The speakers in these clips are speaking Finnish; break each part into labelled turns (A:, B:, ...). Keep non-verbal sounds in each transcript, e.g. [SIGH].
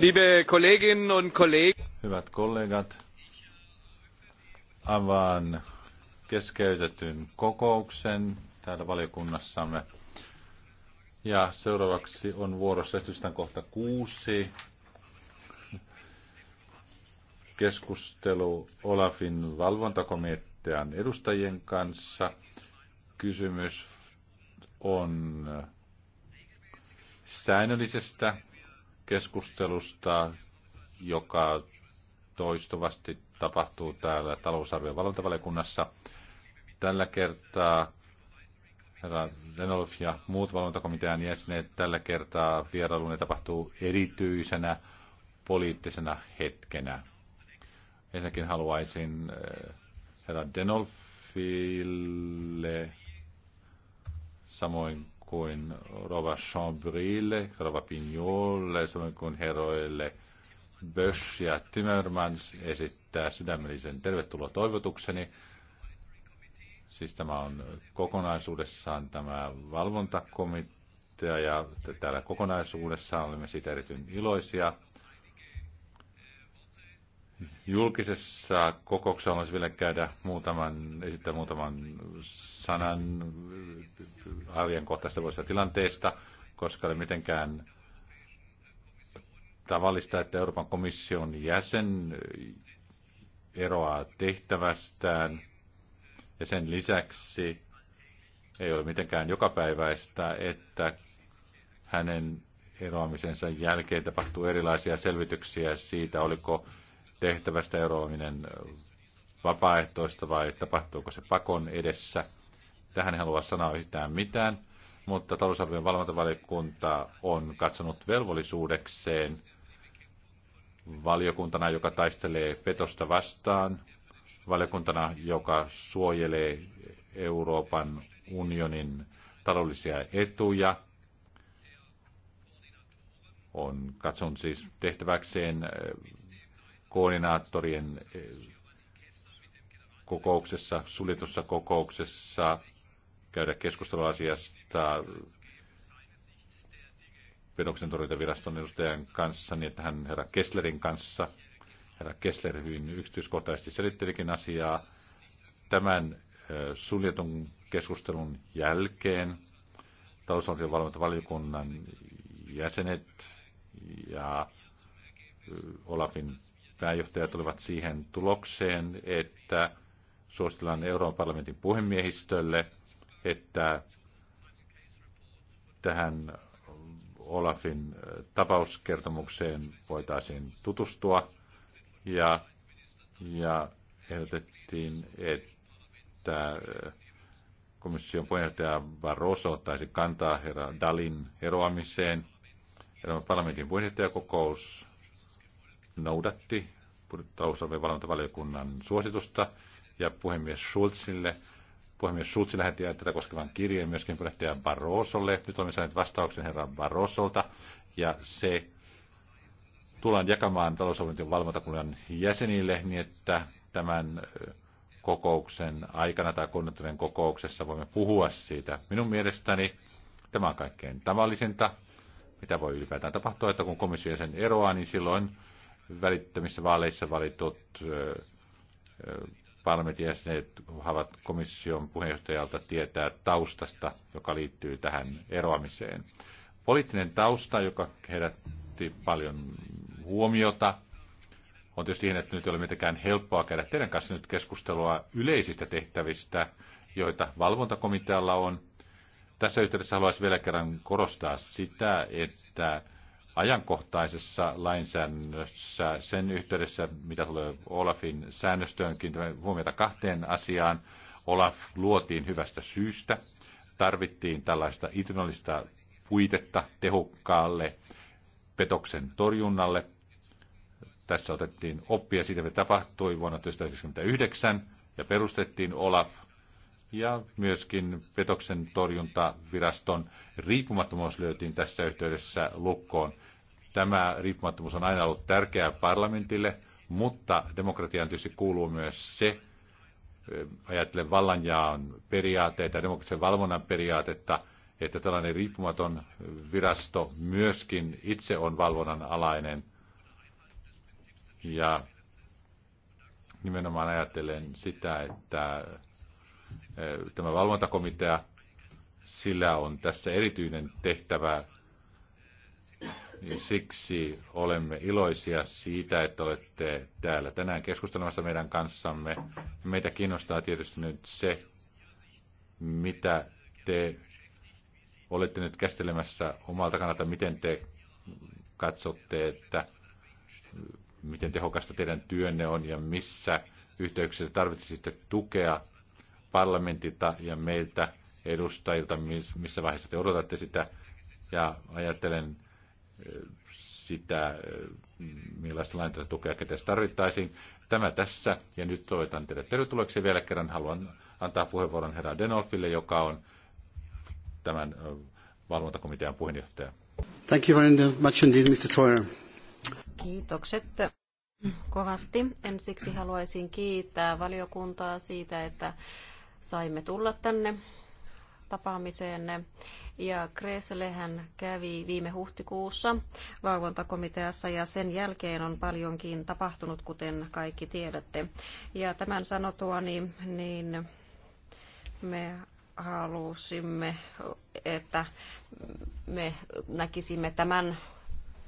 A: Liebe Kolleginnen und Kollegen. Hyvät kollegat, avaan keskeytetyn kokouksen täällä valiokunnassamme. Ja seuraavaksi on vuorossa esitystän kohta kuusi. Keskustelu Olafin valvontakomitean edustajien kanssa. Kysymys on säännöllisestä keskustelusta, joka toistuvasti tapahtuu täällä talousarvion valvontavaliokunnassa. Tällä kertaa herra Lenolf ja muut valvontakomitean jäsenet tällä kertaa vierailuun tapahtuu erityisenä poliittisena hetkenä. Ensinnäkin haluaisin eh, herra Denolfille samoin kuin Rova Chambrille, Rova Pignolle, samoin kuin heroille Bösch ja Timmermans esittää sydämellisen tervetuloa toivotukseni. Siis tämä on kokonaisuudessaan tämä valvontakomitea ja täällä kokonaisuudessaan olemme siitä erityisen iloisia. Julkisessa kokouksessa haluaisin vielä käydä muutaman, esittää muutaman sanan ajankohtaista vuosista tilanteesta, koska ei ole mitenkään tavallista, että Euroopan komission jäsen eroaa tehtävästään ja sen lisäksi ei ole mitenkään jokapäiväistä, että hänen eroamisensa jälkeen tapahtuu erilaisia selvityksiä siitä, oliko tehtävästä eroaminen vapaaehtoista vai tapahtuuko se pakon edessä. Tähän ei halua sanoa yhtään mitään, mutta talousarvion valvontavaliokunta on katsonut velvollisuudekseen valiokuntana, joka taistelee petosta vastaan, valiokuntana, joka suojelee Euroopan unionin taloudellisia etuja, on katsonut siis tehtäväkseen koordinaattorien eh, kokouksessa, suljetussa kokouksessa käydä keskustelua asiasta vedoksen torjuntaviraston edustajan kanssa, niin että hän herra Kesslerin kanssa, herra Kessler hyvin yksityiskohtaisesti selittelikin asiaa. Tämän eh, suljetun keskustelun jälkeen talousvaltion valvontavaliokunnan jäsenet ja eh, Olafin pääjohtajat olivat siihen tulokseen, että suositellaan Euroopan parlamentin puhemiehistölle, että tähän Olafin äh, tapauskertomukseen voitaisiin tutustua ja, ja ehdotettiin, että äh, komission puheenjohtaja Barroso ottaisi kantaa herra Dalin eroamiseen. Euroopan parlamentin puheenjohtajakokous noudatti talousarvojen valvontavaliokunnan suositusta ja puhemies Schulzille. Puhemies Schulz lähetti tätä koskevan kirjeen myöskin puheenjohtaja Barrosolle. Nyt olemme saaneet vastauksen herra Barrosolta ja se tullaan jakamaan talousarvojen valvontakunnan jäsenille niin, että tämän kokouksen aikana tai kunnattavien kokouksessa voimme puhua siitä. Minun mielestäni tämä on kaikkein tavallisinta, mitä voi ylipäätään tapahtua, että kun komission jäsen eroaa, niin silloin välittömissä vaaleissa valitut parlamentin jäsenet ovat komission puheenjohtajalta tietää taustasta, joka liittyy tähän eroamiseen. Poliittinen tausta, joka herätti paljon huomiota, on tietysti siihen, että nyt ei ole mitenkään helppoa käydä teidän kanssa nyt keskustelua yleisistä tehtävistä, joita valvontakomitealla on. Tässä yhteydessä haluaisin vielä kerran korostaa sitä, että ajankohtaisessa lainsäädännössä sen yhteydessä, mitä tulee Olafin säännöstöönkin, huomiota kahteen asiaan. Olaf luotiin hyvästä syystä. Tarvittiin tällaista itsenällistä puitetta tehokkaalle petoksen torjunnalle. Tässä otettiin oppia siitä, mitä tapahtui vuonna 1999 ja perustettiin Olaf ja myöskin petoksen torjuntaviraston riippumattomuus löytiin tässä yhteydessä lukkoon. Tämä riippumattomuus on aina ollut tärkeää parlamentille, mutta demokratiaan tietysti kuuluu myös se, ajattelen vallanjaon periaatteita, demokratian valvonnan periaatetta, että tällainen riippumaton virasto myöskin itse on valvonnan alainen. Ja nimenomaan ajattelen sitä, että tämä valvontakomitea, sillä on tässä erityinen tehtävä niin siksi olemme iloisia siitä, että olette täällä tänään keskustelemassa meidän kanssamme. Meitä kiinnostaa tietysti nyt se, mitä te olette nyt käsittelemässä omalta kannalta, miten te katsotte, että miten tehokasta teidän työnne on ja missä yhteyksissä tarvitsisitte tukea parlamentilta ja meiltä edustajilta, missä vaiheessa te odotatte sitä. Ja ajattelen sitä, eh, millaista lainsäädäntötukea kenties tarvittaisiin. Tämä tässä, ja nyt toivotan teille tervetulleeksi vielä kerran. Haluan antaa puheenvuoron herra Denolfille, joka on tämän eh, valvontakomitean puheenjohtaja.
B: Thank you very
C: much indeed, Mr. Troyer. Kiitokset kovasti. Ensiksi haluaisin kiittää valiokuntaa siitä, että saimme tulla tänne tapaamiseenne. Ja Kresle kävi viime huhtikuussa valvontakomiteassa ja sen jälkeen on paljonkin tapahtunut, kuten kaikki tiedätte. Ja tämän niin, niin me halusimme, että me näkisimme tämän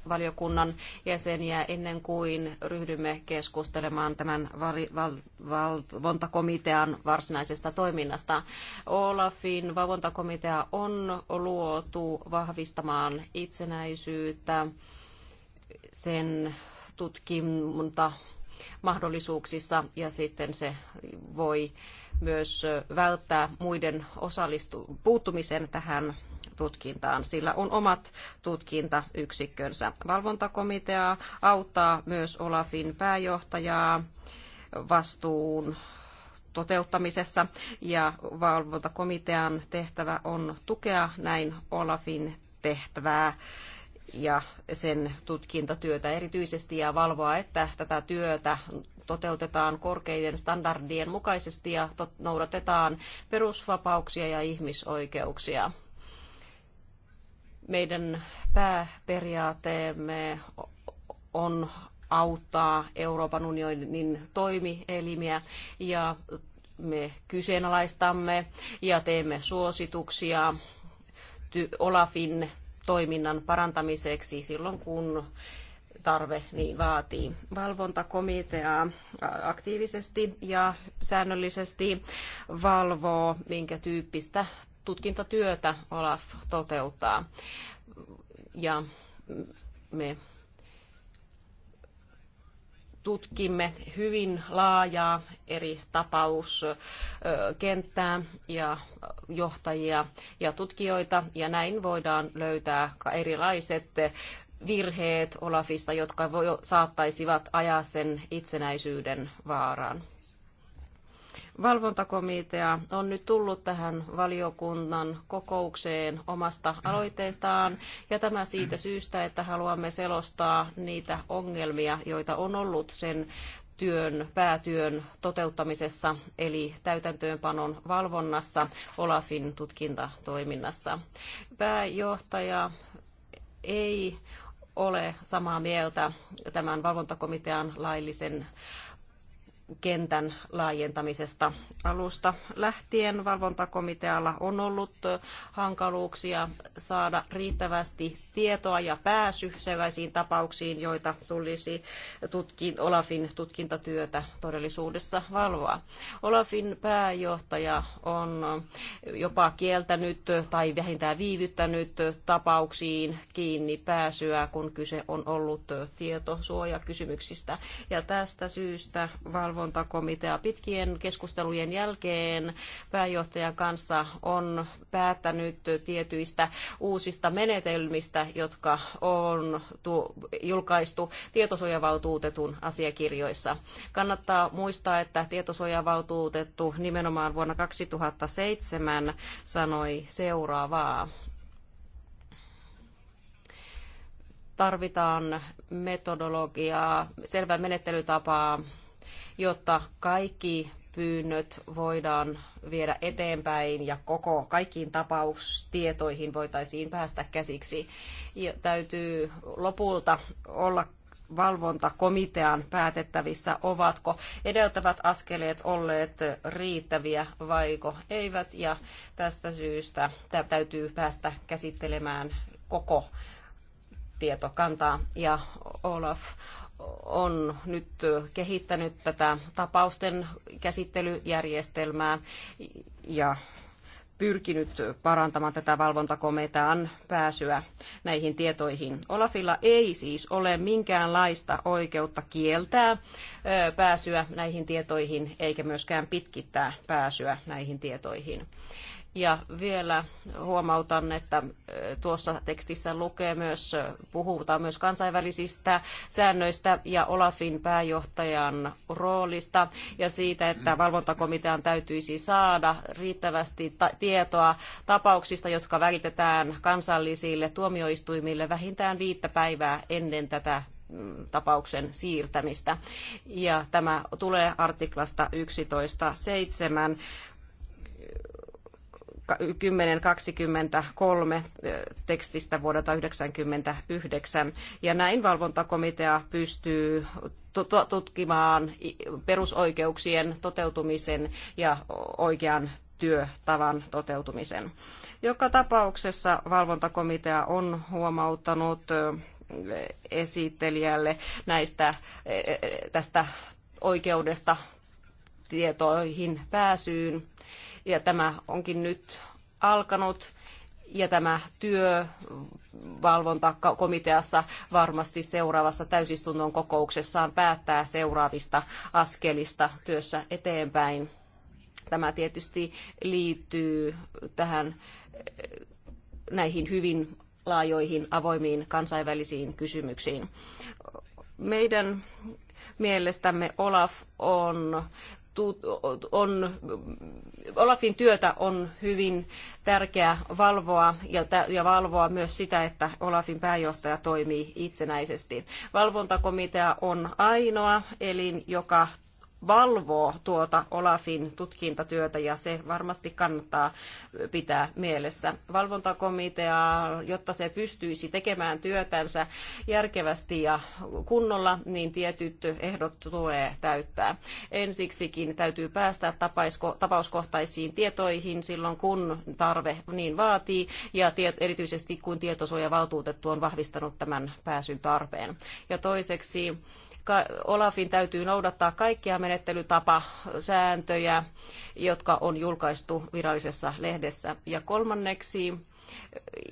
C: valiokunnan jäseniä ennen kuin ryhdymme keskustelemaan tämän valvontakomitean varsinaisesta toiminnasta. Olafin valvontakomitea on luotu vahvistamaan itsenäisyyttä sen tutkimunta mahdollisuuksissa ja sitten se voi myös välttää muiden osallistu- puuttumisen tähän tutkintaan. Sillä on omat tutkintayksikkönsä. Valvontakomitea auttaa myös Olafin pääjohtajaa vastuun toteuttamisessa ja valvontakomitean tehtävä on tukea näin Olafin tehtävää ja sen tutkintatyötä erityisesti ja valvoa, että tätä työtä toteutetaan korkeiden standardien mukaisesti ja noudatetaan perusvapauksia ja ihmisoikeuksia. Meidän pääperiaateemme on auttaa Euroopan unionin toimielimiä ja me kyseenalaistamme ja teemme suosituksia Olafin toiminnan parantamiseksi silloin, kun tarve niin vaatii. Valvontakomitea aktiivisesti ja säännöllisesti valvoo, minkä tyyppistä tutkintatyötä Olaf toteuttaa. Ja me tutkimme hyvin laajaa eri tapauskenttää ja johtajia ja tutkijoita, ja näin voidaan löytää erilaiset virheet Olafista, jotka saattaisivat ajaa sen itsenäisyyden vaaraan valvontakomitea on nyt tullut tähän valiokunnan kokoukseen omasta aloitteestaan ja tämä siitä syystä, että haluamme selostaa niitä ongelmia, joita on ollut sen työn, päätyön toteuttamisessa eli täytäntöönpanon valvonnassa Olafin tutkintatoiminnassa. Pääjohtaja ei ole samaa mieltä tämän valvontakomitean laillisen kentän laajentamisesta. Alusta lähtien valvontakomitealla on ollut hankaluuksia saada riittävästi tietoa ja pääsy sellaisiin tapauksiin, joita tulisi tutkin, Olafin tutkintatyötä todellisuudessa valvoa. Olafin pääjohtaja on jopa kieltänyt tai vähintään viivyttänyt tapauksiin kiinni pääsyä, kun kyse on ollut tietosuojakysymyksistä. Ja tästä syystä valvo valvontakomitea pitkien keskustelujen jälkeen pääjohtajan kanssa on päättänyt tietyistä uusista menetelmistä, jotka on julkaistu tietosuojavaltuutetun asiakirjoissa. Kannattaa muistaa, että tietosuojavaltuutettu nimenomaan vuonna 2007 sanoi seuraavaa. tarvitaan metodologiaa, selvää menettelytapaa jotta kaikki pyynnöt voidaan viedä eteenpäin ja koko kaikkiin tapaustietoihin voitaisiin päästä käsiksi. Ja täytyy lopulta olla valvontakomitean päätettävissä, ovatko edeltävät askeleet olleet riittäviä vaiko eivät, ja tästä syystä täytyy päästä käsittelemään koko tietokantaa. Ja Olaf on nyt kehittänyt tätä tapausten käsittelyjärjestelmää ja pyrkinyt parantamaan tätä valvontakomitean pääsyä näihin tietoihin. Olafilla ei siis ole minkäänlaista oikeutta kieltää pääsyä näihin tietoihin eikä myöskään pitkittää pääsyä näihin tietoihin. Ja vielä huomautan, että äh, tuossa tekstissä lukee myös, äh, puhutaan myös kansainvälisistä säännöistä ja Olafin pääjohtajan roolista ja siitä, että valvontakomitean täytyisi saada riittävästi tietoa tapauksista, jotka välitetään kansallisille tuomioistuimille vähintään viittä päivää ennen tätä mm, tapauksen siirtämistä. Ja tämä tulee artiklasta 11.7 1023 tekstistä vuodelta 1999. Ja näin valvontakomitea pystyy tutkimaan perusoikeuksien toteutumisen ja oikean työtavan toteutumisen. Joka tapauksessa valvontakomitea on huomauttanut esittelijälle näistä, e- e- e- tästä oikeudesta tietoihin pääsyyn ja tämä onkin nyt alkanut ja tämä työvalvontakomiteassa varmasti seuraavassa täysistunnon kokouksessaan päättää seuraavista askelista työssä eteenpäin. Tämä tietysti liittyy tähän eh, näihin hyvin laajoihin avoimiin kansainvälisiin kysymyksiin. Meidän mielestämme Olaf on on, Olafin työtä on hyvin tärkeää valvoa ja, ja valvoa myös sitä, että Olafin pääjohtaja toimii itsenäisesti. Valvontakomitea on ainoa elin, joka valvoo tuota Olafin tutkintatyötä ja se varmasti kannattaa pitää mielessä. Valvontakomiteaa, jotta se pystyisi tekemään työtänsä järkevästi ja kunnolla, niin tietyt ehdot tulee täyttää. Ensiksikin täytyy päästä tapauskohtaisiin tietoihin silloin, kun tarve niin vaatii ja erityisesti kun tietosuojavaltuutettu on vahvistanut tämän pääsyn tarpeen. Ja toiseksi koska Olafin täytyy noudattaa kaikkia menettelytapasääntöjä, jotka on julkaistu virallisessa lehdessä. Ja kolmanneksi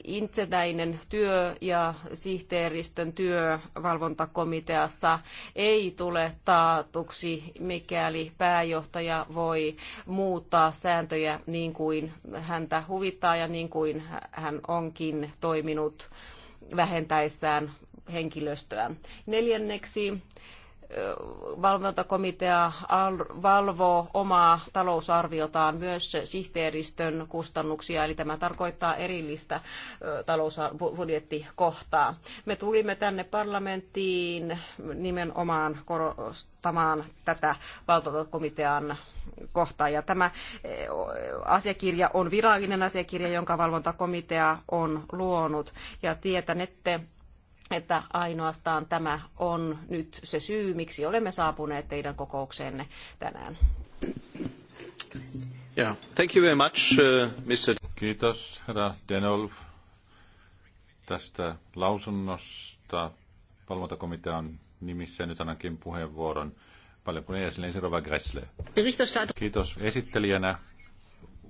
C: itsenäinen työ ja sihteeristön työ valvontakomiteassa ei tule taatuksi, mikäli pääjohtaja voi muuttaa sääntöjä niin kuin häntä huvittaa ja niin kuin hän onkin toiminut vähentäessään henkilöstöä. Neljänneksi valvontakomitea valvoo omaa talousarviotaan myös sihteeristön kustannuksia, eli tämä tarkoittaa erillistä talousbudjettikohtaa. Me tulimme tänne parlamenttiin nimenomaan korostamaan tätä valvontakomitean kohtaa. Ja tämä asiakirja on virallinen asiakirja, jonka valvontakomitea on luonut. Ja tietänette, että ainoastaan tämä on nyt se syy, miksi olemme saapuneet teidän kokoukseenne tänään. Yeah. Thank you very much, uh, Mr.
A: Kiitos, herra Denolf, tästä lausunnosta. Valvontakomitean nimissä nyt annankin puheenvuoron valiokunnan jäsenen Sirova Gressle. Kiitos esittelijänä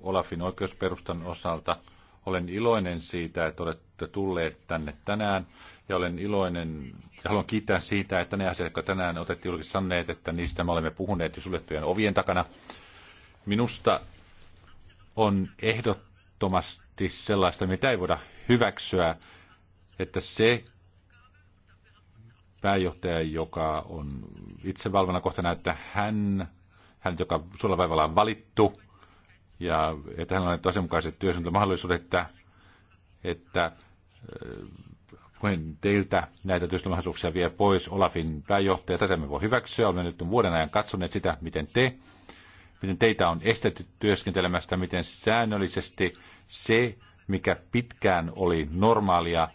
A: Olafin oikeusperustan osalta. Olen iloinen siitä, että olette tulleet tänne tänään ja olen iloinen ja haluan kiittää siitä, että ne asiat, jotka tänään otettiin julkisesti sanneet, että niistä me olemme puhuneet jo suljettujen ovien takana. Minusta on ehdottomasti sellaista, mitä ei voida hyväksyä, että se pääjohtaja, joka on itse valvona kohtana, että hän, hän joka sulla vaivalla on valittu, ja että hän on asianmukaiset työskentelymahdollisuudet, että, että kun teiltä näitä työstömahdollisuuksia vie pois Olafin pääjohtaja, tätä me voi hyväksyä. Olemme nyt vuoden ajan katsoneet sitä, miten te, miten teitä on estetty työskentelemästä, miten säännöllisesti se, mikä pitkään oli normaalia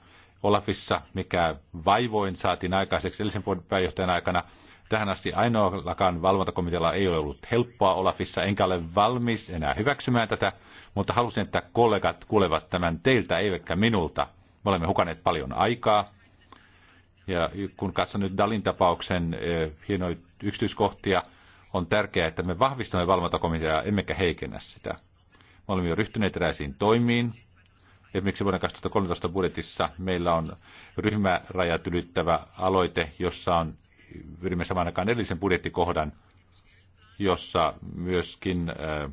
A: Olafissa, mikä vaivoin saatiin aikaiseksi edellisen pääjohtajan aikana, tähän asti ainoallakaan valvontakomitealla ei ole ollut helppoa Olafissa, enkä ole valmis enää hyväksymään tätä, mutta halusin, että kollegat kuulevat tämän teiltä eivätkä minulta. Me olemme hukaneet paljon aikaa. Ja kun katson nyt Dalin tapauksen eh, hienoja yksityiskohtia, on tärkeää, että me vahvistamme valvontakomiteaa, emmekä heikennä sitä. Me olemme jo ryhtyneet eräisiin toimiin. Esimerkiksi vuoden 2013 budjetissa meillä on ryhmärajat ylittävä aloite, jossa on pyrimme samaan aikaan edellisen budjettikohdan, jossa myöskin eh,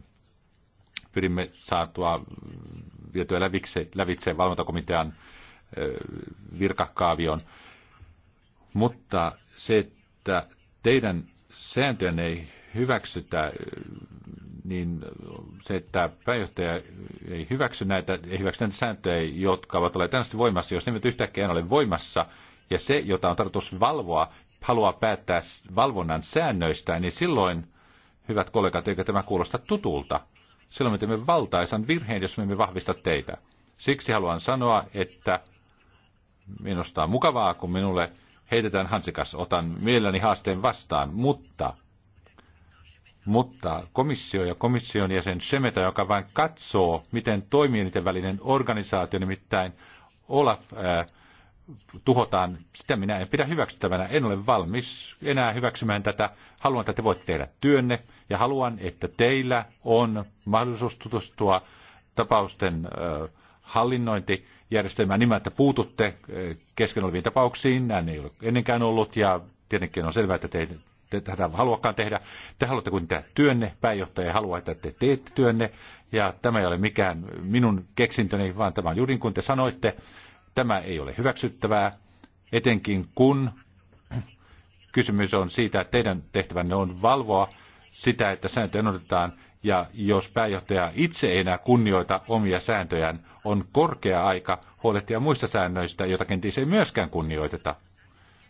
A: pyrimme saatua vietyä lävitse, lävitse valvontakomitean virkakaavion. Mutta se, että teidän sääntöjen ei hyväksytä, niin se, että pääjohtaja ei hyväksy näitä, ei hyväksy näitä sääntöjä, jotka ovat olleet tänästi voimassa, jos ne eivät yhtäkkiä ole voimassa, ja se, jota on tarkoitus valvoa, haluaa päättää valvonnan säännöistä, niin silloin, hyvät kollegat, eikö tämä kuulosta tutulta. Silloin me teemme valtaisan virheen, jos me emme vahvista teitä. Siksi haluan sanoa, että Minusta on mukavaa, kun minulle heitetään hansikas. Otan mielelläni haasteen vastaan, mutta, mutta komissio ja komission jäsen Semeta, joka vain katsoo, miten toimii niiden välinen organisaatio, nimittäin Olaf, äh, tuhotaan, sitä minä en pidä hyväksyttävänä. En ole valmis enää hyväksymään tätä. Haluan, että te voitte tehdä työnne ja haluan, että teillä on mahdollisuus tutustua tapausten äh, hallinnointijärjestelmää nimeltä niin että puututte eh, kesken oleviin tapauksiin. Näin ei ole ennenkään ollut ja tietenkin on selvää, että te, te tätä haluakaan tehdä. Te haluatte kuitenkin tehdä työnne, pääjohtaja haluaa, että te teette työnne. Ja tämä ei ole mikään minun keksintöni, vaan tämä on juuri niin kuin te sanoitte. Tämä ei ole hyväksyttävää, etenkin kun [CLEARS THROAT] kysymys on siitä, että teidän tehtävänne on valvoa sitä, että sääntöjä noudatetaan ja jos pääjohtaja itse ei enää kunnioita omia sääntöjään, on korkea aika huolehtia muista säännöistä, joita kenties ei myöskään kunnioiteta.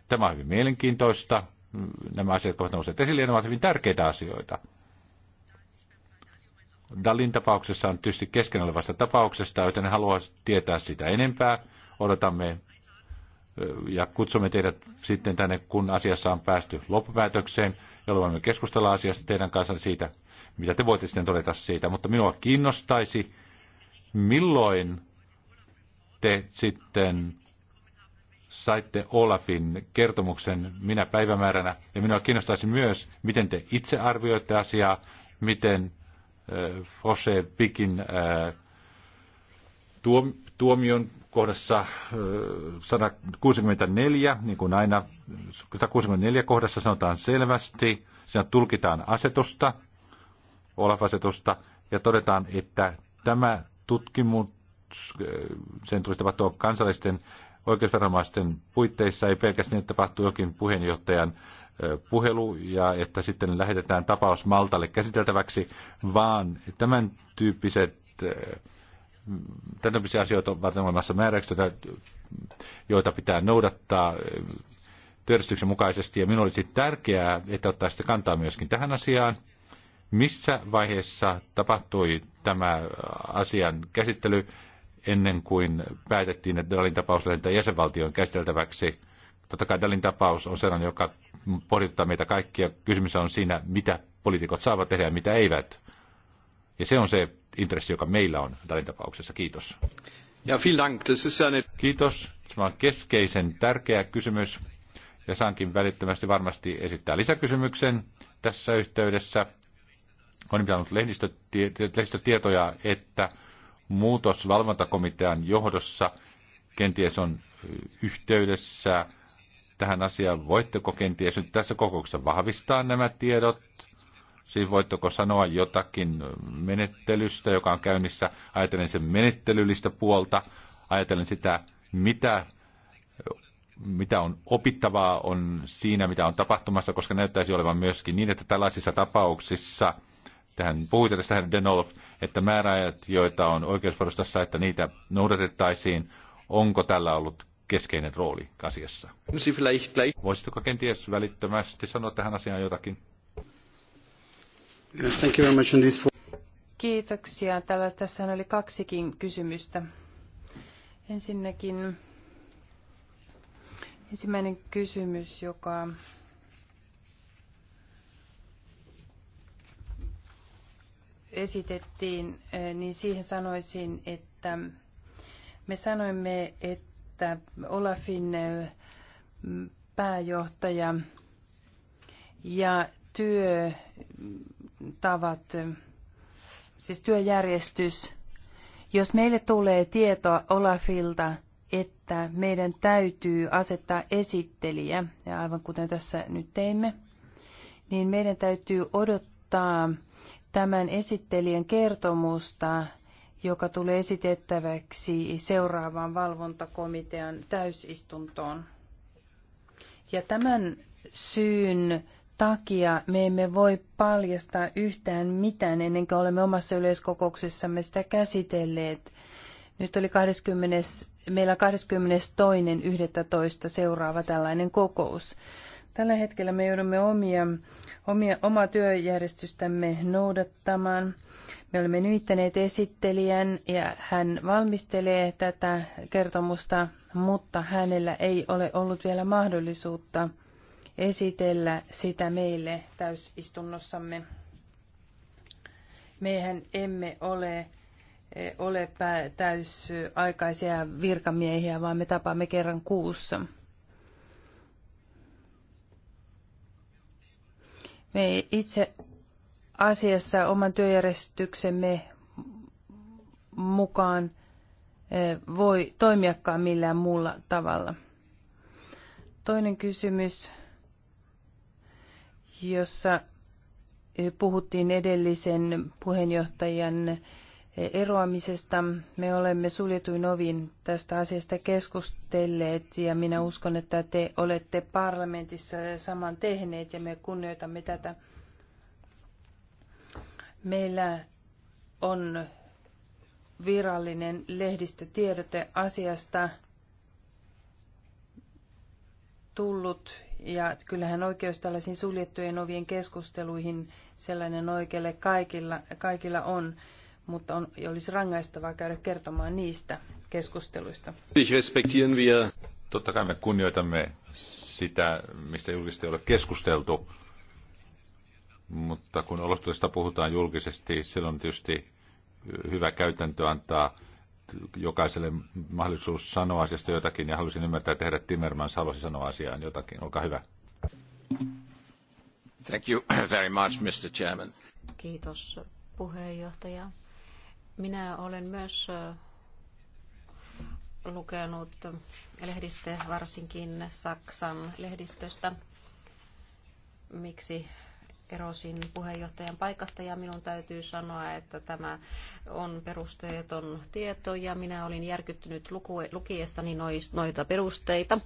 A: Tämä on hyvin mielenkiintoista. Nämä asiat ovat nousseet esille ja ne ovat hyvin tärkeitä asioita. Dalin tapauksessa on tietysti kesken olevasta tapauksesta, joten haluaa tietää sitä enempää. Odotamme ja kutsumme teidät sitten tänne, kun asiassa on päästy loppupäätökseen ja voimme keskustella asiasta teidän kanssa siitä, mitä te voitte sitten todeta siitä. Mutta minua kiinnostaisi, milloin te sitten saitte Olafin kertomuksen minä päivämääränä. Ja minua kiinnostaisi myös, miten te itse arvioitte asiaa, miten äh, Fosse Pikin äh, tuomion kohdassa 164, niin kuin aina 164 kohdassa sanotaan selvästi, siinä tulkitaan asetusta, Olaf-asetusta, ja todetaan, että tämä tutkimus, sen tulisi tapahtua kansallisten oikeusviranomaisten puitteissa, ei pelkästään, että tapahtuu jokin puheenjohtajan puhelu ja että sitten lähetetään tapaus Maltalle käsiteltäväksi, vaan tämän tyyppiset tämmöisiä asioita varten olemassa määräykset, joita pitää noudattaa eh, työjärjestyksen mukaisesti. Ja minulla olisi tärkeää, että ottaisitte kantaa myöskin tähän asiaan. Missä vaiheessa tapahtui tämä asian käsittely ennen kuin päätettiin, että Dalin tapaus lähetetään jäsenvaltion käsiteltäväksi? Totta kai Dalin tapaus on sellainen, joka pohdittaa meitä kaikkia. Kysymys on siinä, mitä poliitikot saavat tehdä ja mitä eivät. Ja se on se intressi, joka meillä on tällä tapauksessa. Kiitos. Ja vielen dank. Das ist eine... Kiitos. Tämä on keskeisen tärkeä kysymys. Ja saankin välittömästi varmasti esittää lisäkysymyksen tässä yhteydessä. On pitänyt lehdistötietoja, että muutos valvontakomitean johdossa kenties on yhteydessä tähän asiaan. Voitteko kenties nyt tässä kokouksessa vahvistaa nämä tiedot? Siis voitteko sanoa jotakin menettelystä, joka on käynnissä? Ajatellen sen menettelyllistä puolta, ajatellen sitä, mitä, mitä on opittavaa on siinä, mitä on tapahtumassa, koska näyttäisi olevan myöskin niin, että tällaisissa tapauksissa, tähän puhuitte tästä Denolf, että määräajat, joita on oikeusvarustassa, että niitä noudatettaisiin, onko tällä ollut keskeinen rooli asiassa? Voisitko kenties välittömästi sanoa tähän asiaan jotakin?
C: Thank you very much indeed for...
B: Kiitoksia. Tällä, tässä oli kaksikin kysymystä. Ensinnäkin ensimmäinen kysymys, joka esitettiin, eh, niin siihen sanoisin, että me sanoimme, että Olafin eh, pääjohtaja ja työtavat, siis työjärjestys. Jos meille tulee tietoa Olafilta, että meidän täytyy asettaa esittelijä, ja aivan kuten tässä nyt teimme, niin meidän täytyy odottaa tämän esittelijän kertomusta, joka tulee esitettäväksi seuraavaan valvontakomitean täysistuntoon. Ja tämän syyn takia me emme voi paljastaa yhtään mitään ennen kuin olemme omassa yleiskokouksessamme sitä käsitelleet. Nyt oli 20, meillä 22.11. seuraava tällainen kokous. Tällä hetkellä me joudumme omia, omia, omaa työjärjestystämme noudattamaan. Me olemme nyittäneet esittelijän ja hän valmistelee tätä kertomusta, mutta hänellä ei ole ollut vielä mahdollisuutta – esitellä sitä meille täysistunnossamme. Mehän emme ole, eh, ole täysaikaisia virkamiehiä, vaan me tapaamme kerran kuussa. Me itse asiassa oman työjärjestyksemme mukaan eh, voi toimiakaan millään muulla tavalla. Toinen kysymys jossa eh, puhuttiin edellisen puheenjohtajan eh, eroamisesta. Me olemme suljetuin ovin tästä asiasta keskustelleet ja minä uskon, että te olette parlamentissa saman tehneet ja me kunnioitamme tätä. Meillä on virallinen lehdistötiedote asiasta tullut ja kyllähän oikeus tällaisiin suljettujen ovien keskusteluihin sellainen oikealle kaikilla, kaikilla on, mutta on, olisi rangaistavaa käydä kertomaan niistä keskusteluista.
A: Totta kai me kunnioitamme sitä, mistä julkisesti ei ole keskusteltu, mutta kun olosuhteista puhutaan julkisesti, silloin tietysti hyvä käytäntö antaa jokaiselle mahdollisuus sanoa asiasta jotakin, ja halusin ymmärtää, tehdä Timmermans halusi sanoa asiaan jotakin. Olkaa hyvä. Thank you very much, Mr.
C: Chairman. Kiitos, puheenjohtaja. Minä olen myös lukenut lehdistä, varsinkin Saksan lehdistöstä, miksi erosin puheenjohtajan paikasta ja minun täytyy sanoa, että tämä on perusteeton tieto ja minä olin järkyttynyt luku, lukiessani nois, noita perusteita.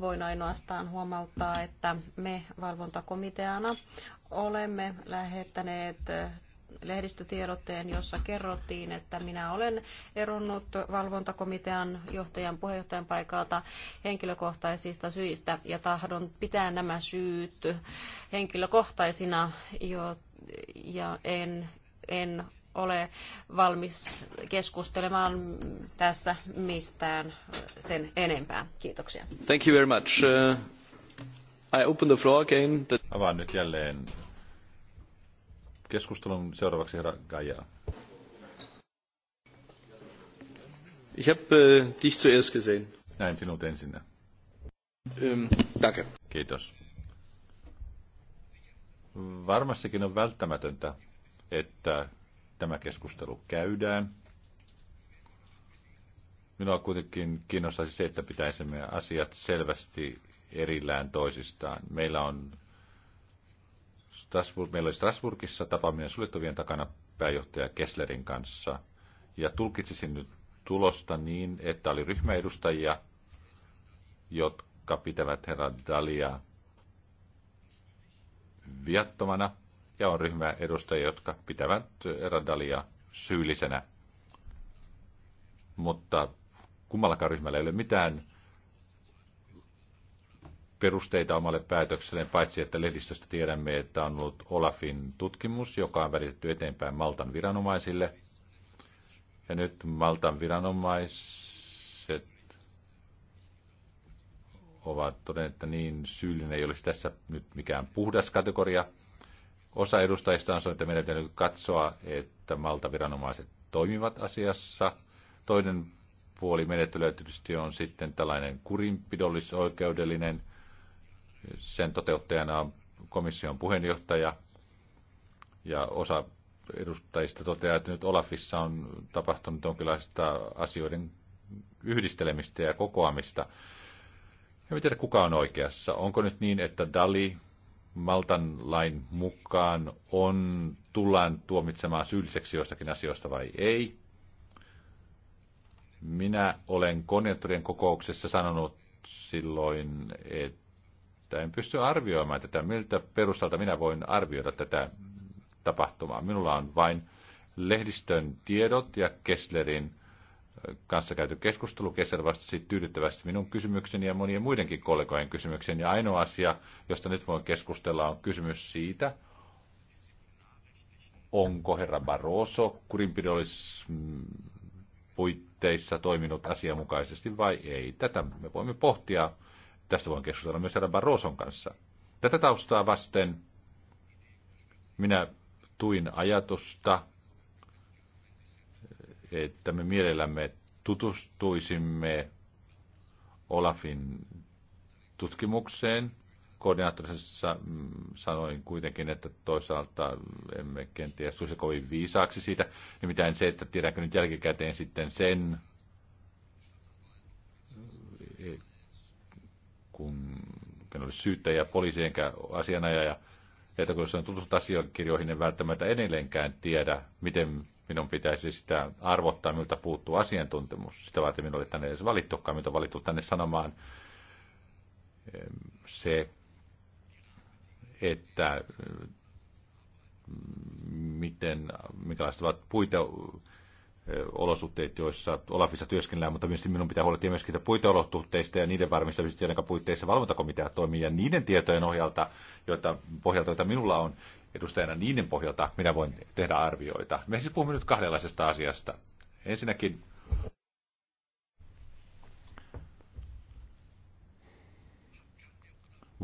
C: Voin ainoastaan huomauttaa, että me valvontakomiteana olemme lähettäneet lehdistötiedotteen, jossa kerrottiin, että minä olen eronnut valvontakomitean johtajan puheenjohtajan paikalta henkilökohtaisista syistä ja tahdon pitää nämä syyt henkilökohtaisina jo, ja en, en ole valmis keskustelemaan tässä mistään sen enempää. Kiitoksia. Thank you very much.
A: Uh, I open the floor again. Avaan nyt jälleen keskustelun seuraavaksi herra Gaia.
B: Ich habe äh, dich zuerst gesehen.
A: Näin sinut ensinnä.
B: Ähm, danke.
A: Kiitos. Varmastikin on välttämätöntä, että tämä keskustelu käydään. Minua kuitenkin kiinnostaisi se, että pitäisimme asiat selvästi erillään toisistaan. Meillä on Strasbourg, meillä oli Strasburgissa tapaaminen suljettuvien takana pääjohtaja Kesslerin kanssa. Ja tulkitsisin nyt tulosta niin, että oli ryhmäedustajia, jotka pitävät herra Dalia viattomana, ja on ryhmäedustajia, jotka pitävät herra Dalia syyllisenä. Mutta kummallakaan ryhmällä ei ole mitään perusteita omalle päätökselleen, paitsi että lehdistöstä tiedämme, että on ollut Olafin tutkimus, joka on välitetty eteenpäin Maltan viranomaisille. Ja nyt Maltan viranomaiset ovat todenneet, että niin syyllinen ei olisi tässä nyt mikään puhdas kategoria. Osa edustajista on sanonut, että meidän täytyy katsoa, että Maltan viranomaiset toimivat asiassa. Toinen puoli menettelyä tietysti on sitten tällainen kurinpidollisoikeudellinen oikeudellinen sen toteuttajana on komission puheenjohtaja ja osa edustajista toteaa, että nyt Olafissa on tapahtunut jonkinlaista asioiden yhdistelemistä ja kokoamista. mitä tiedä, kuka on oikeassa. Onko nyt niin, että Dali Maltan lain mukaan on, tullaan tuomitsemaan syylliseksi joistakin asioista vai ei? Minä olen konjunkturien kokouksessa sanonut silloin, että että en pysty arvioimaan tätä, miltä perustalta minä voin arvioida tätä tapahtumaa. Minulla on vain lehdistön tiedot ja Kesslerin kanssa käyty keskustelu. Kessler vastasi tyydyttävästi minun kysymykseni ja monien muidenkin kollegojen kysymykseni. Ja ainoa asia, josta nyt voin keskustella, on kysymys siitä, onko herra Barroso kurinpidollispuitteissa toiminut asianmukaisesti vai ei. Tätä me voimme pohtia Tästä voin keskustella myös herra Barroson kanssa. Tätä taustaa vasten minä tuin ajatusta, että me mielellämme tutustuisimme Olafin tutkimukseen. Koordinaattorissa mm, sanoin kuitenkin, että toisaalta emme kenties tulisi kovin viisaaksi siitä. Nimittäin se, että tiedänkö nyt jälkikäteen sitten sen, kun en ole syyttäjä, poliisi enkä asianajaja, että kun se on tutustut asiakirjoihin, en välttämättä edelleenkään tiedä, miten minun pitäisi sitä arvottaa, miltä puuttuu asiantuntemus. Sitä varten minun oli tänne edes valittukaan, mitä on valittu tänne sanomaan se, että mm, miten, minkälaiset ovat puite, olosuhteet, joissa Olafissa työskennellään, mutta myös minun pitää huolehtia myöskin puiteolosuhteista ja niiden varmistamisesta, joiden puitteissa valvontakomitea toimii ja niiden tietojen ohjalta, joita, pohjalta, joita minulla on edustajana, niiden pohjalta minä voin tehdä arvioita. Me siis puhumme nyt kahdenlaisesta asiasta. Ensinnäkin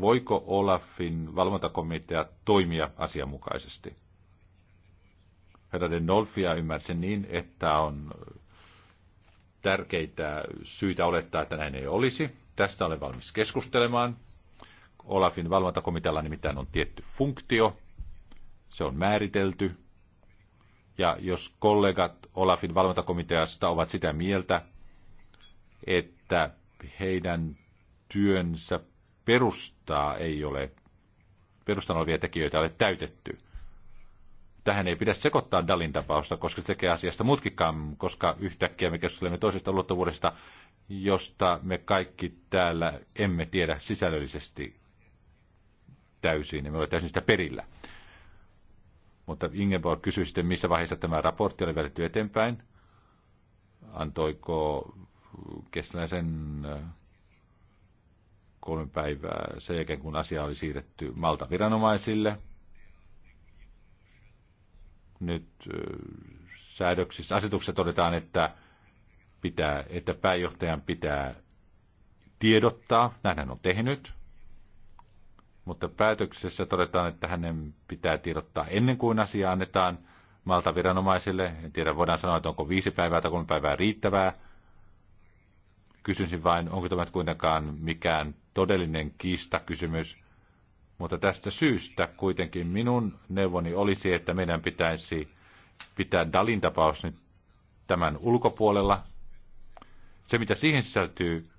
A: voiko Olafin valvontakomitea toimia asianmukaisesti? herra de Nolfia ymmärsi niin, että on tärkeitä syitä olettaa, että näin ei olisi. Tästä olen valmis keskustelemaan. Olafin valvontakomitealla nimittäin on tietty funktio, se on määritelty. Ja jos kollegat Olafin valvontakomiteasta ovat sitä mieltä, että heidän työnsä perustaa ei ole, perustan olevia tekijöitä ei ole täytetty – Tähän ei pidä sekoittaa Dalin tapausta, koska se tekee asiasta mutkikkaan, koska yhtäkkiä me keskustelemme toisesta ulottuvuudesta, josta me kaikki täällä emme tiedä sisällöllisesti täysin, ja me olemme täysin sitä perillä. Mutta Ingeborg kysyi sitten, missä vaiheessa tämä raportti oli välitetty eteenpäin. Antoiko sen äh, kolme päivää sen jälkeen, kun asia oli siirretty Malta viranomaisille – nyt säädöksissä, asetuksessa todetaan, että, pitää, että pääjohtajan pitää tiedottaa, näin hän on tehnyt, mutta päätöksessä todetaan, että hänen pitää tiedottaa ennen kuin asia annetaan malta viranomaisille. En tiedä, voidaan sanoa, että onko viisi päivää tai kolme päivää riittävää. Kysyisin vain, onko tämä kuitenkaan mikään todellinen kiistakysymys, mutta tästä syystä kuitenkin minun neuvoni olisi, että meidän pitäisi pitää Dalin tapaus nyt tämän ulkopuolella. Se, mitä siihen sisältyy,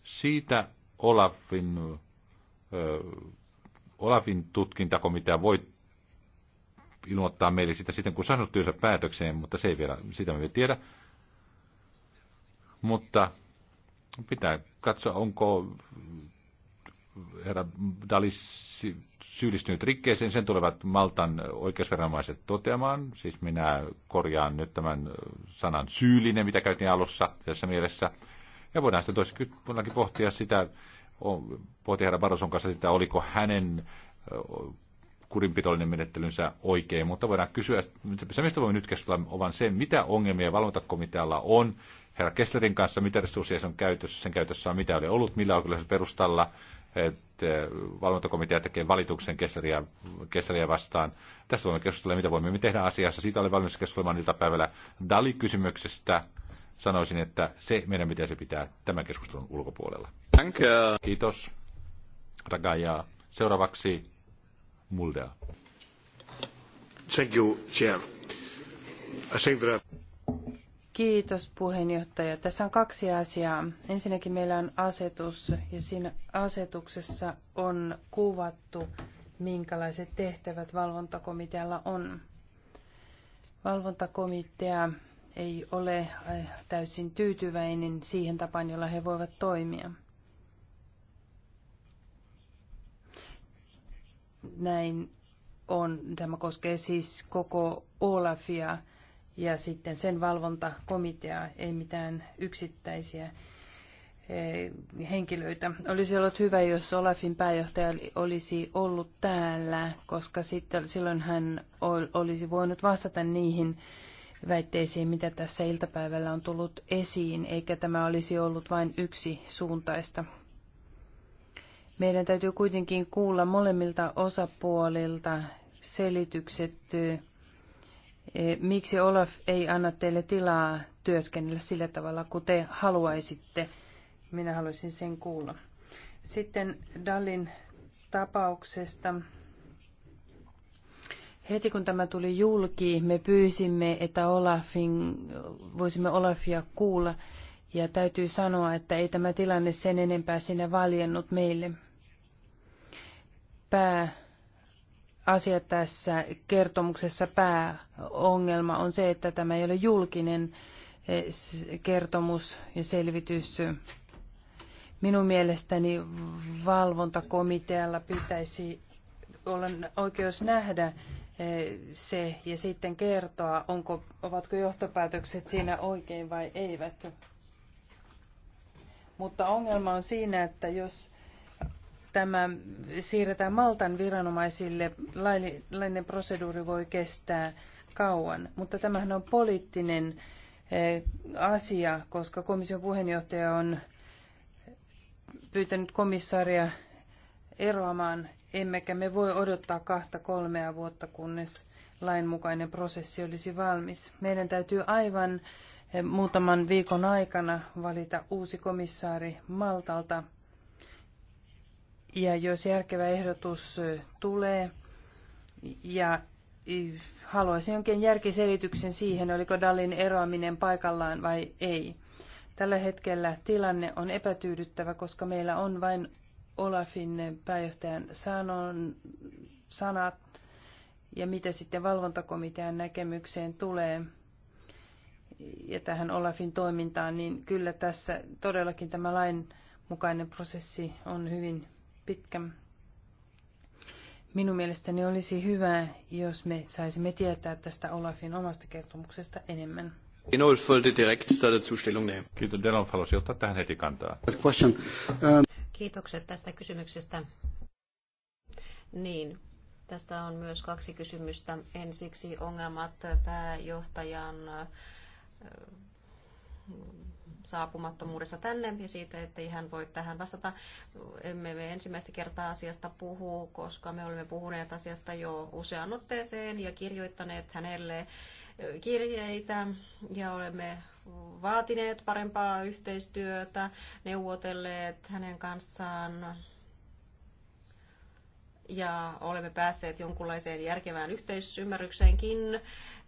A: siitä Olafin, ö, Olafin tutkintakomitea voi ilmoittaa meille sitä sitten, kun saanut työnsä päätökseen, mutta se ei vielä, sitä me ei tiedä. Mutta pitää katsoa, onko herra Dalis syyllistynyt rikkeeseen, sen tulevat Maltan oikeusviranomaiset toteamaan. Siis minä korjaan nyt tämän sanan syyllinen, mitä käytiin alussa tässä mielessä. Ja voidaan sitten toisikin pohtia sitä, pohtia herra Baroson kanssa sitä, oliko hänen kurinpidollinen menettelynsä oikein, mutta voidaan kysyä, se mistä voi nyt keskustella, on se, mitä ongelmia valvontakomitealla on, herra Kesslerin kanssa, mitä resursseja se on käytössä, sen käytössä on, mitä oli ollut, millä oikeudellisella perustalla, että eh, valvontakomitea tekee valituksen kesäriä, kesäriä vastaan. Tässä voimme keskustella, mitä voimme tehdä asiassa. Siitä oli valmis keskustelemaan iltapäivällä Dali-kysymyksestä. Sanoisin, että se meidän pitäisi pitää tämän keskustelun ulkopuolella. Thank you. Kiitos. Ragaja. Seuraavaksi Muldea.
B: Thank you, Chair. I think that... Kiitos puheenjohtaja. Tässä on kaksi asiaa. Ensinnäkin meillä on asetus ja siinä asetuksessa on kuvattu, minkälaiset tehtävät valvontakomitealla on. Valvontakomitea ei ole äh, täysin tyytyväinen siihen tapaan, jolla he voivat toimia. Näin on. Tämä koskee siis koko Olafia ja sitten sen valvontakomitea, ei mitään yksittäisiä eh, henkilöitä. Olisi ollut hyvä, jos Olafin pääjohtaja olisi ollut täällä, koska sitten, silloin hän olisi voinut vastata niihin väitteisiin, mitä tässä iltapäivällä on tullut esiin, eikä tämä olisi ollut vain yksi suuntaista. Meidän täytyy kuitenkin kuulla molemmilta osapuolilta selitykset eh, E, miksi Olaf ei anna teille tilaa työskennellä sillä tavalla, kuin te haluaisitte? Minä haluaisin sen kuulla. Sitten Dallin tapauksesta. Heti kun tämä tuli julki, me pyysimme, että Olafin, voisimme Olafia kuulla. Ja täytyy sanoa, että ei tämä tilanne sen enempää sinä valjennut meille. Pää asia tässä kertomuksessa pääongelma on se, että tämä ei ole julkinen eh, kertomus ja selvitys. Minun mielestäni valvontakomitealla pitäisi olla oikeus nähdä eh, se ja sitten kertoa, onko, ovatko johtopäätökset siinä oikein vai eivät. Mutta ongelma on siinä, että jos tämä siirretään Maltan viranomaisille, laillinen proseduuri voi kestää kauan. Mutta tämähän on poliittinen eh, asia, koska komission puheenjohtaja on pyytänyt komissaaria eroamaan, emmekä me voi odottaa kahta kolmea vuotta, kunnes lainmukainen prosessi olisi valmis. Meidän täytyy aivan eh, muutaman viikon aikana valita uusi komissaari Maltalta – ja jos järkevä ehdotus tulee, ja haluaisin jonkin järkiselityksen siihen, oliko Dalin eroaminen paikallaan vai ei. Tällä hetkellä tilanne on epätyydyttävä, koska meillä on vain Olafin pääjohtajan sanon, sanat ja mitä sitten valvontakomitean näkemykseen tulee ja tähän Olafin toimintaan, niin kyllä tässä todellakin tämä lain mukainen prosessi on hyvin pitkä. Minun mielestäni olisi hyvä, jos me saisimme tietää tästä Olafin omasta kertomuksesta enemmän. Denolf wollte direkt dazu
A: Stellung nehmen. Kiitos. Denolf halusi ottaa tähän heti kantaa.
C: Ähm, Kiitokset tästä kysymyksestä. Niin, tästä on myös kaksi kysymystä. Ensiksi ongelmat pääjohtajan äh, saapumattomuudessa tänne ja siitä, että hän voi tähän vastata. Emme me ensimmäistä kertaa asiasta puhu, koska me olemme puhuneet asiasta jo useaan otteeseen ja kirjoittaneet hänelle kirjeitä ja olemme vaatineet parempaa yhteistyötä, neuvotelleet hänen kanssaan ja olemme päässeet jonkunlaiseen järkevään yhteisymmärrykseenkin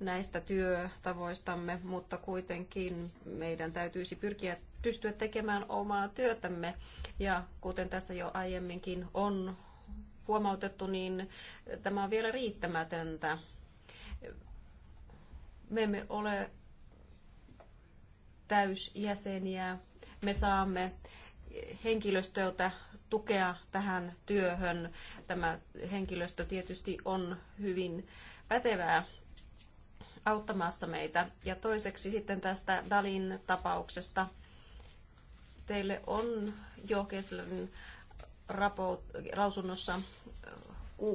C: näistä työtavoistamme, mutta kuitenkin meidän täytyisi pyrkiä pystyä tekemään omaa työtämme. Ja kuten tässä jo aiemminkin on huomautettu, niin tämä on vielä riittämätöntä. Me emme ole täysjäseniä. Me saamme henkilöstöltä tukea tähän työhön. Tämä henkilöstö tietysti on hyvin pätevää auttamassa meitä. Ja toiseksi sitten tästä Dalin tapauksesta. Teille on jo Kesslerin lausunnossa äh,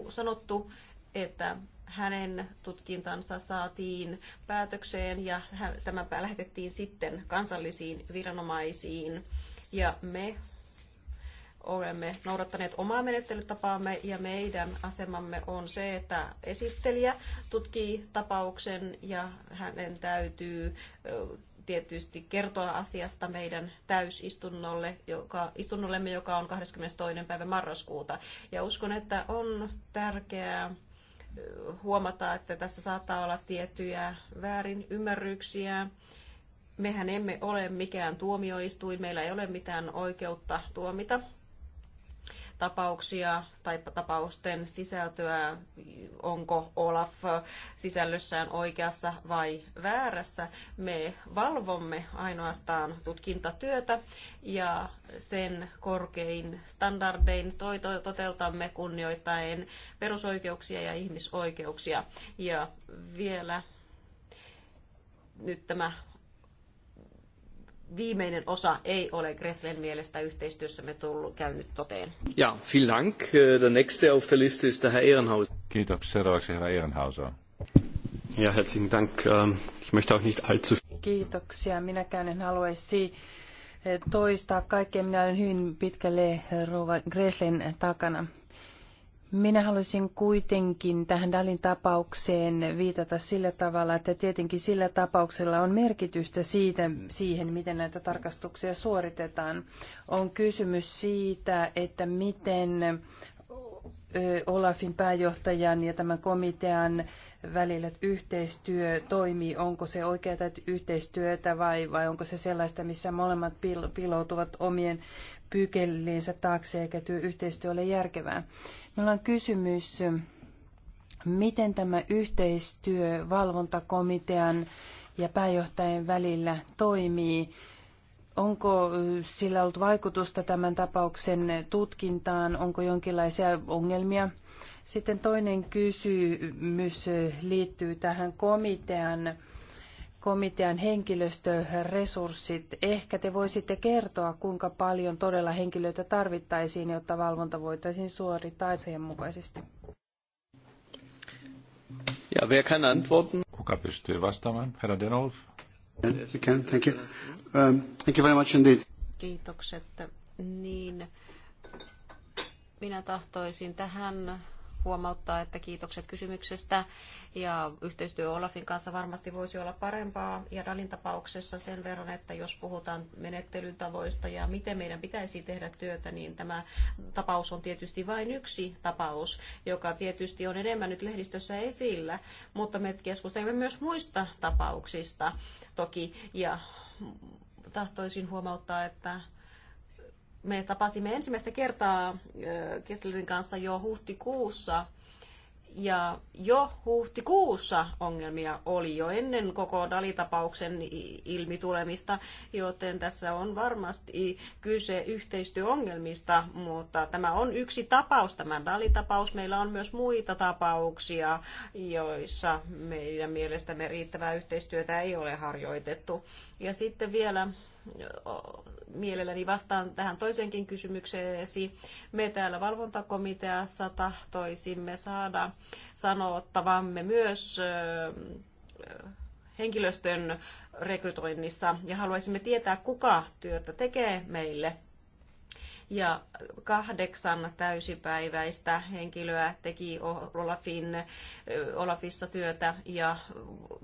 C: sanottu, että hänen tutkintansa saatiin päätökseen ja tämä lähetettiin sitten kansallisiin viranomaisiin ja me olemme noudattaneet omaa menettelytapaamme ja meidän asemamme on se, että esittelijä tutkii tapauksen ja hänen täytyy tietysti kertoa asiasta meidän täysistunnolle, joka, istunnollemme, joka on 22. päivä marraskuuta. Ja uskon, että on tärkeää huomata, että tässä saattaa olla tiettyjä väärinymmärryksiä mehän emme ole mikään tuomioistuin, meillä ei ole mitään oikeutta tuomita tapauksia tai tapausten sisältöä, onko Olaf sisällössään oikeassa vai väärässä. Me valvomme ainoastaan tutkintatyötä ja sen korkein standardein toteutamme kunnioittaen perusoikeuksia ja ihmisoikeuksia. Ja vielä nyt tämä viimeinen osa ei ole Gresslen mielestä yhteistyössämme tullut käynyt toteen. Ja,
A: vielen Dank. Äh, der nächste auf der Liste ist der Herr Ehrenhaus. Kiitoksia. Seuraavaksi herra Ehrenhauser.
C: Ja, herzlichen Dank. Ähm, ich möchte auch nicht allzu...
B: Kiitoksia. Minäkään en haluaisi äh, toistaa kaikkea. Minä olen hyvin pitkälle äh, Rova Gresslin takana. Minä haluaisin kuitenkin tähän Dalin tapaukseen viitata sillä tavalla, että tietenkin sillä tapauksella on merkitystä siitä, siihen, miten näitä tarkastuksia suoritetaan. On kysymys siitä, että miten Olafin pääjohtajan ja tämän komitean välillä yhteistyö toimii, onko se oikeaa yhteistyötä vai, vai onko se sellaista, missä molemmat piloutuvat omien pykeliinsä taakse eikä työ, yhteistyö ole järkevää. Meillä on kysymys, miten tämä yhteistyö valvontakomitean ja pääjohtajien välillä toimii. Onko sillä ollut vaikutusta tämän tapauksen tutkintaan? Onko jonkinlaisia ongelmia? Sitten toinen kysymys liittyy tähän komitean komitean henkilöstöresurssit. Ehkä te voisitte kertoa, kuinka paljon todella henkilöitä tarvittaisiin, jotta valvonta voitaisiin suorittaa asianmukaisesti.
A: Ja wer kann antworten? Kuka pystyy vastaamaan? Herra Denolf? thank you. Um,
B: thank you very much indeed.
C: Kiitokset. Niin, minä tahtoisin tähän huomauttaa, että kiitokset kysymyksestä ja yhteistyö Olafin kanssa varmasti voisi olla parempaa. Ja Dalin tapauksessa sen verran, että jos puhutaan menettelytavoista ja miten meidän pitäisi tehdä työtä, niin tämä tapaus on tietysti vain yksi tapaus, joka tietysti on enemmän nyt lehdistössä esillä, mutta me keskustelemme myös muista tapauksista toki ja tahtoisin huomauttaa, että me tapasimme ensimmäistä kertaa Kesslerin kanssa jo huhtikuussa ja jo huhtikuussa ongelmia oli jo ennen koko Dalitapauksen ilmitulemista, joten tässä on varmasti kyse yhteistyöongelmista, mutta tämä on yksi tapaus, tämä Dalitapaus. Meillä on myös muita tapauksia, joissa meidän mielestämme riittävää yhteistyötä ei ole harjoitettu. Ja sitten vielä mielelläni vastaan tähän toiseenkin kysymykseesi. Me täällä valvontakomiteassa tahtoisimme saada sanottavamme myös henkilöstön rekrytoinnissa ja haluaisimme tietää, kuka työtä tekee meille ja kahdeksan täysipäiväistä henkilöä teki Olafin, Olafissa työtä ja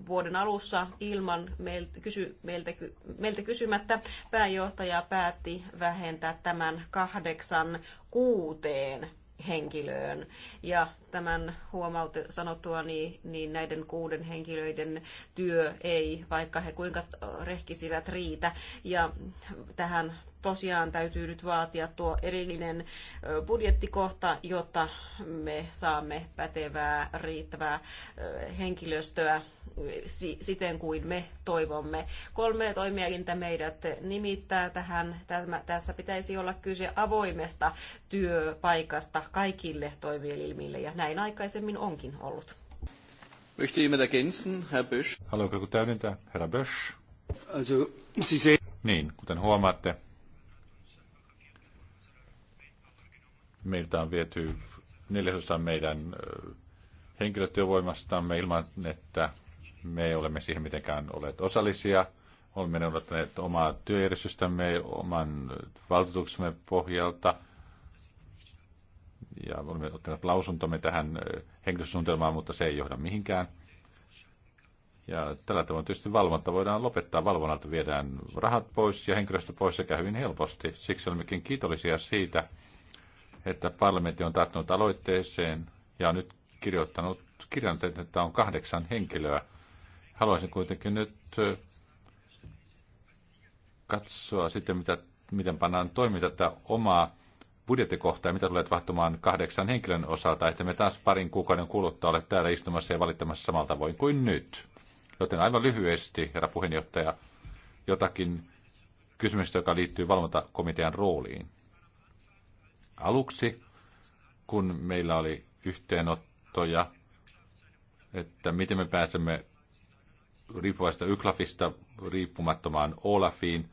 C: vuoden alussa ilman meiltä, kysy, meiltä, meiltä kysymättä pääjohtaja päätti vähentää tämän kahdeksan kuuteen henkilöön. Ja tämän huomaut sanottua, niin, niin näiden kuuden henkilöiden työ ei, vaikka he kuinka rehkisivät riitä. Ja tähän tosiaan täytyy nyt vaatia tuo erillinen budjettikohta, jotta me saamme pätevää, riittävää henkilöstöä siten kuin me toivomme. Kolme toimijakinta meidät nimittää tähän. Tässä pitäisi olla kyse avoimesta työpaikasta kaikille toimielimille ja näin aikaisemmin onkin ollut. Möchte jemand ergänzen, Herr Bösch?
A: Haluaako joku täydentää, herra Bösch? Also, Sie sehen... Niin, kuten huomaatte, meiltä on viety neljäsosa meidän henkilötyövoimastamme ilman, että me olemme siihen mitenkään olleet osallisia. Olemme noudattaneet omaa työjärjestystämme, oman valtuutuksemme pohjalta – ja olemme ottaneet lausuntomme tähän henkilösuunnitelmaan, mutta se ei johda mihinkään. Ja tällä tavalla tietysti valvonta voidaan lopettaa. Valvonnalta viedään rahat pois ja henkilöstö pois sekä hyvin helposti. Siksi olemmekin kiitollisia siitä, että parlamentti on tarttunut aloitteeseen ja on nyt kirjoittanut, kirjan, että on kahdeksan henkilöä. Haluaisin kuitenkin nyt katsoa sitten, mitä, miten pannaan toimia tätä omaa budjettikohtaa, mitä tulee tapahtumaan kahdeksan henkilön osalta, että me taas parin kuukauden kuluttua ole täällä istumassa ja valittamassa samalla tavoin kuin nyt. Joten aivan lyhyesti, herra puheenjohtaja, jotakin kysymystä, joka liittyy valvontakomitean rooliin. Aluksi, kun meillä oli yhteenottoja, että miten me pääsemme riippuvaista YKLAFista riippumattomaan OLAFiin,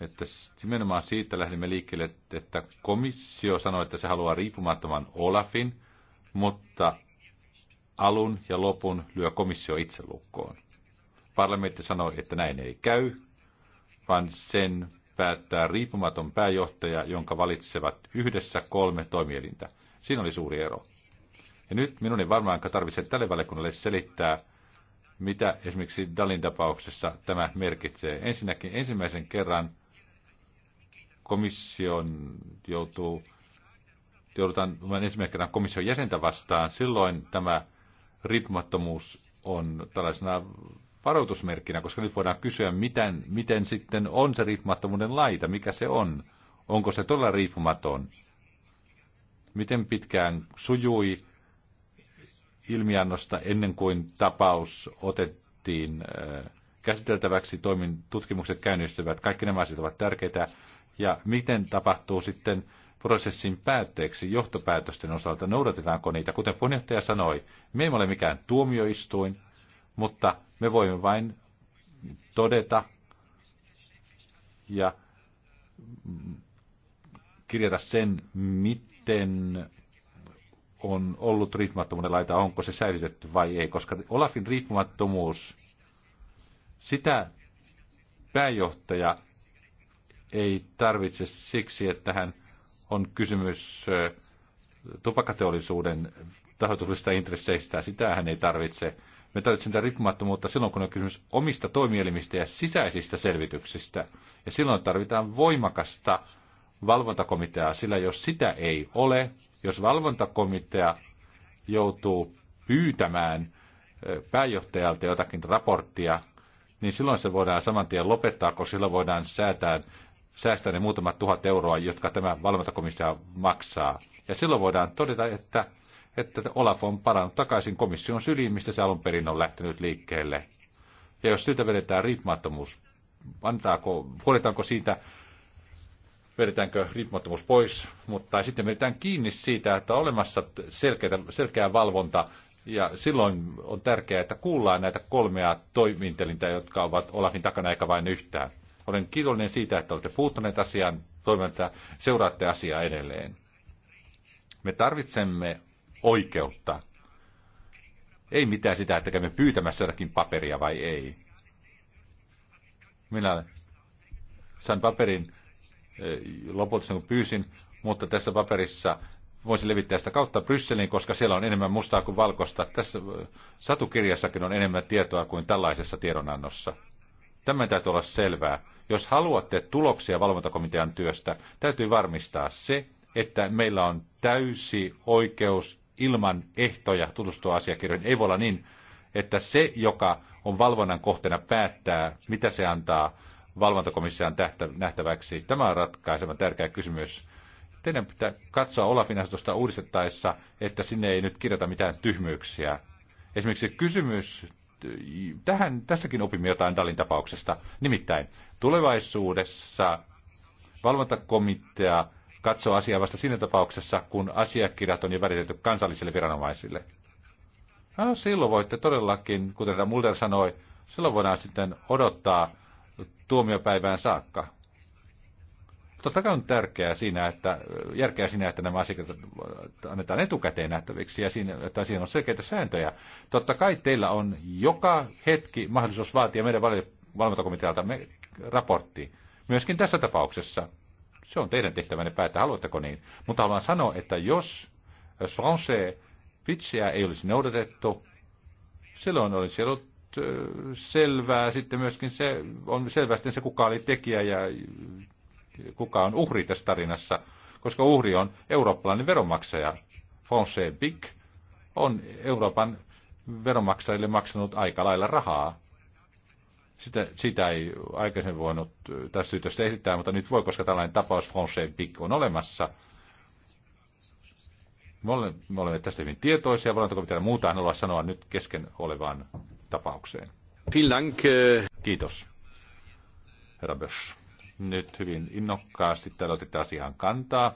A: että nimenomaan siitä lähdimme liikkeelle, että komissio sanoi, että se haluaa riippumattoman Olafin, mutta alun ja lopun lyö komissio itse lukkoon. Parlamentti sanoi, että näin ei käy, vaan sen päättää riippumaton pääjohtaja, jonka valitsevat yhdessä kolme toimielintä. Siinä oli suuri ero. Ja nyt minun ei varmaan tarvitse tälle valiokunnalle selittää, mitä esimerkiksi Dalin tapauksessa tämä merkitsee. Ensinnäkin ensimmäisen kerran komission joutuu, joudutaan ensimmäisen kerran komission jäsentä vastaan, silloin tämä riippumattomuus on tällaisena varoitusmerkkinä, koska nyt voidaan kysyä, miten, miten sitten on se riippumattomuuden laita, mikä se on. Onko se todella riippumaton? Miten pitkään sujui ilmiannosta ennen kuin tapaus otettiin äh, käsiteltäväksi, toimin tutkimukset käynnistyvät, kaikki nämä asiat ovat tärkeitä ja miten tapahtuu sitten prosessin päätteeksi johtopäätösten osalta, noudatetaanko niitä. Kuten puheenjohtaja sanoi, me emme ole mikään tuomioistuin, mutta me voimme vain todeta ja kirjata sen, miten on ollut riippumattomuuden laita, onko se säilytetty vai ei, koska Olafin riippumattomuus, sitä pääjohtaja ei tarvitse siksi, että hän on kysymys tupakateollisuuden tahoituksista, intresseistä. Sitä hän ei tarvitse. Me tarvitsemme sitä riippumattomuutta silloin, kun on kysymys omista toimielimistä ja sisäisistä selvityksistä. Ja silloin tarvitaan voimakasta valvontakomiteaa, sillä jos sitä ei ole, jos valvontakomitea joutuu pyytämään pääjohtajalta jotakin raporttia, niin silloin se voidaan saman tien lopettaa, koska sillä voidaan säätää säästää ne muutamat tuhat euroa, jotka tämä valvontakomissio maksaa. Ja silloin voidaan todeta, että, että Olaf on palannut takaisin komission syliin, mistä se alun perin on lähtenyt liikkeelle. Ja jos siltä vedetään riippumattomuus, antaako, huoletaanko siitä, vedetäänkö riippumattomuus pois, mutta sitten vedetään kiinni siitä, että on olemassa selkeä, selkeä valvonta, ja silloin on tärkeää, että kuullaan näitä kolmea toimintelintä, jotka ovat Olafin takana eikä vain yhtään. Olen kiitollinen siitä, että olette puuttuneet asiaan, toivon, että seuraatte asiaa edelleen. Me tarvitsemme oikeutta. Ei mitään sitä, että käymme pyytämässä jotakin paperia vai ei. Minä sain paperin eh, lopulta sen kun pyysin, mutta tässä paperissa voisin levittää sitä kautta Brysseliin, koska siellä on enemmän mustaa kuin valkoista. Tässä eh, satukirjassakin on enemmän tietoa kuin tällaisessa tiedonannossa. Tämä täytyy olla selvää. Jos haluatte tuloksia valvontakomitean työstä, täytyy varmistaa se, että meillä on täysi oikeus ilman ehtoja tutustua asiakirjoihin. Ei voi olla niin, että se, joka on valvonnan kohteena, päättää, mitä se antaa valvontakomission nähtäväksi. Tämä on ratkaisevan tärkeä kysymys. Teidän pitää katsoa Olafin asetusta uudistettaessa, että sinne ei nyt kirjata mitään tyhmyyksiä. Esimerkiksi kysymys tähän, tässäkin opimme jotain Dalin tapauksesta. Nimittäin tulevaisuudessa valvontakomitea katsoo asiaa vasta siinä tapauksessa, kun asiakirjat on jo väritetty kansallisille viranomaisille. No, silloin voitte todellakin, kuten Mulder sanoi, silloin voidaan sitten odottaa tuomiopäivään saakka. Totta kai on tärkeää siinä, että, järkeä siinä, että nämä asiat annetaan etukäteen nähtäviksi ja siinä, että siinä on selkeitä sääntöjä. Totta kai teillä on joka hetki mahdollisuus vaatia meidän valvontakomitealta raportti. Myöskin tässä tapauksessa. Se on teidän tehtävänne päättää, haluatteko niin. Mutta haluan sanoa, että jos Francais Pitchia ei olisi noudatettu, silloin olisi ollut selvää sitten myöskin se, on selvästi se kuka oli tekijä ja kuka on uhri tässä tarinassa, koska uhri on eurooppalainen veronmaksaja. Fonse Big on Euroopan veronmaksajille maksanut aika lailla rahaa. Sitä, sitä ei aikaisemmin voinut tässä syytöstä esittää, mutta nyt voi, koska tällainen tapaus Fonse Big on olemassa. Me olemme, me olemme tästä hyvin tietoisia. Voidaanko mitään muuta en halua sanoa nyt kesken olevaan tapaukseen? Äh. Kiitos, herra Bösch nyt hyvin innokkaasti täällä otitte asiaan kantaa.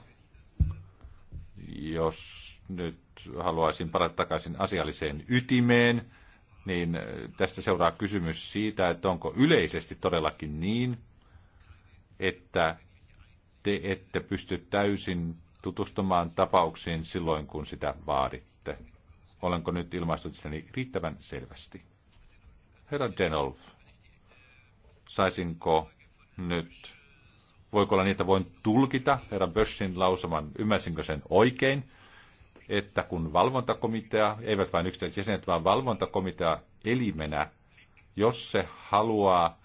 A: Jos nyt haluaisin palata takaisin asialliseen ytimeen, niin äh, tästä seuraa kysymys siitä, että onko yleisesti todellakin niin, että te ette pysty täysin tutustumaan tapauksiin silloin, kun sitä vaaditte. Olenko nyt ilmaistut sitä riittävän selvästi? Herra Denolf, saisinko nyt. Voiko olla niitä voin tulkita herra Bössin lausuman, ymmärsinkö sen oikein, että kun valvontakomitea, eivät vain yksittäiset jäsenet, vaan valvontakomitea elimenä, jos se haluaa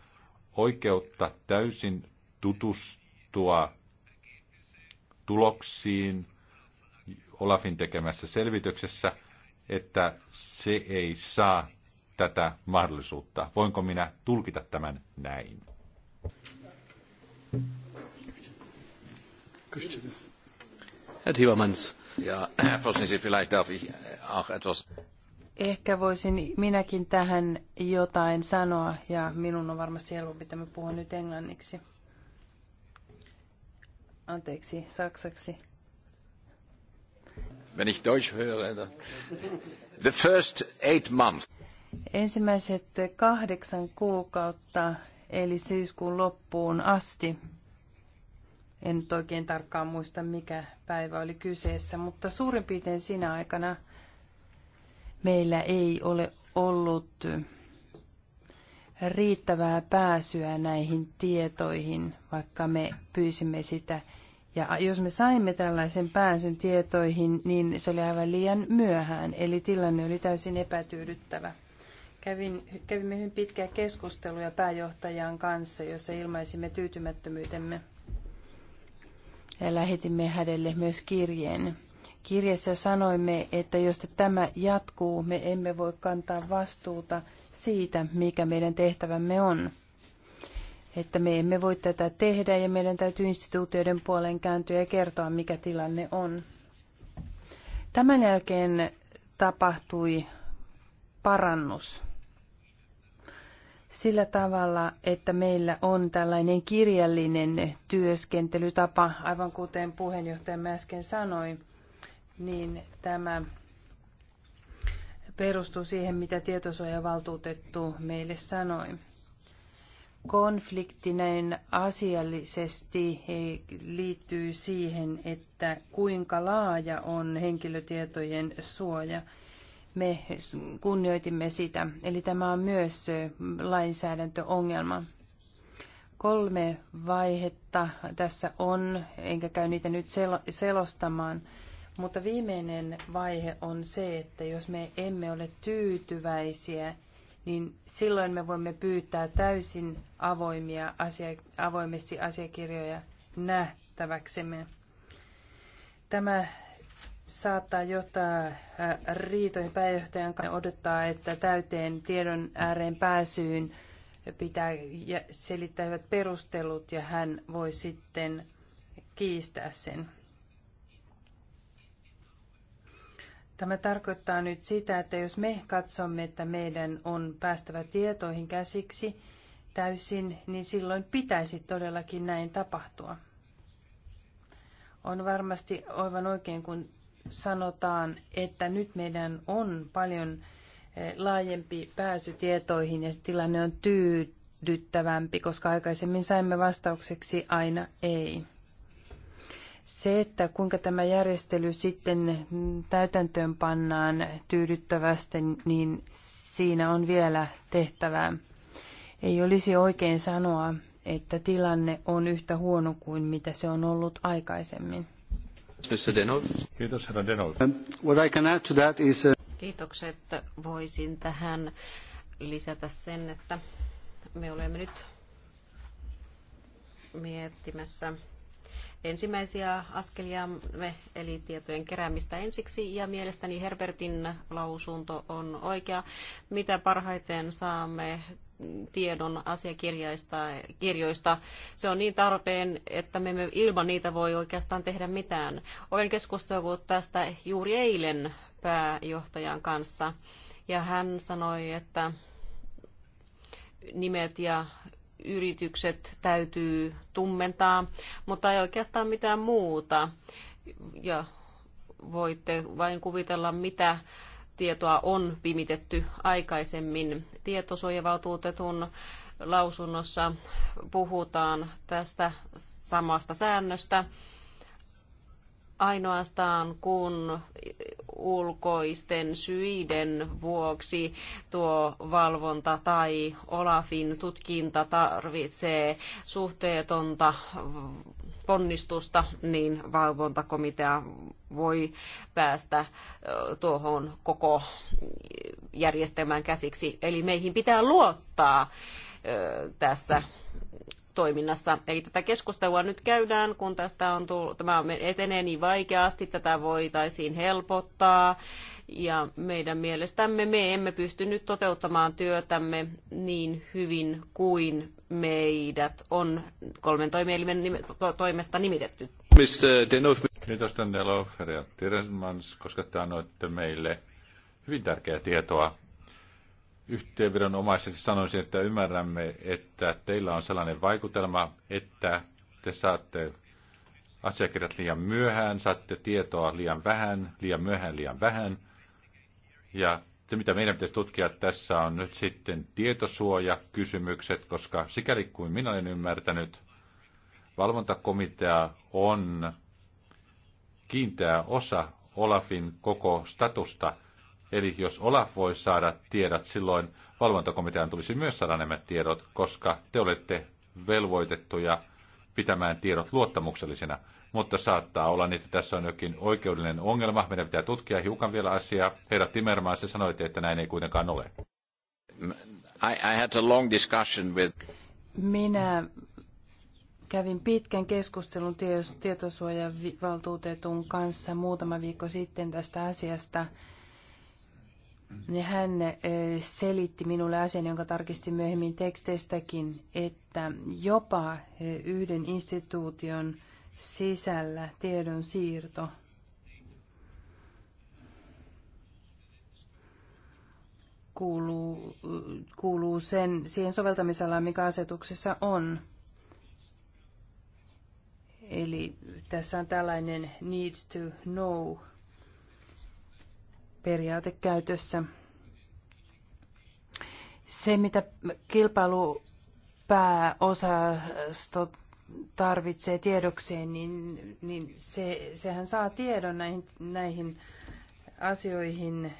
A: oikeutta täysin tutustua tuloksiin Olafin tekemässä selvityksessä, että se ei saa tätä mahdollisuutta. Voinko minä tulkita tämän näin? Herr Timmermans. Ja, vielleicht darf ich äh, auch etwas
B: ehkä voisin minäkin tähän jotain sanoa ja minun on varmasti helpompi että tämä puhun nyt englanniksi. Anteeksi, saksaksi.
A: Wenn ich Deutsch höre, the first eight months.
B: Ensimmäiset kahdeksan kuukautta eli syyskuun loppuun asti. En nyt oikein tarkkaan muista, mikä päivä oli kyseessä, mutta suurin piirtein sinä aikana meillä ei ole ollut riittävää pääsyä näihin tietoihin, vaikka me pyysimme sitä. Ja jos me saimme tällaisen pääsyn tietoihin, niin se oli aivan liian myöhään, eli tilanne oli täysin epätyydyttävä. Kävin, kävimme hyvin pitkää keskusteluja pääjohtajan kanssa, jossa ilmaisimme tyytymättömyytemme. Ja lähetimme hänelle myös kirjeen. Kirjassa sanoimme, että jos tämä jatkuu, me emme voi kantaa vastuuta siitä, mikä meidän tehtävämme on. Että me emme voi tätä tehdä ja meidän täytyy instituutioiden puoleen kääntyä ja kertoa, mikä tilanne on. Tämän jälkeen tapahtui parannus sillä tavalla, että meillä on tällainen kirjallinen työskentelytapa, aivan kuten puheenjohtaja äsken sanoi, niin tämä perustuu siihen, mitä tietosuojavaltuutettu meille sanoi. Konfliktinen asiallisesti liittyy siihen, että kuinka laaja on henkilötietojen suoja – me kunnioitimme sitä. Eli tämä on myös lainsäädäntöongelma. Kolme vaihetta tässä on, enkä käy niitä nyt selostamaan. Mutta viimeinen vaihe on se, että jos me emme ole tyytyväisiä, niin silloin me voimme pyytää täysin avoimia asia, avoimesti asiakirjoja nähtäväksemme. Tämä saattaa johtaa äh, riitojen pääjohtajan kanssa odottaa, että täyteen tiedon ääreen pääsyyn pitää selittää hyvät perustelut ja hän voi sitten kiistää sen. Tämä tarkoittaa nyt sitä, että jos me katsomme, että meidän on päästävä tietoihin käsiksi täysin, niin silloin pitäisi todellakin näin tapahtua. On varmasti aivan oikein, kun sanotaan, että nyt meidän on paljon eh, laajempi pääsy tietoihin ja tilanne on tyydyttävämpi, koska aikaisemmin saimme vastaukseksi aina ei. Se, että kuinka tämä järjestely sitten täytäntöön pannaan tyydyttävästi, niin siinä on vielä tehtävää. Ei olisi oikein sanoa, että tilanne on yhtä huono kuin mitä se on ollut aikaisemmin.
A: Kiitos, herra Denov. Um, what I can add to that is... Uh,
C: Kiitokset. Voisin tähän lisätä sen, että me olemme nyt miettimässä ensimmäisiä askeliamme, eli tietojen keräämistä ensiksi, ja mielestäni Herbertin lausunto on oikea. Mitä parhaiten saamme tiedon asiakirjoista. Kirjoista. Se on niin tarpeen, että me emme ilman niitä voi oikeastaan tehdä mitään. Olen keskustellut tästä juuri eilen pääjohtajan kanssa ja hän sanoi, että nimet ja yritykset täytyy tummentaa, mutta ei oikeastaan mitään muuta. Ja voitte vain kuvitella, mitä tietoa on pimitetty aikaisemmin. Tietosuojavaltuutetun lausunnossa puhutaan tästä samasta säännöstä ainoastaan kun ulkoisten syiden vuoksi tuo valvonta tai Olafin tutkinta tarvitsee suhteetonta ponnistusta, niin valvontakomitea voi päästä tuohon koko järjestelmään käsiksi. Eli meihin pitää luottaa tässä toiminnassa. Eli tätä keskustelua nyt käydään, kun tästä on tullut, tämä etenee niin vaikeasti, tätä voitaisiin helpottaa. Ja meidän mielestämme me emme pysty nyt toteuttamaan työtämme niin hyvin kuin meidät on kolmen toimielimen nime, to, toimesta nimitetty.
A: Mr. Kiitos Denov ja Tiresmans, koska te annoitte meille hyvin tärkeää tietoa yhteenvedonomaisesti sanoisin, että ymmärrämme, että teillä on sellainen vaikutelma, että te saatte asiakirjat liian myöhään, saatte tietoa liian vähän, liian myöhään, liian vähän. Ja se, mitä meidän pitäisi tutkia tässä, on nyt sitten tietosuojakysymykset, koska sikäli kuin minä olen ymmärtänyt, valvontakomitea on kiinteä osa Olafin koko statusta – Eli jos Olaf voi saada tiedot, silloin valvontakomitean tulisi myös saada nämä tiedot, koska te olette velvoitettuja pitämään tiedot luottamuksellisina. Mutta saattaa olla, niin, että tässä on jokin oikeudellinen ongelma. Meidän pitää tutkia hiukan vielä asiaa. Herra Timmermans, se sanoitte, että näin ei kuitenkaan ole. I, I had a long discussion with...
B: Minä kävin pitkän keskustelun tietosuojavaltuutetun kanssa muutama viikko sitten tästä asiasta hän eh, selitti minulle asian, jonka tarkistin myöhemmin teksteistäkin, että jopa eh, yhden instituution sisällä tiedon siirto kuuluu, kuuluu sen, siihen soveltamisalaan, mikä asetuksessa on. Eli tässä on tällainen needs to know periaate käytössä. Se, mitä kilpailupääosasto tarvitsee tiedokseen, niin, niin se, sehän saa tiedon näihin, näihin asioihin,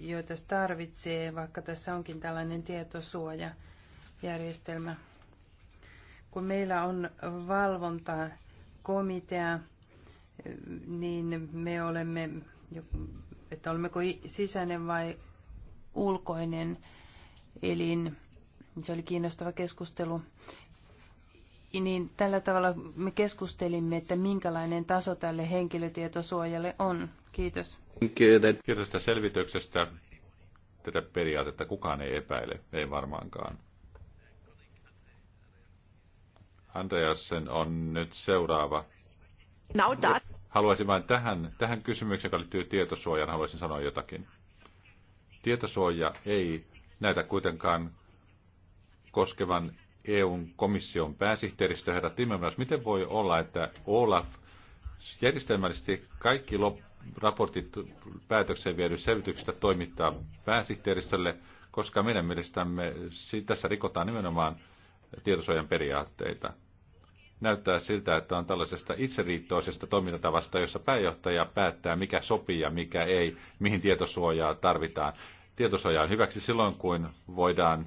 B: joita se tarvitsee, vaikka tässä onkin tällainen tietosuojajärjestelmä. Kun meillä on valvontakomitea, niin me olemme että olemmeko sisäinen vai ulkoinen elin. Se oli kiinnostava keskustelu. Niin tällä tavalla me keskustelimme, että minkälainen taso tälle henkilötietosuojalle on. Kiitos.
A: Kiitos tästä selvityksestä. Tätä periaatetta kukaan ei epäile, ei varmaankaan. Andreasen on nyt seuraava.
C: Now that.
A: Haluaisin vain tähän, tähän kysymykseen, joka liittyy tietosuojaan, haluaisin sanoa jotakin. Tietosuoja ei näitä kuitenkaan koskevan EUn komission pääsihteeristö herra Timmermans. Miten voi olla, että Olaf järjestelmällisesti kaikki raportit päätökseen viedyistä selvityksistä toimittaa pääsihteeristölle, koska meidän mielestämme tässä rikotaan nimenomaan tietosuojan periaatteita näyttää siltä, että on tällaisesta itseriittoisesta toimintatavasta, jossa pääjohtaja päättää, mikä sopii ja mikä ei, mihin tietosuojaa tarvitaan. Tietosuoja on hyväksi silloin, kun voidaan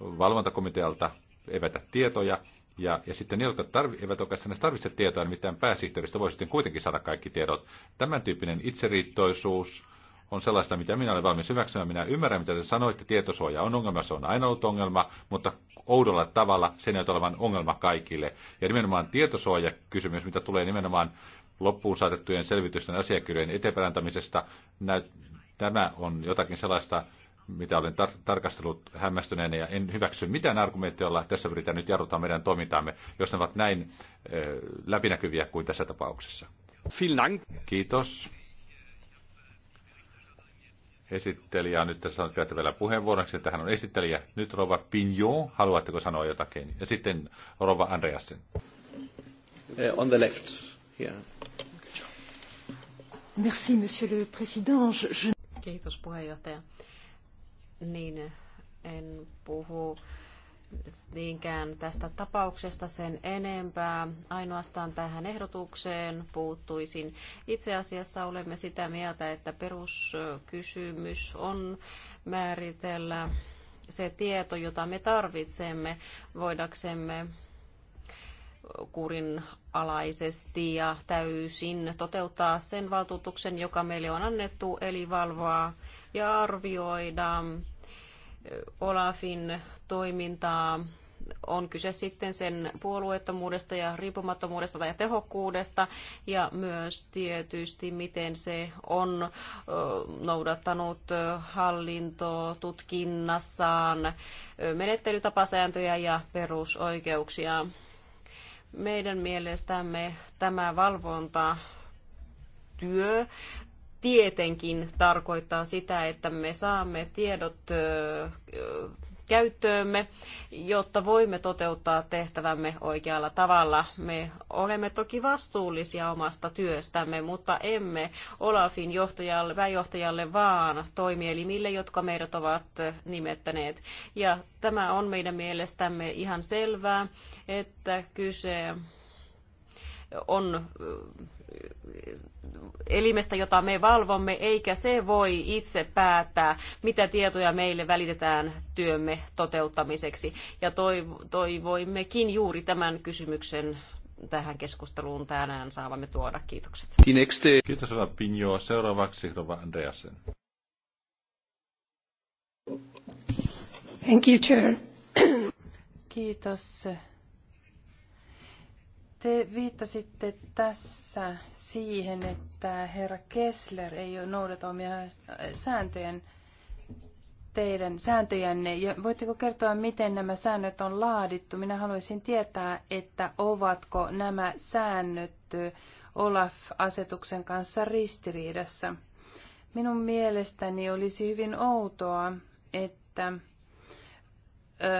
A: valvontakomitealta evätä tietoja, ja, ja sitten ne, jotka tarvi, eivät oikeastaan edes tarvitse tietoa, mitään pääsihteeristä voi sitten kuitenkin saada kaikki tiedot. Tämän tyyppinen itseriittoisuus on sellaista, mitä minä olen valmis hyväksymään. Minä ymmärrän, mitä te sanoitte. Tietosuoja on ongelma, se on aina ollut ongelma, mutta oudolla tavalla se näyttää olevan ongelma kaikille. Ja nimenomaan tietosuojakysymys, mitä tulee nimenomaan loppuun saatettujen selvitysten asiakirjojen eteenpäinantamisesta, tämä on jotakin sellaista, mitä olen tar- tarkastellut hämmästyneenä ja en hyväksy mitään argumentteja, joilla tässä yritetään nyt jarruttaa meidän toimintaamme, jos ne ovat näin ö, läpinäkyviä kuin tässä tapauksessa. Vielen Kiitos esittelijä nyt tässä on vielä puheenvuoroksi, että hän on esittelijä. Nyt Rova Pignon, haluatteko sanoa jotakin? Ja sitten Rova Andreasen.
C: Uh, on the left, here. Merci, monsieur le président. Je, je... Kiitos puheenjohtaja. Niin, en puhu niinkään tästä tapauksesta sen enempää. Ainoastaan tähän ehdotukseen puuttuisin. Itse asiassa olemme sitä mieltä, että peruskysymys on määritellä se tieto, jota me tarvitsemme voidaksemme kurinalaisesti ja täysin toteuttaa sen valtuutuksen, joka meille on annettu, eli valvoa ja arvioida Olafin toimintaa. On kyse sitten sen puolueettomuudesta ja riippumattomuudesta tai tehokkuudesta ja myös tietysti miten se on noudattanut tutkinnassaan menettelytapasääntöjä ja perusoikeuksia. Meidän mielestämme tämä valvonta työ tietenkin tarkoittaa sitä, että me saamme tiedot käyttöömme, jotta voimme toteuttaa tehtävämme oikealla tavalla. Me olemme toki vastuullisia omasta työstämme, mutta emme Olafin johtajalle, pääjohtajalle, vaan toimielimille, jotka meidät ovat nimettäneet. Ja tämä on meidän mielestämme ihan selvää, että kyse on elimestä, jota me valvomme, eikä se voi itse päättää, mitä tietoja meille välitetään työmme toteuttamiseksi. Ja toivoimmekin juuri tämän kysymyksen tähän keskusteluun tänään saavamme tuoda. Kiitokset.
A: Kiitos Rova Pinjo. Seuraavaksi Rova Andreasen.
B: Thank you, Chair. Kiitos te viittasitte tässä siihen, että herra Kessler ei ole noudata omia äh, sääntöjen, teidän sääntöjänne. Ja voitteko kertoa, miten nämä säännöt on laadittu? Minä haluaisin tietää, että ovatko nämä säännöt äh, Olaf-asetuksen kanssa ristiriidassa. Minun mielestäni olisi hyvin outoa, että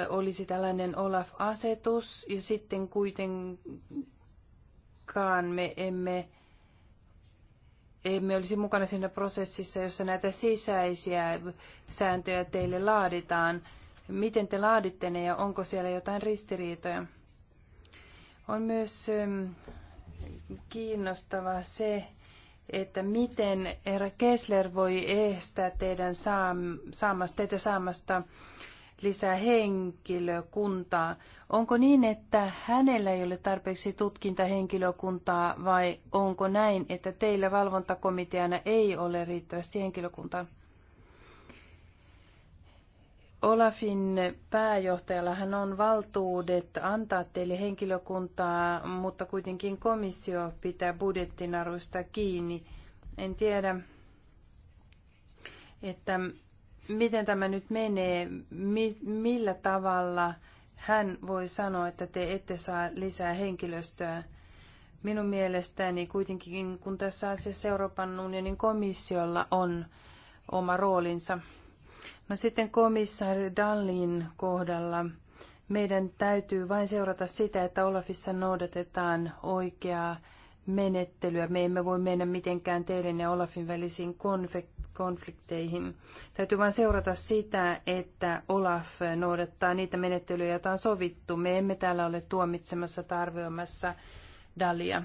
B: olisi tällainen Olaf-asetus ja sitten kuitenkaan me emme, emme olisi mukana siinä prosessissa, jossa näitä sisäisiä sääntöjä teille laaditaan. Miten te laaditte ne ja onko siellä jotain ristiriitoja? On myös kiinnostavaa se, että miten Herra Kessler voi estää teidän saam, saamasta, teitä saamasta lisää henkilökuntaa. Onko niin, että hänellä ei ole tarpeeksi tutkintahenkilökuntaa vai onko näin, että teillä valvontakomiteana ei ole riittävästi henkilökuntaa? Olafin pääjohtajalla hän on valtuudet antaa teille henkilökuntaa, mutta kuitenkin komissio pitää budjettinaruista kiinni. En tiedä, että miten tämä nyt menee, mi, millä tavalla hän voi sanoa, että te ette saa lisää henkilöstöä. Minun mielestäni kuitenkin, kun tässä asiassa Euroopan unionin komissiolla on oma roolinsa. No sitten komissaari Dallin kohdalla meidän täytyy vain seurata sitä, että Olafissa noudatetaan oikeaa menettelyä. Me emme voi mennä mitenkään teidän ja Olafin välisiin konfek- konflikteihin. Täytyy vain seurata sitä, että Olaf noudattaa niitä menettelyjä, joita on sovittu. Me emme täällä ole tuomitsemassa tai Dalia.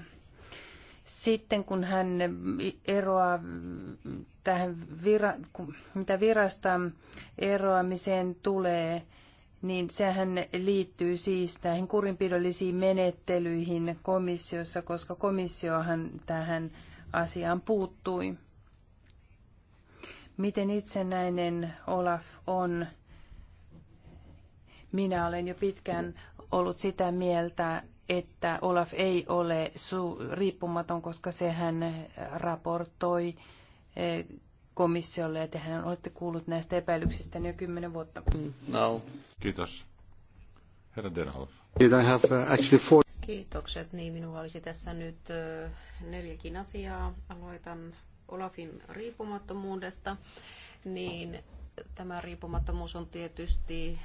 B: Sitten kun hän eroaa tähän, vira, mitä virasta eroamiseen tulee, niin sehän liittyy siis näihin kurinpidollisiin menettelyihin komissiossa, koska komissiohan tähän asiaan puuttui miten itsenäinen Olaf on. Minä olen jo pitkään ollut sitä mieltä, että Olaf ei ole su- riippumaton, koska sehän raportoi eh, komissiolle ja tehän olette kuullut näistä epäilyksistä jo kymmenen vuotta.
A: No. Kiitos. Herra Denhoff. Uh,
C: Kiitokset. Niin, minulla olisi tässä nyt eh, neljäkin asiaa. Aloitan Olafin riippumattomuudesta, niin tämä riippumattomuus on tietysti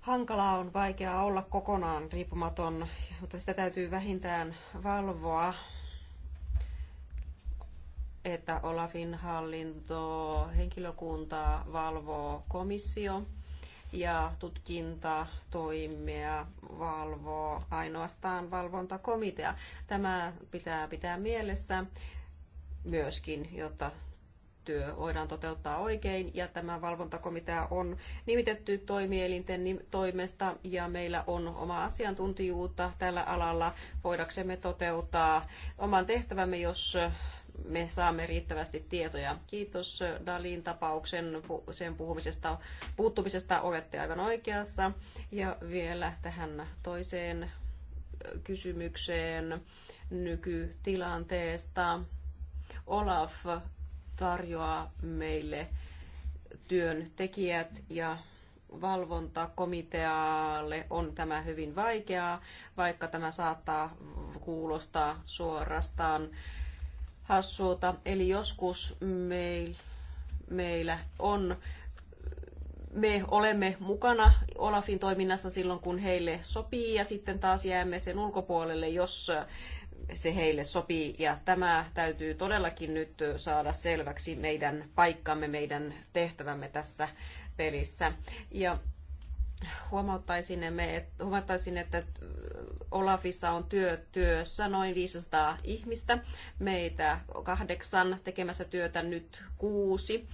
C: hankalaa, on vaikeaa olla kokonaan riippumaton, mutta sitä täytyy vähintään valvoa, että Olafin hallinto, henkilökunta valvoo komissio ja tutkinta toimia valvoo ainoastaan valvontakomitea. Tämä pitää pitää mielessä myöskin, jotta työ voidaan toteuttaa oikein ja tämä valvontakomitea on nimitetty toimielinten toimesta ja meillä on oma asiantuntijuutta tällä alalla voidaksemme toteuttaa oman tehtävämme, jos me saamme riittävästi tietoja. Kiitos Dalin tapauksen sen puhumisesta, puuttumisesta. Olette aivan oikeassa. Ja vielä tähän toiseen kysymykseen nykytilanteesta Olaf tarjoaa meille työntekijät ja valvontakomitealle on tämä hyvin vaikeaa, vaikka tämä saattaa kuulostaa suorastaan hassulta. Eli joskus meil, meillä on me olemme mukana Olafin toiminnassa silloin, kun heille sopii, ja sitten taas jäämme sen ulkopuolelle, jos se heille sopii. Ja tämä täytyy todellakin nyt saada selväksi meidän paikkamme, meidän tehtävämme tässä pelissä. Ja huomauttaisin, me, että Olafissa on työ, työssä noin 500 ihmistä, meitä kahdeksan tekemässä työtä nyt kuusi.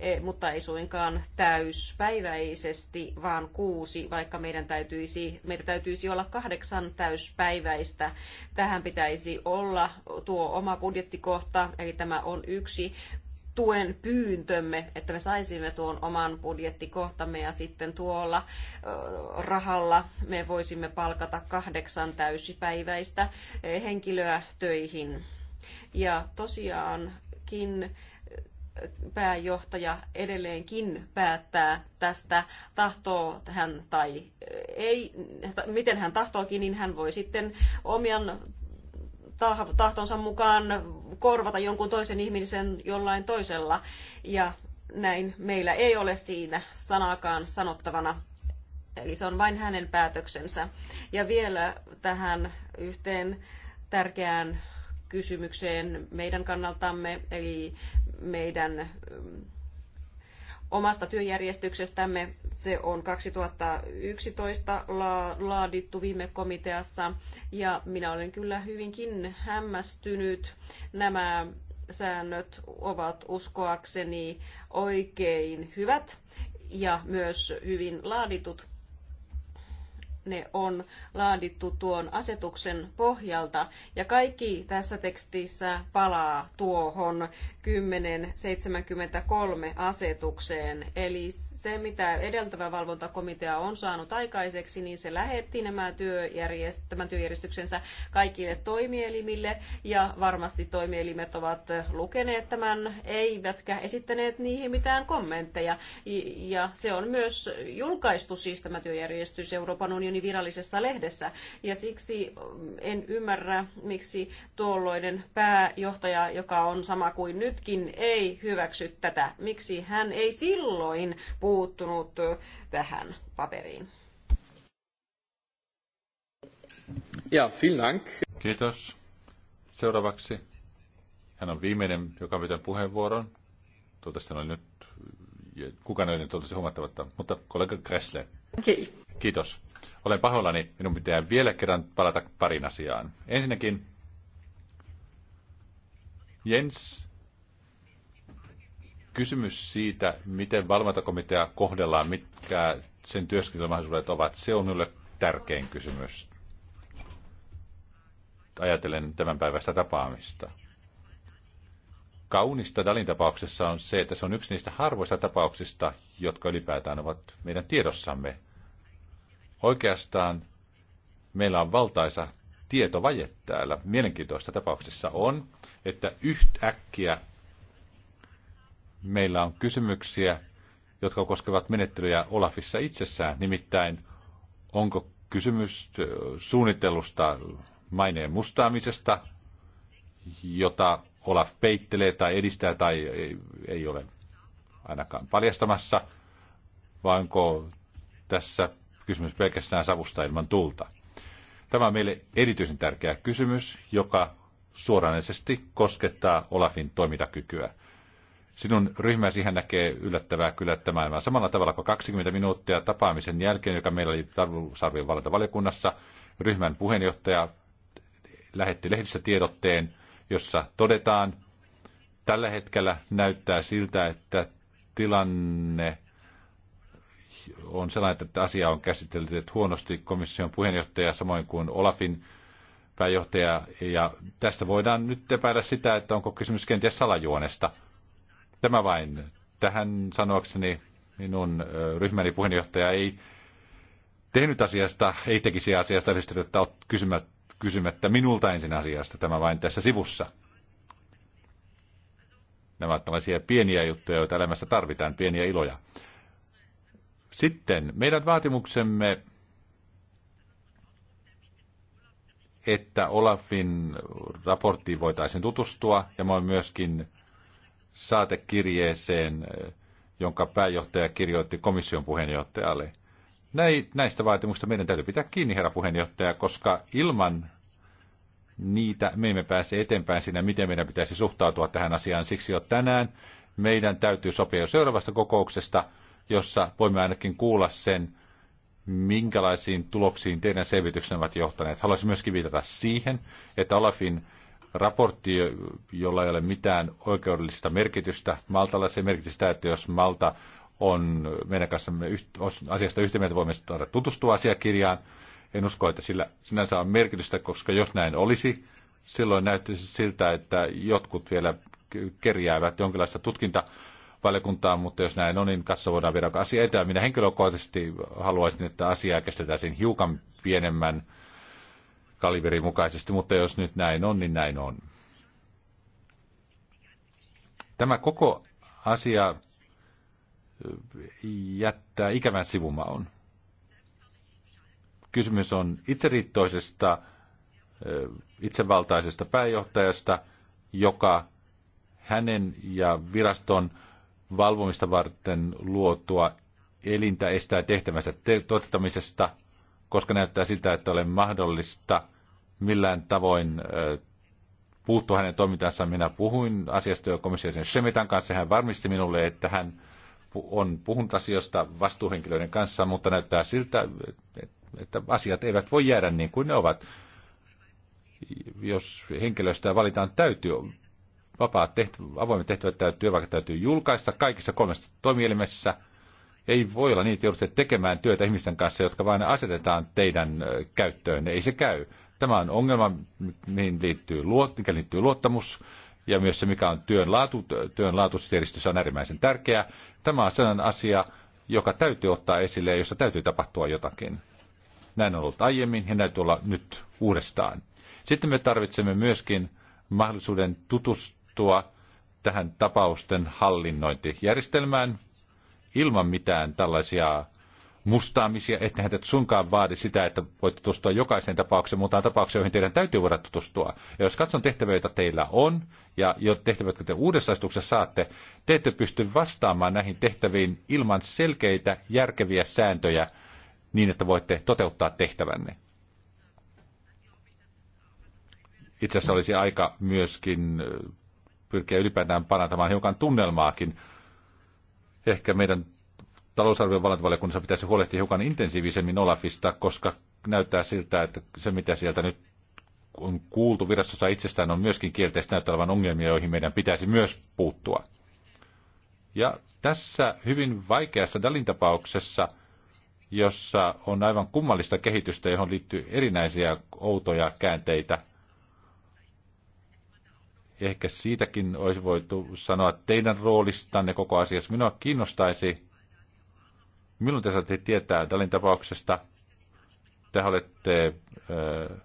C: E, mutta ei suinkaan täyspäiväisesti, vaan kuusi, vaikka meidän täytyisi, meidän täytyisi olla kahdeksan täyspäiväistä. Tähän pitäisi olla tuo oma budjettikohta, eli tämä on yksi tuen pyyntömme, että me saisimme tuon oman budjettikohtamme ja sitten tuolla rahalla me voisimme palkata kahdeksan täysipäiväistä e, henkilöä töihin. Ja tosiaankin pääjohtaja edelleenkin päättää tästä, tahtoo hän tai ei, miten hän tahtookin, niin hän voi sitten omien tahtonsa mukaan korvata jonkun toisen ihmisen jollain toisella. Ja näin meillä ei ole siinä sanaakaan sanottavana. Eli se on vain hänen päätöksensä. Ja vielä tähän yhteen tärkeään kysymykseen meidän kannaltamme, eli meidän mm, omasta työjärjestyksestämme. Se on 2011 laadittu viime komiteassa ja minä olen kyllä hyvinkin hämmästynyt. Nämä säännöt ovat uskoakseni oikein hyvät ja myös hyvin laaditut ne on laadittu tuon asetuksen pohjalta. Ja kaikki tässä tekstissä palaa tuohon 1073 asetukseen. Eli se, mitä edeltävä valvontakomitea on saanut aikaiseksi, niin se lähetti nämä työjärjest- tämän työjärjestyksensä kaikille toimielimille. Ja varmasti toimielimet ovat lukeneet tämän, eivätkä esittäneet niihin mitään kommentteja. Ja se on myös julkaistu siis tämä työjärjestys Euroopan unionin unionin virallisessa lehdessä. Ja siksi mm, en ymmärrä, miksi tuolloinen pääjohtaja, joka on sama kuin nytkin, ei hyväksy tätä. Miksi hän ei silloin puuttunut tähän paperiin?
A: Ja, vielen Dank. Kiitos. Seuraavaksi hän on viimeinen, joka pitää puheenvuoron. Toivottavasti oli nyt, kukaan ei nyt huomattavatta, mutta kollega Kressle. Kiitos. Olen pahoillani, minun pitää vielä kerran palata parin asiaan. Ensinnäkin Jens, kysymys siitä, miten valvontakomitea kohdellaan, mitkä sen työskentelymahdollisuudet ovat, se on minulle tärkein kysymys. Ajatellen tämän päivästä tapaamista. Kaunista Dalin tapauksessa on se, että se on yksi niistä harvoista tapauksista, jotka ylipäätään ovat meidän tiedossamme Oikeastaan meillä on valtaisa tietovaje täällä. Mielenkiintoista tapauksessa on, että yhtäkkiä meillä on kysymyksiä, jotka koskevat menettelyjä Olafissa itsessään. Nimittäin, onko kysymys suunnittelusta maineen mustaamisesta, jota Olaf peittelee tai edistää tai ei, ei ole ainakaan paljastamassa, vaanko tässä kysymys pelkästään savusta ilman tulta. Tämä on meille erityisen tärkeä kysymys, joka suoranaisesti koskettaa Olafin toimintakykyä. Sinun ryhmäsi hän näkee yllättävää kyllä tämän samalla tavalla kuin 20 minuuttia tapaamisen jälkeen, joka meillä oli Tarvusarvion valiokunnassa. Ryhmän puheenjohtaja lähetti lehdissä tiedotteen, jossa todetaan, tällä hetkellä näyttää siltä, että tilanne on sellainen, että asia on käsitelty että huonosti komission puheenjohtaja, samoin kuin Olafin pääjohtaja, ja tästä voidaan nyt epäillä sitä, että onko kysymys kenties salajuonesta. Tämä vain tähän sanoakseni minun ryhmäni puheenjohtaja ei tehnyt asiasta, ei tekisi asiasta ristiriitaa kysymättä minulta ensin asiasta, tämä vain tässä sivussa. Nämä ovat tällaisia pieniä juttuja, joita elämässä tarvitaan, pieniä iloja. Sitten meidän vaatimuksemme, että Olafin raporttiin voitaisiin tutustua ja myöskin saatekirjeeseen, jonka pääjohtaja kirjoitti komission puheenjohtajalle. Näistä vaatimuksista meidän täytyy pitää kiinni, herra puheenjohtaja, koska ilman niitä me emme pääse eteenpäin siinä, miten meidän pitäisi suhtautua tähän asiaan. Siksi jo tänään meidän täytyy sopia jo seuraavasta kokouksesta – jossa voimme ainakin kuulla sen, minkälaisiin tuloksiin teidän selvityksenne ovat johtaneet. Haluaisin myöskin viitata siihen, että Olafin raportti, jolla ei ole mitään oikeudellista merkitystä Maltalla, se merkitsi sitä, että jos Malta on meidän kanssamme asiasta yhtä mieltä, voimme saada tutustua asiakirjaan. En usko, että sillä sinänsä on merkitystä, koska jos näin olisi, silloin näyttäisi siltä, että jotkut vielä kerjäävät jonkinlaista tutkinta valiokuntaan, mutta jos näin on, niin kanssa voidaan viedä asia eteenpäin. Minä henkilökohtaisesti haluaisin, että asiaa käsiteltäisiin hiukan pienemmän kaliberin mukaisesti, mutta jos nyt näin on, niin näin on. Tämä koko asia jättää ikävän sivumaun. Kysymys on itseriittoisesta, itsevaltaisesta pääjohtajasta, joka hänen ja viraston valvomista varten luotua elintä estää tehtävänsä toteuttamisesta, koska näyttää siltä, että ole mahdollista millään tavoin puuttua hänen toimintansa. Minä puhuin asiasta jo komissiosen Semitan kanssa. Hän varmisti minulle, että hän on puhunut asiasta vastuuhenkilöiden kanssa, mutta näyttää siltä, että asiat eivät voi jäädä niin kuin ne ovat. Jos henkilöstöä valitaan, täytyy vapaat tehtä, avoimet tehtävät täytyy, työpaikat täytyy julkaista kaikissa kolmessa toimielimessä. Ei voi olla niin, että joudutte tekemään työtä ihmisten kanssa, jotka vain asetetaan teidän käyttöön. Ei se käy. Tämä on ongelma, mihin liittyy, luot, mikä liittyy luottamus ja myös se, mikä on työn laatu. Työn laatusihteeristössä on äärimmäisen tärkeää. Tämä on sellainen asia, joka täytyy ottaa esille ja jossa täytyy tapahtua jotakin. Näin on ollut aiemmin ja näin olla nyt uudestaan. Sitten me tarvitsemme myöskin mahdollisuuden tutustua puuttua tähän tapausten hallinnointijärjestelmään ilman mitään tällaisia mustaamisia, ettehän te sunkaan vaadi sitä, että voitte tutustua jokaiseen tapaukseen, mutta on tapauksia, joihin teidän täytyy voida tutustua. Ja jos katson tehtäviä, joita teillä on, ja jo tehtäviä, jotka te uudessa asetuksessa saatte, te ette pysty vastaamaan näihin tehtäviin ilman selkeitä, järkeviä sääntöjä niin, että voitte toteuttaa tehtävänne. Itse asiassa olisi aika myöskin pyrkiä ylipäätään parantamaan hiukan tunnelmaakin. Ehkä meidän talousarvion valintavaliokunnassa pitäisi huolehtia hiukan intensiivisemmin Olafista, koska näyttää siltä, että se mitä sieltä nyt on kuultu virastossa itsestään on myöskin kielteistä näyttävän ongelmia, joihin meidän pitäisi myös puuttua. Ja tässä hyvin vaikeassa Dalin tapauksessa, jossa on aivan kummallista kehitystä, johon liittyy erinäisiä outoja käänteitä, ehkä siitäkin olisi voitu sanoa teidän roolistanne koko asiassa. Minua kiinnostaisi, milloin te saatte tietää Dalin tapauksesta. Te olette äh,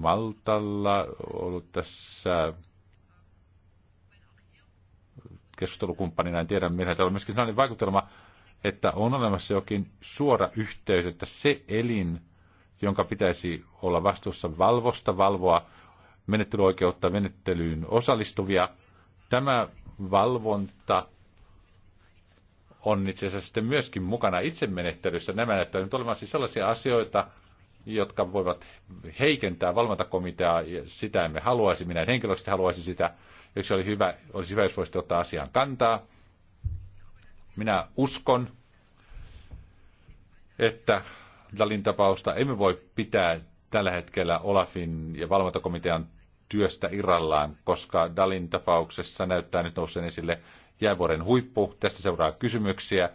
A: Maltalla ollut tässä keskustelukumppanina, en tiedä millä on myöskin sellainen vaikutelma, että on olemassa jokin suora yhteys, että se elin, jonka pitäisi olla vastuussa valvosta, valvoa menettelyoikeutta menettelyyn osallistuvia. Tämä valvonta on itse asiassa sitten myöskin mukana menettelyssä. Nämä näyttävät nyt olevan siis sellaisia asioita, jotka voivat heikentää valvontakomiteaa, ja sitä emme haluaisi. Minä en henkilökohtaisesti haluaisi sitä. Jos oli hyvä, olisi hyvä, jos voisi ottaa asiaan kantaa. Minä uskon, että Dalin tapausta emme voi pitää tällä hetkellä Olafin ja valvontakomitean työstä irrallaan, koska Dalin tapauksessa näyttää nyt nousseen esille jäävuoren huippu. Tästä seuraa kysymyksiä,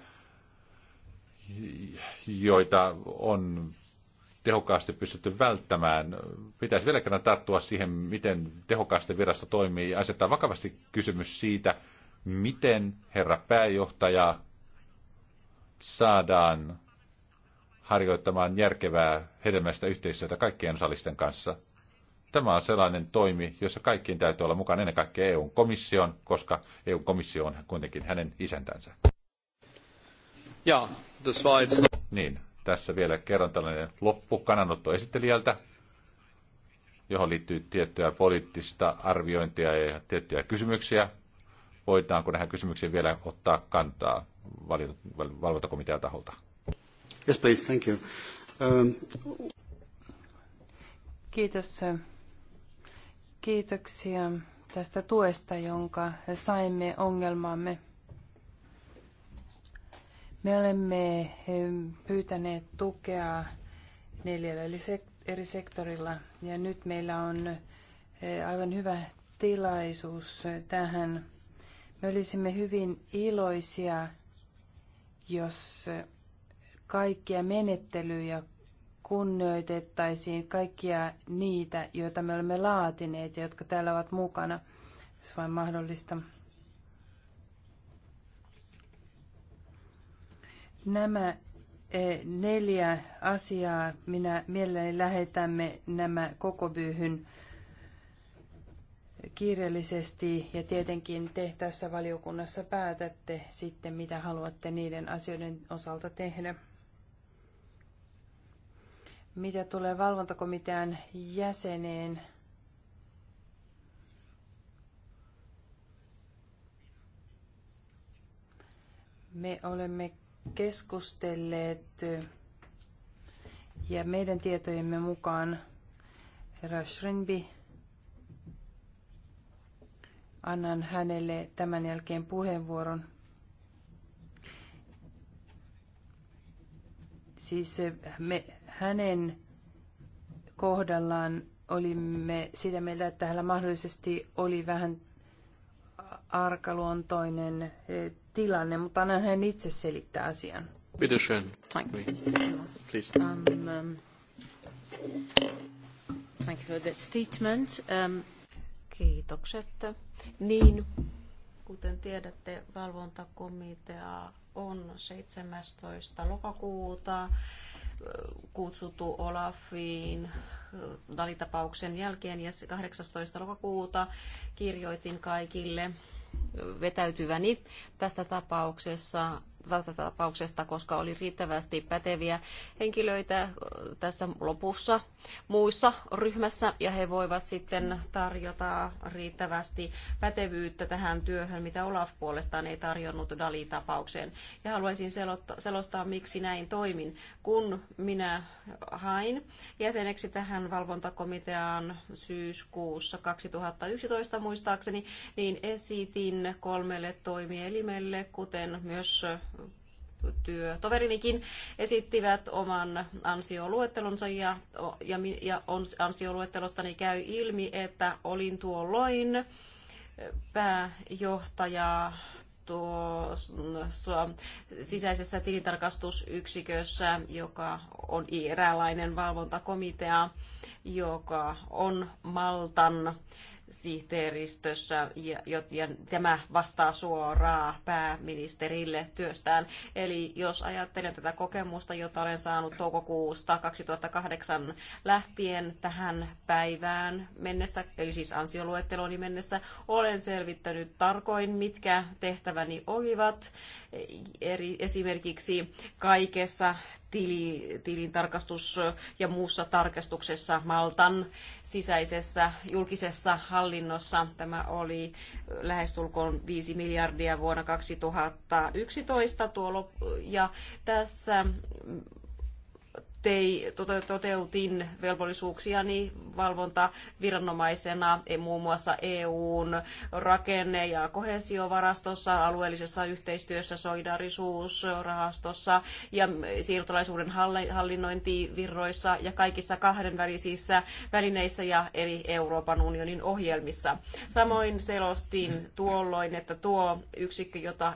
A: joita on tehokkaasti pystytty välttämään. Pitäisi vielä kerran tarttua siihen, miten tehokkaasti virasto toimii ja asettaa vakavasti kysymys siitä, miten herra pääjohtaja saadaan harjoittamaan järkevää hedelmästä yhteistyötä kaikkien osallisten kanssa. Tämä on sellainen toimi, jossa kaikkien täytyy olla mukana ennen kaikkea EU-komission, koska EU-komissio on kuitenkin hänen isäntänsä.
B: Ja, das war jetzt...
A: Niin, tässä vielä kerran tällainen loppukananotto esittelijältä, johon liittyy tiettyä poliittista arviointia ja tiettyjä kysymyksiä. Voitaanko näihin kysymyksiin vielä ottaa kantaa valvontakomitean taholta?
C: Yes, please, thank you. Um...
B: Kiitos. Kiitoksia tästä tuesta, jonka saimme ongelmaamme. Me olemme eh, pyytäneet tukea neljällä eri sektorilla ja nyt meillä on eh, aivan hyvä tilaisuus tähän. Me olisimme hyvin iloisia, jos kaikkia menettelyjä kunnioitettaisiin kaikkia niitä, joita me olemme laatineet ja jotka täällä ovat mukana, jos vain mahdollista. Nämä eh, neljä asiaa minä mielelläni lähetämme nämä koko vyyhyn kiireellisesti ja tietenkin te tässä valiokunnassa päätätte sitten, mitä haluatte niiden asioiden osalta tehdä. Mitä tulee valvontakomitean jäseneen, me olemme keskustelleet ja meidän tietojemme mukaan Rashrenbi, annan hänelle tämän jälkeen puheenvuoron. Siis eh, me, hänen kohdallaan olimme sitä mieltä, että hänellä mahdollisesti oli vähän arkaluontoinen eh, tilanne, mutta annan hän itse selittää
C: asian. Bitte schön. Thank you. Please. Um, um, thank you for that statement. Um, Kiitokset. Niin, kuten tiedätte, valvontakomitea on 17. lokakuuta kutsuttu Olafiin Dalitapauksen äh, jälkeen ja 18. lokakuuta kirjoitin kaikille vetäytyväni tästä tapauksessa tästä tapauksesta, koska oli riittävästi päteviä henkilöitä tässä lopussa muissa ryhmässä, ja he voivat sitten tarjota riittävästi pätevyyttä tähän työhön, mitä Olaf puolestaan ei tarjonnut Dali-tapaukseen. Ja haluaisin selostaa, miksi näin toimin. Kun minä hain jäseneksi tähän valvontakomiteaan syyskuussa 2011 muistaakseni, niin esitin näin kolmelle toimielimelle, kuten myös työtoverinikin esittivät oman ansioluettelonsa ja, ja, ja ansioluettelostani käy ilmi, että olin tuolloin pääjohtaja tuossa sisäisessä tilintarkastusyksikössä, joka on eräänlainen valvontakomitea, joka on Maltan sihteeristössä ja, ja tämä vastaa suoraan pääministerille työstään. Eli jos ajattelen tätä kokemusta, jota olen saanut toukokuusta 2008 lähtien tähän päivään mennessä, eli siis ansioluetteloni mennessä, olen selvittänyt tarkoin, mitkä tehtäväni olivat eri, esimerkiksi kaikessa tili, tilintarkastus- ja muussa tarkastuksessa Maltan sisäisessä julkisessa hallinnossa hallinnossa. Tämä oli lähestulkoon 5 miljardia vuonna 2011 tuo ja tässä tei, tota- toteutin velvollisuuksiani valvontaviranomaisena e- muun muassa EUn rakenne- ja kohesiovarastossa, alueellisessa yhteistyössä, solidarisuusrahastossa ja siirtolaisuuden hallinnointivirroissa ja kaikissa kahdenvälisissä välineissä ja eri Euroopan unionin ohjelmissa. Samoin selostin tuolloin, että tuo yksikkö, jota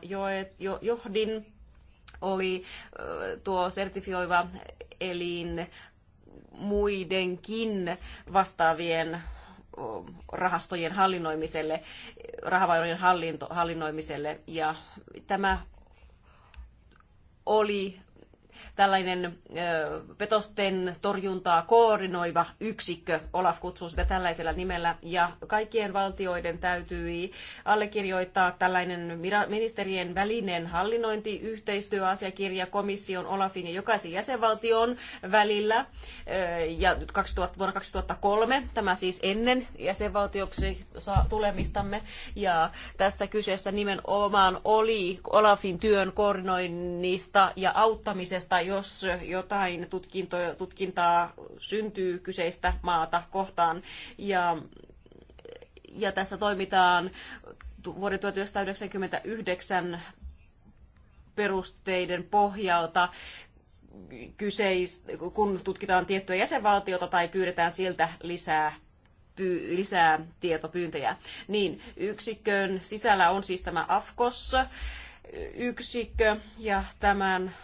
C: johdin, oli tuo sertifioiva elin muidenkin vastaavien rahastojen hallinnoimiselle, rahavarojen hallinto, hallinnoimiselle ja tämä oli tällainen petosten torjuntaa koordinoiva yksikkö, Olaf kutsuu sitä tällaisella nimellä, ja kaikkien valtioiden täytyy allekirjoittaa tällainen ministerien välinen hallinnointiyhteistyöasiakirja komission, Olafin ja jokaisen jäsenvaltion välillä, ja 2000, vuonna 2003, tämä siis ennen jäsenvaltioksi tulemistamme, ja tässä kyseessä nimenomaan oli Olafin työn koordinoinnista ja auttamisesta tilanteesta, jos jotain tutkinto, tutkintaa syntyy kyseistä maata kohtaan. Ja, ja tässä toimitaan vuoden 1999 perusteiden pohjalta kyseis, kun tutkitaan tiettyä jäsenvaltiota tai pyydetään sieltä lisää pyy- lisää tietopyyntöjä. Niin, yksikön sisällä on siis tämä AFKOS-yksikkö ja tämän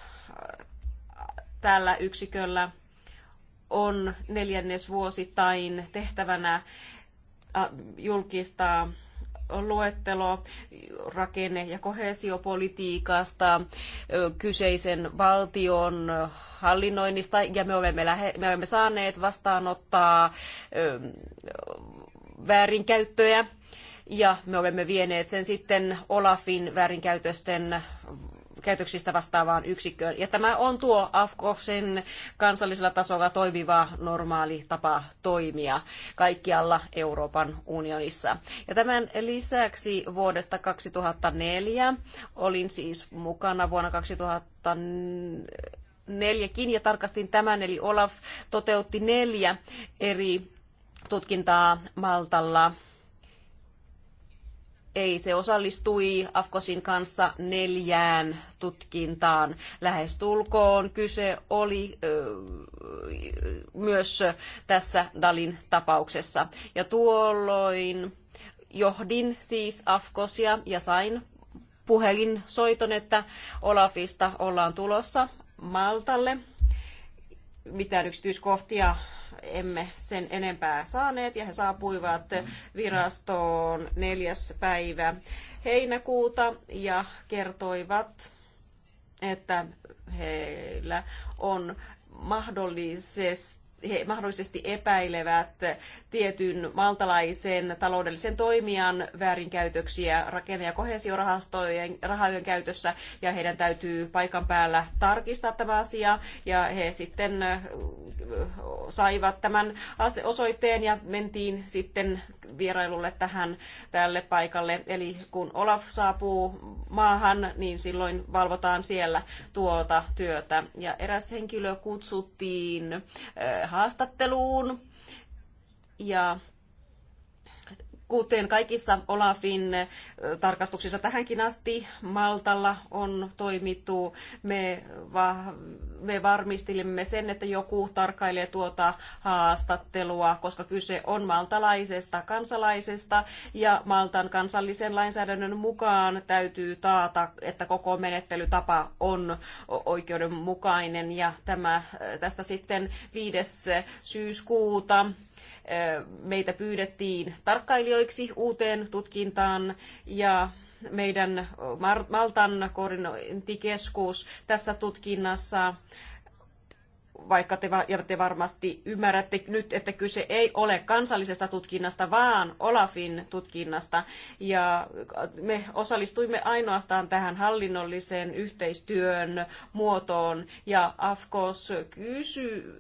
C: tällä yksiköllä on neljännesvuosittain tehtävänä julkistaa luettelo rakenne- ja kohesiopolitiikasta, kyseisen valtion hallinnoinnista, ja me olemme, lähe, me olemme saaneet vastaanottaa väärinkäyttöjä, ja me olemme vieneet sen sitten Olafin väärinkäytösten käytöksistä vastaavaan yksikköön. Ja tämä on tuo AFKOSin kansallisella tasolla toimiva normaali tapa toimia kaikkialla Euroopan unionissa. Ja tämän lisäksi vuodesta 2004 olin siis mukana vuonna 2000 neljäkin ja tarkastin tämän, eli Olaf toteutti neljä eri tutkintaa Maltalla ei se osallistui Afkosin kanssa neljään tutkintaan lähestulkoon. Kyse oli myös tässä Dalin tapauksessa. Ja tuolloin johdin siis Afkosia ja sain puhelinsoiton, että Olafista ollaan tulossa Maltalle. Mitään yksityiskohtia emme sen enempää saaneet ja he saapuivat virastoon neljäs päivä heinäkuuta ja kertoivat, että heillä on mahdollisesti he mahdollisesti epäilevät tietyn maltalaisen taloudellisen toimijan väärinkäytöksiä rakenne- ja kohesiorahastojen rahojen käytössä ja heidän täytyy paikan päällä tarkistaa tämä asia ja he sitten saivat tämän osoitteen ja mentiin sitten vierailulle tähän tälle paikalle. Eli kun Olaf saapuu maahan, niin silloin valvotaan siellä tuota työtä. Ja eräs henkilö kutsuttiin haastatteluun ja Kuten kaikissa Olafin tarkastuksissa tähänkin asti Maltalla on toimittu, me, va- me varmistelimme sen, että joku tarkkailee tuota haastattelua, koska kyse on maltalaisesta kansalaisesta ja Maltan kansallisen lainsäädännön mukaan täytyy taata, että koko menettelytapa on oikeudenmukainen ja tämä, tästä sitten 5. syyskuuta meitä pyydettiin tarkkailijoiksi uuteen tutkintaan ja meidän Maltan koordinointikeskus tässä tutkinnassa vaikka te, ja te varmasti ymmärrätte nyt, että kyse ei ole kansallisesta tutkinnasta, vaan Olafin tutkinnasta. Ja me osallistuimme ainoastaan tähän hallinnolliseen yhteistyön muotoon, ja AFKOS kysy,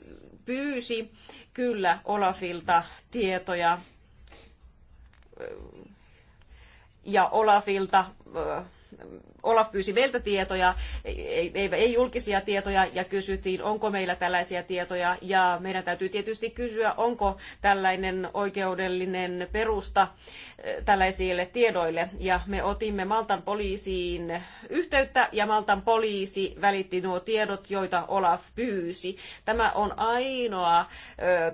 C: pyysi kyllä Olafilta tietoja ja Olafilta Olaf pyysi meiltä tietoja, ei, ei, ei julkisia tietoja, ja kysyttiin, onko meillä tällaisia tietoja, ja meidän täytyy tietysti kysyä, onko tällainen oikeudellinen perusta eh, tällaisille tiedoille. Ja me otimme Maltan poliisiin yhteyttä, ja Maltan poliisi välitti nuo tiedot, joita Olaf pyysi. Tämä on ainoa ö, eh,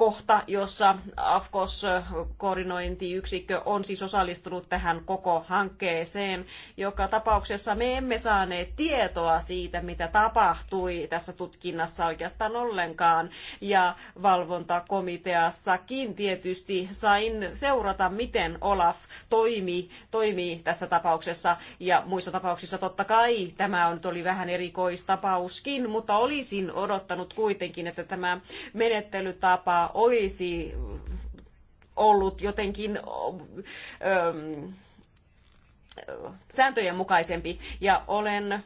C: kohta, jossa AFKOS-koordinointiyksikkö on siis osallistunut tähän koko hankkeeseen. Joka tapauksessa me emme saaneet tietoa siitä, mitä tapahtui tässä tutkinnassa oikeastaan ollenkaan. Ja valvontakomiteassakin tietysti sain seurata, miten Olaf toimi, toimii tässä tapauksessa. Ja muissa tapauksissa totta kai tämä on oli vähän erikoistapauskin, mutta olisin odottanut kuitenkin, että tämä menettelytapa olisi ollut jotenkin ähm, sääntöjen mukaisempi. Ja olen äh,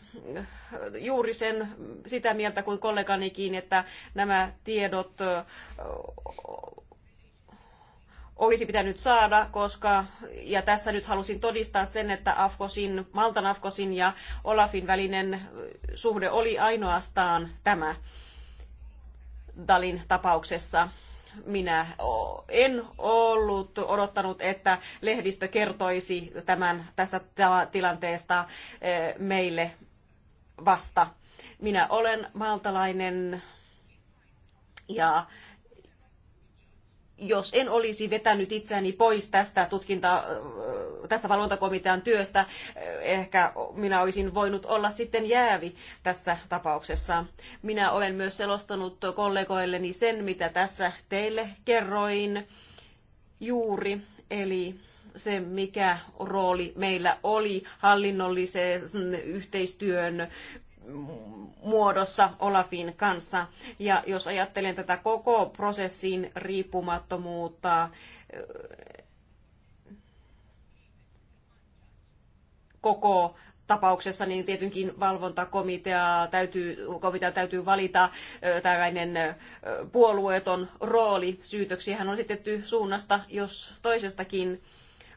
C: juuri sen, sitä mieltä kuin kolleganikin, että nämä tiedot äh, olisi pitänyt saada, koska, ja tässä nyt halusin todistaa sen, että Afkosin, Maltan Afkosin ja Olafin välinen äh, suhde oli ainoastaan tämä Dalin tapauksessa minä en ollut odottanut, että lehdistö kertoisi tämän, tästä tilanteesta e, meille vasta. Minä olen maltalainen ja jos en olisi vetänyt itseäni pois tästä tutkinta, äh, tästä valvontakomitean työstä, äh, ehkä minä olisin voinut olla sitten jäävi tässä tapauksessa. Minä olen myös selostanut kollegoilleni sen, mitä tässä teille kerroin juuri, eli se, mikä rooli meillä oli hallinnollisen yhteistyön muodossa Olafin kanssa. Ja jos ajattelen tätä koko prosessin riippumattomuutta, eh, koko tapauksessa niin tietenkin valvontakomitea täytyy, komitea täytyy valita eh, tällainen eh, puolueeton rooli. Syytöksiä on sitten suunnasta, jos toisestakin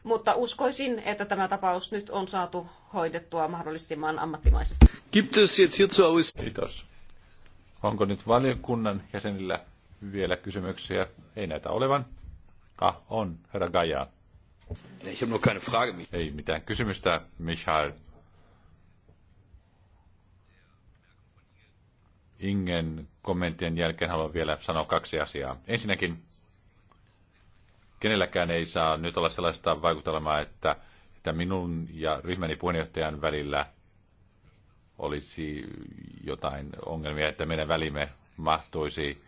C: mutta uskoisin, että tämä tapaus nyt on saatu hoidettua mahdollisimman ammattimaisesti.
A: Kiitos. Onko nyt valiokunnan jäsenillä vielä kysymyksiä? Ei näitä olevan. Ka on, herra Gaja. Ich habe noch keine Frage. Ei mitään kysymystä, Michael. Ingen kommenttien jälkeen haluan vielä sanoa kaksi asiaa. Ensinnäkin kenelläkään ei saa nyt olla sellaista vaikutelmaa, että, että minun ja ryhmäni puheenjohtajan välillä olisi jotain ongelmia, että meidän välimme mahtuisi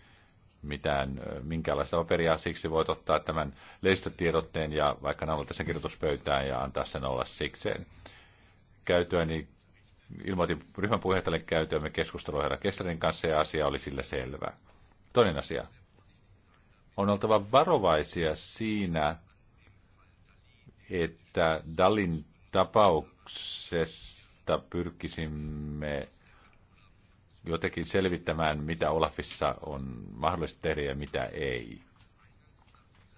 A: mitään, minkäänlaista paperia. Siksi voit ottaa tämän leistötiedotteen ja vaikka naulata sen kirjoituspöytään ja antaa sen olla sikseen. niin ilmoitin ryhmän puheenjohtajalle me keskustelua herra Kesslerin kanssa ja asia oli sillä selvä. Toinen asia on oltava varovaisia siinä, että Dalin tapauksesta pyrkisimme jotenkin selvittämään, mitä Olafissa on mahdollista tehdä ja mitä ei.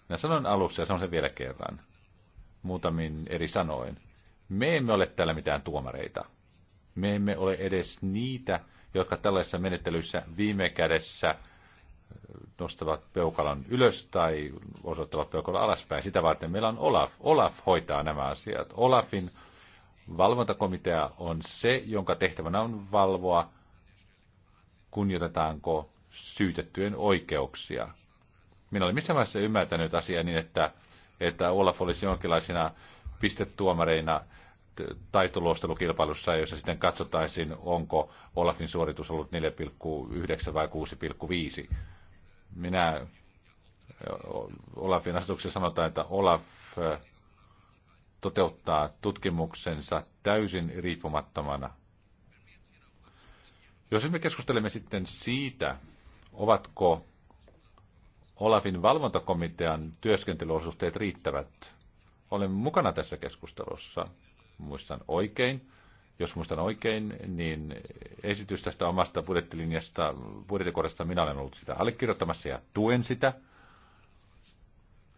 A: Mä sanon alussa ja sanon sen vielä kerran, muutamin eri sanoin. Me emme ole täällä mitään tuomareita. Me emme ole edes niitä, jotka tällaisessa menettelyssä viime kädessä – nostavat peukalon ylös tai osoittavat peukalon alaspäin. Sitä varten meillä on Olaf. Olaf hoitaa nämä asiat. Olafin valvontakomitea on se, jonka tehtävänä on valvoa, kunnioitetaanko syytettyjen oikeuksia. Minä olen missään vaiheessa ymmärtänyt asiaa niin, että, että Olaf olisi jonkinlaisina pistetuomareina taitoluostelukilpailussa, jossa sitten katsottaisiin, onko Olafin suoritus ollut 4,9 vai minä Olafin asetuksessa sanotaan, että Olaf toteuttaa tutkimuksensa täysin riippumattomana. Jos me keskustelemme sitten siitä, ovatko Olafin valvontakomitean työskentelyolosuhteet riittävät, olen mukana tässä keskustelussa, muistan oikein, jos muistan oikein, niin esitys tästä omasta budjettilinjasta, budjettikohdasta minä olen ollut sitä allekirjoittamassa ja tuen sitä.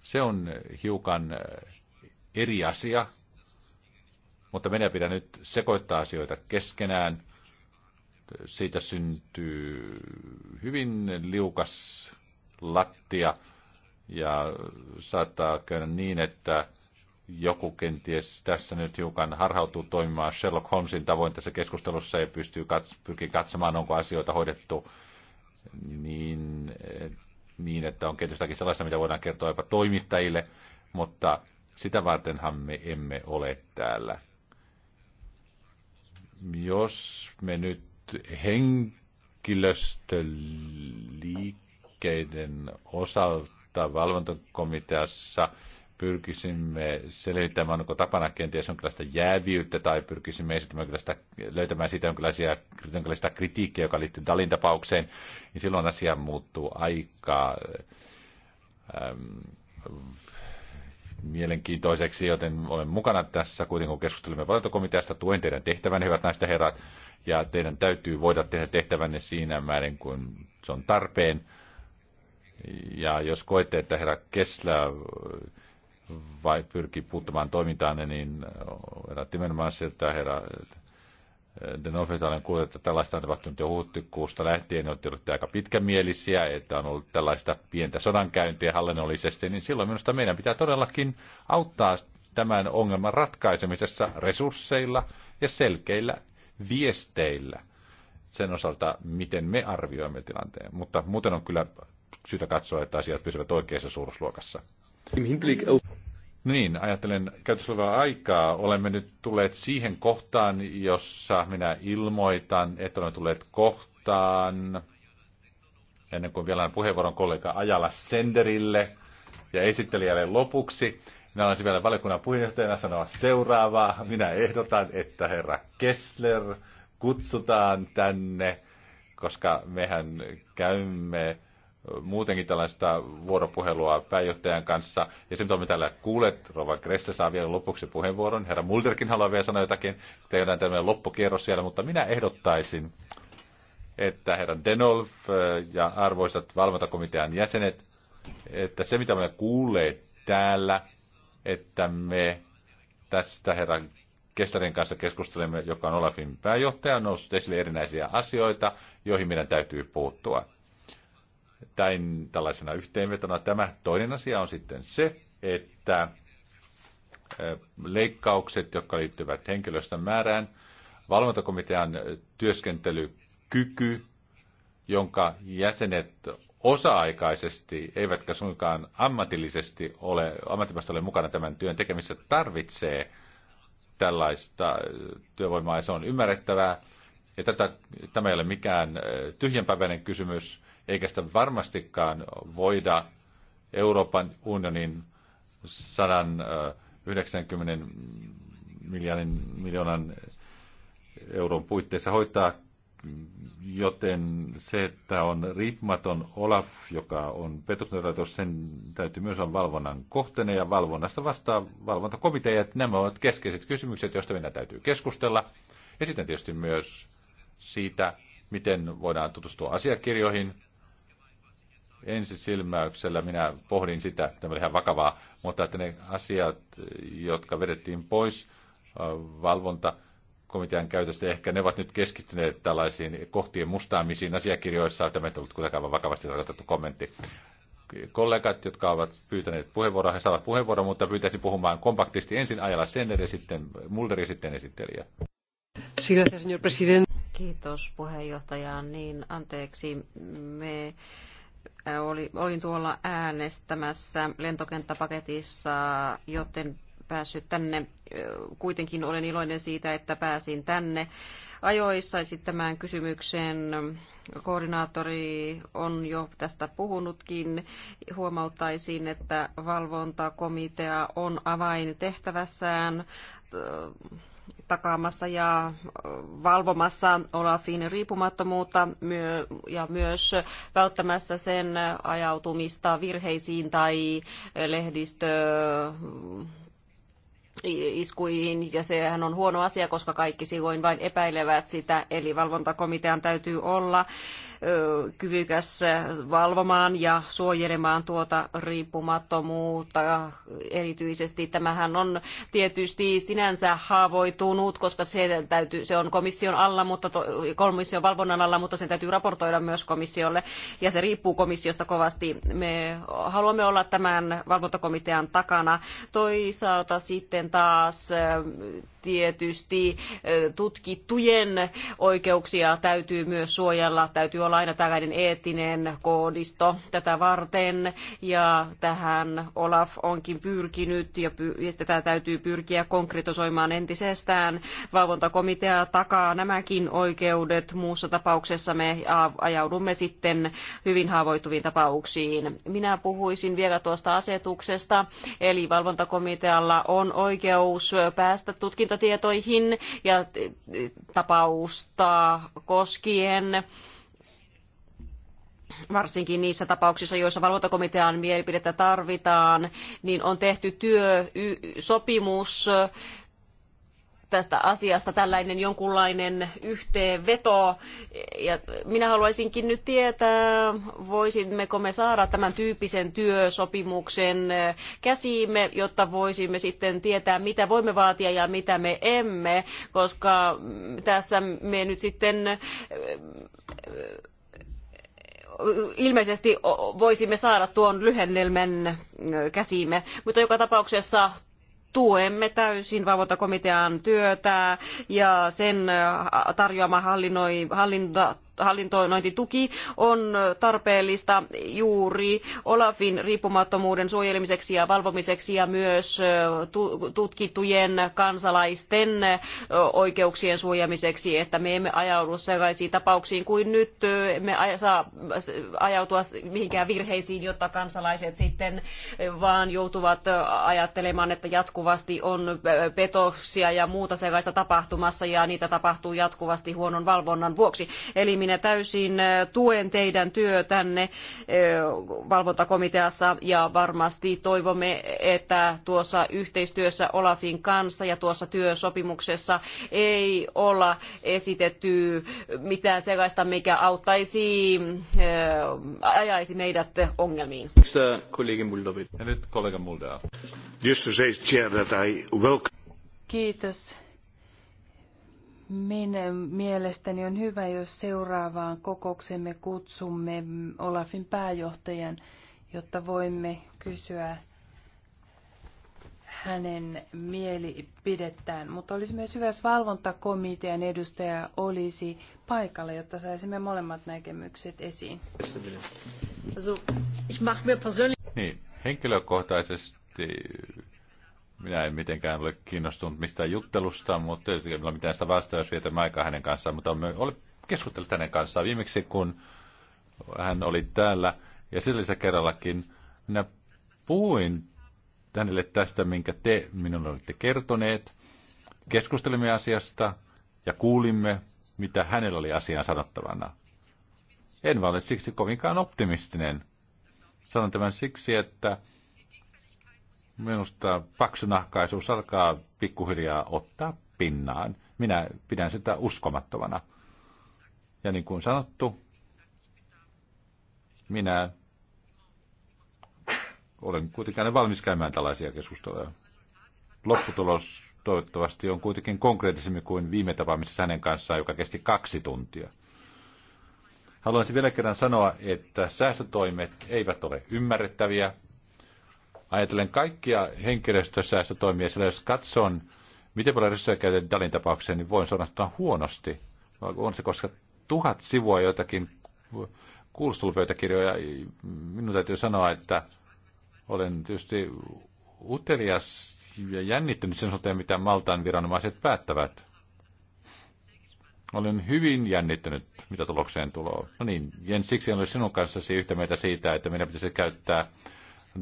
A: Se on hiukan eh, eri asia, mutta meidän pitää nyt sekoittaa asioita keskenään. Siitä syntyy hyvin liukas lattia ja saattaa käydä niin, että joku kenties tässä nyt hiukan harhautuu toimimaan Sherlock Holmesin tavoin tässä keskustelussa ja pystyy kats- pyrkii katsomaan, onko asioita hoidettu niin, niin että on tietystäkin sellaista, mitä voidaan kertoa jopa toimittajille, mutta sitä vartenhan me emme ole täällä. Jos me nyt henkilöstöliikkeiden osalta valvontakomiteassa – pyrkisimme selittämään onko tapana kenties jonkinlaista jäävyyttä tai pyrkisimme esittämään löytämään siitä jonkinlaisia, jonkinlaista kritiikkiä, joka liittyy Dalin tapaukseen, niin silloin asia muuttuu aika ähm, mielenkiintoiseksi, joten olen mukana tässä kuitenkin, kun keskustelimme valintokomiteasta, Tuen teidän tehtävän, hyvät naiset ja herrat, ja teidän täytyy voida tehdä tehtävänne siinä määrin, kun se on tarpeen. Ja jos koette, että herra Kessler vai pyrki puuttumaan toimintaan, niin, niin äh, herra menemään äh, sieltä herra De Nofetalen kuulee, että tällaista on tapahtunut jo huhtikuusta lähtien, ne olette aika pitkämielisiä, että on ollut tällaista pientä sodankäyntiä hallinnollisesti, niin silloin minusta meidän pitää todellakin auttaa tämän ongelman ratkaisemisessa resursseilla ja selkeillä viesteillä sen osalta, miten me arvioimme tilanteen. Mutta muuten on kyllä syytä katsoa, että asiat pysyvät oikeassa suuruusluokassa. Niin, ajattelen käytössä olevaa aikaa. Olemme nyt tulleet siihen kohtaan, jossa minä ilmoitan, että olemme tulleet kohtaan, ennen kuin vielä puheenvuoron kollega Ajala Senderille ja esittelijälle lopuksi. Minä olisin siis vielä valiokunnan puheenjohtajana sanoa seuraavaa. Minä ehdotan, että herra Kessler kutsutaan tänne, koska mehän käymme muutenkin tällaista vuoropuhelua pääjohtajan kanssa. Ja sitten mitä täällä kuulet, Rova Gresse saa vielä lopuksi puheenvuoron. Herra Mulderkin haluaa vielä sanoa jotakin. Tehdään tämmöinen loppukierros siellä, mutta minä ehdottaisin, että herra Denolf äh, ja arvoisat valvontakomitean jäsenet, että se, mitä me kuulee täällä, että me tästä herra Kestarin kanssa keskustelemme, joka on Olafin pääjohtaja, on noussut esille erinäisiä asioita, joihin meidän täytyy puuttua Tain tällaisena yhteenvetona tämä. Toinen asia on sitten se, että leikkaukset, jotka liittyvät henkilöstön määrään, valvontakomitean työskentelykyky, jonka jäsenet osa-aikaisesti, eivätkä suinkaan ammatillisesti ole, ammatillisesti ole mukana tämän työn tekemisessä, tarvitsee tällaista työvoimaa ja se on ymmärrettävää. Ja tätä, tämä ei ole mikään tyhjänpäiväinen kysymys eikä sitä varmastikaan voida Euroopan unionin 190 miljoonan, miljoonan euron puitteissa hoitaa, joten se, että on riippumaton Olaf, joka on petoksenrajoitus, sen täytyy myös olla valvonnan kohteena ja valvonnasta vastaa valvontakomitea. Nämä ovat keskeiset kysymykset, joista meidän täytyy keskustella. Ja sitten tietysti myös siitä, miten voidaan tutustua asiakirjoihin, ensisilmäyksellä minä pohdin sitä, tämä oli ihan vakavaa, mutta että ne asiat, jotka vedettiin pois valvontakomitean käytöstä, ehkä ne ovat nyt keskittyneet tällaisiin kohtien mustaamisiin asiakirjoissa. Tämä ei ollut kuitenkaan vakavasti tarkoitettu kommentti. Kollegat, jotka ovat pyytäneet puheenvuoroa, he saavat puheenvuoron, mutta pyytäisin puhumaan kompaktisti ensin ajalla Senner ja sitten Mulder ja sitten esittelijä.
C: Kiitos puheenjohtaja. Niin, anteeksi, me oli, olin tuolla äänestämässä lentokenttäpaketissa, joten päässyt tänne. Kuitenkin olen iloinen siitä, että pääsin tänne ajoissa esittämään kysymyksen. Koordinaattori on jo tästä puhunutkin. Huomauttaisin, että valvontakomitea on avain tehtävässään takaamassa ja valvomassa Olafin riippumattomuutta ja myös välttämässä sen ajautumista virheisiin tai lehdistö iskuihin, ja sehän on huono asia, koska kaikki silloin vain epäilevät sitä, eli valvontakomitean täytyy olla kyvykäs valvomaan ja suojelemaan tuota riippumattomuutta. Erityisesti tämähän on tietysti sinänsä haavoitunut, koska se, täytyy, se on komission alla, mutta to, komission valvonnan alla, mutta sen täytyy raportoida myös komissiolle ja se riippuu komissiosta kovasti. Me haluamme olla tämän valvontakomitean takana. Toisaalta sitten taas tietysti tutkittujen oikeuksia täytyy myös suojella, täytyy olla olla aina tällainen eettinen koodisto tätä varten ja tähän Olaf onkin pyrkinyt ja py- tätä täytyy pyrkiä konkretisoimaan entisestään. Valvontakomitea takaa nämäkin oikeudet. Muussa tapauksessa me ajaudumme sitten hyvin haavoittuviin tapauksiin. Minä puhuisin vielä tuosta asetuksesta, eli valvontakomitealla on oikeus päästä tutkintatietoihin ja tapausta koskien varsinkin niissä tapauksissa, joissa valvontakomitean mielipidettä tarvitaan, niin on tehty työsopimus tästä asiasta tällainen jonkunlainen yhteenveto. Ja minä haluaisinkin nyt tietää, voisimmeko me saada tämän tyyppisen työsopimuksen käsiimme, jotta voisimme sitten tietää, mitä voimme vaatia ja mitä me emme, koska tässä me nyt sitten ilmeisesti voisimme saada tuon lyhennelmän käsiimme, mutta joka tapauksessa tuemme täysin valvontakomitean työtä ja sen tarjoama hallintatavan hallintoinointituki on tarpeellista juuri Olafin riippumattomuuden suojelemiseksi ja valvomiseksi ja myös tutkittujen kansalaisten oikeuksien suojaamiseksi, että me emme ajaudu sellaisiin tapauksiin kuin nyt, emme saa ajautua mihinkään virheisiin, jotta kansalaiset sitten vaan joutuvat ajattelemaan, että jatkuvasti on petoksia ja muuta sellaista tapahtumassa ja niitä tapahtuu jatkuvasti huonon valvonnan vuoksi. Eli minä täysin tuen teidän työtänne valvontakomiteassa ja varmasti toivomme, että tuossa yhteistyössä Olafin kanssa ja tuossa työsopimuksessa ei olla esitetty mitään sellaista, mikä auttaisi, ajaisi meidät ongelmiin.
A: Ja nyt kollega
B: Kiitos Minun mielestäni on hyvä, jos seuraavaan kokouksemme kutsumme Olafin pääjohtajan, jotta voimme kysyä hänen mielipidettään. Mutta olisi myös hyvä, jos valvontakomitean edustaja olisi paikalla, jotta saisimme molemmat näkemykset esiin.
A: Niin, henkilökohtaisesti minä en mitenkään ole kiinnostunut mistään juttelusta, mutta ei ole mitään sitä vastaa, jos vietämme aikaa hänen kanssaan. Mutta olen oli keskustellut hänen kanssaan viimeksi, kun hän oli täällä. Ja sillä kerrallakin minä puhuin hänelle tästä, minkä te minulle olette kertoneet. Keskustelimme asiasta ja kuulimme, mitä hänellä oli asiaan sanottavana. En vaan ole siksi kovinkaan optimistinen. Sanon tämän siksi, että Minusta paksunahkaisuus alkaa pikkuhiljaa ottaa pinnaan. Minä pidän sitä uskomattomana. Ja niin kuin sanottu, minä olen kuitenkin valmis käymään tällaisia keskusteluja. Lopputulos toivottavasti on kuitenkin konkreettisemmin kuin viime tapaamisessa hänen kanssaan, joka kesti kaksi tuntia. Haluaisin vielä kerran sanoa, että säästötoimet eivät ole ymmärrettäviä, ajatellen kaikkia toimia, sillä jos katson, miten paljon resursseja käytetään Dalin tapaukseen, niin voin sanoa huonosti. On se, koska tuhat sivua joitakin kuulustulupöytäkirjoja, minun täytyy sanoa, että olen tietysti utelias ja jännittynyt sen suhteen, mitä Maltaan viranomaiset päättävät. Olen hyvin jännittynyt, mitä tulokseen tulee. No niin, Jens, siksi en ole sinun kanssasi yhtä meitä siitä, että meidän pitäisi käyttää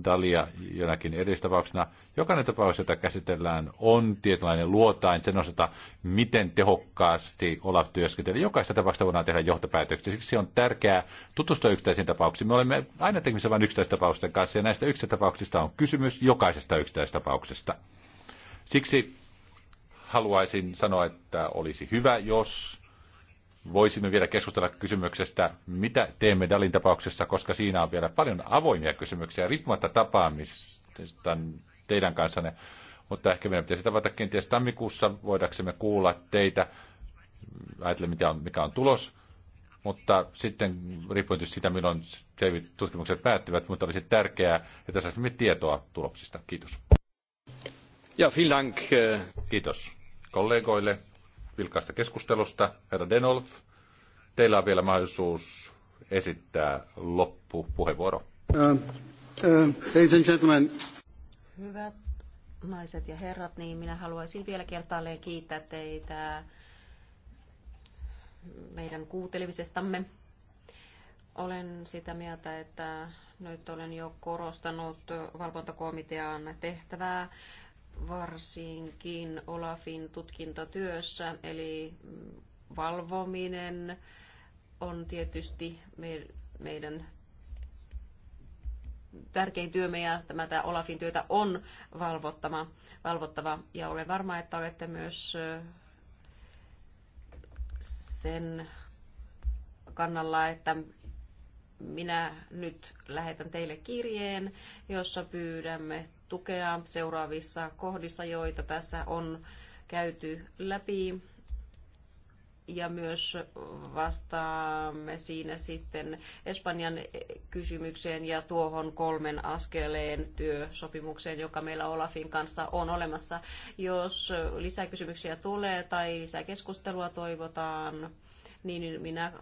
A: Dalia jonakin eristapauksena. Jokainen tapaus, jota käsitellään, on tietynlainen luotain sen osalta, miten tehokkaasti Olaf työskentelee. Jokaista tapauksesta voidaan tehdä johtopäätöksiä. Siksi on tärkeää tutustua yksittäisiin tapauksiin. Me olemme aina tekemisissä vain yksittäistapausten kanssa, ja näistä yksittäistapauksista on kysymys jokaisesta yksittäistapauksesta. Siksi haluaisin sanoa, että olisi hyvä, jos voisimme vielä keskustella kysymyksestä, mitä teemme Dalin tapauksessa, koska siinä on vielä paljon avoimia kysymyksiä, riippumatta tapaamista teidän kanssanne. Mutta ehkä meidän pitäisi tavata kenties tammikuussa, voidaksemme kuulla teitä, ajatella mikä on, mikä on tulos. Mutta sitten riippuen tietysti sitä, milloin tutkimukset päättyvät, mutta olisi tärkeää, että saisimme tietoa tuloksista. Kiitos.
C: Ja, vielen Dank. Äh.
A: Kiitos kollegoille vilkaista keskustelusta. Herra Denolf, teillä on vielä mahdollisuus esittää loppupuheenvuoro.
B: Uh, uh, ladies and gentlemen.
C: Hyvät naiset ja herrat, niin minä haluaisin vielä kertaalleen kiittää teitä meidän kuuntelemisestamme. Olen sitä mieltä, että nyt olen jo korostanut valvontakomitean tehtävää varsinkin Olafin tutkintatyössä, eli valvominen on tietysti meidän tärkein työmme ja tämä, tämä Olafin työtä on valvottava, valvottava ja olen varma, että olette myös sen kannalla, että minä nyt lähetän teille kirjeen, jossa pyydämme tukea seuraavissa kohdissa, joita tässä on käyty läpi. Ja myös vastaamme siinä sitten Espanjan kysymykseen ja tuohon kolmen askeleen työsopimukseen, joka meillä Olafin kanssa on olemassa. Jos lisäkysymyksiä tulee tai lisää keskustelua toivotaan, niin minä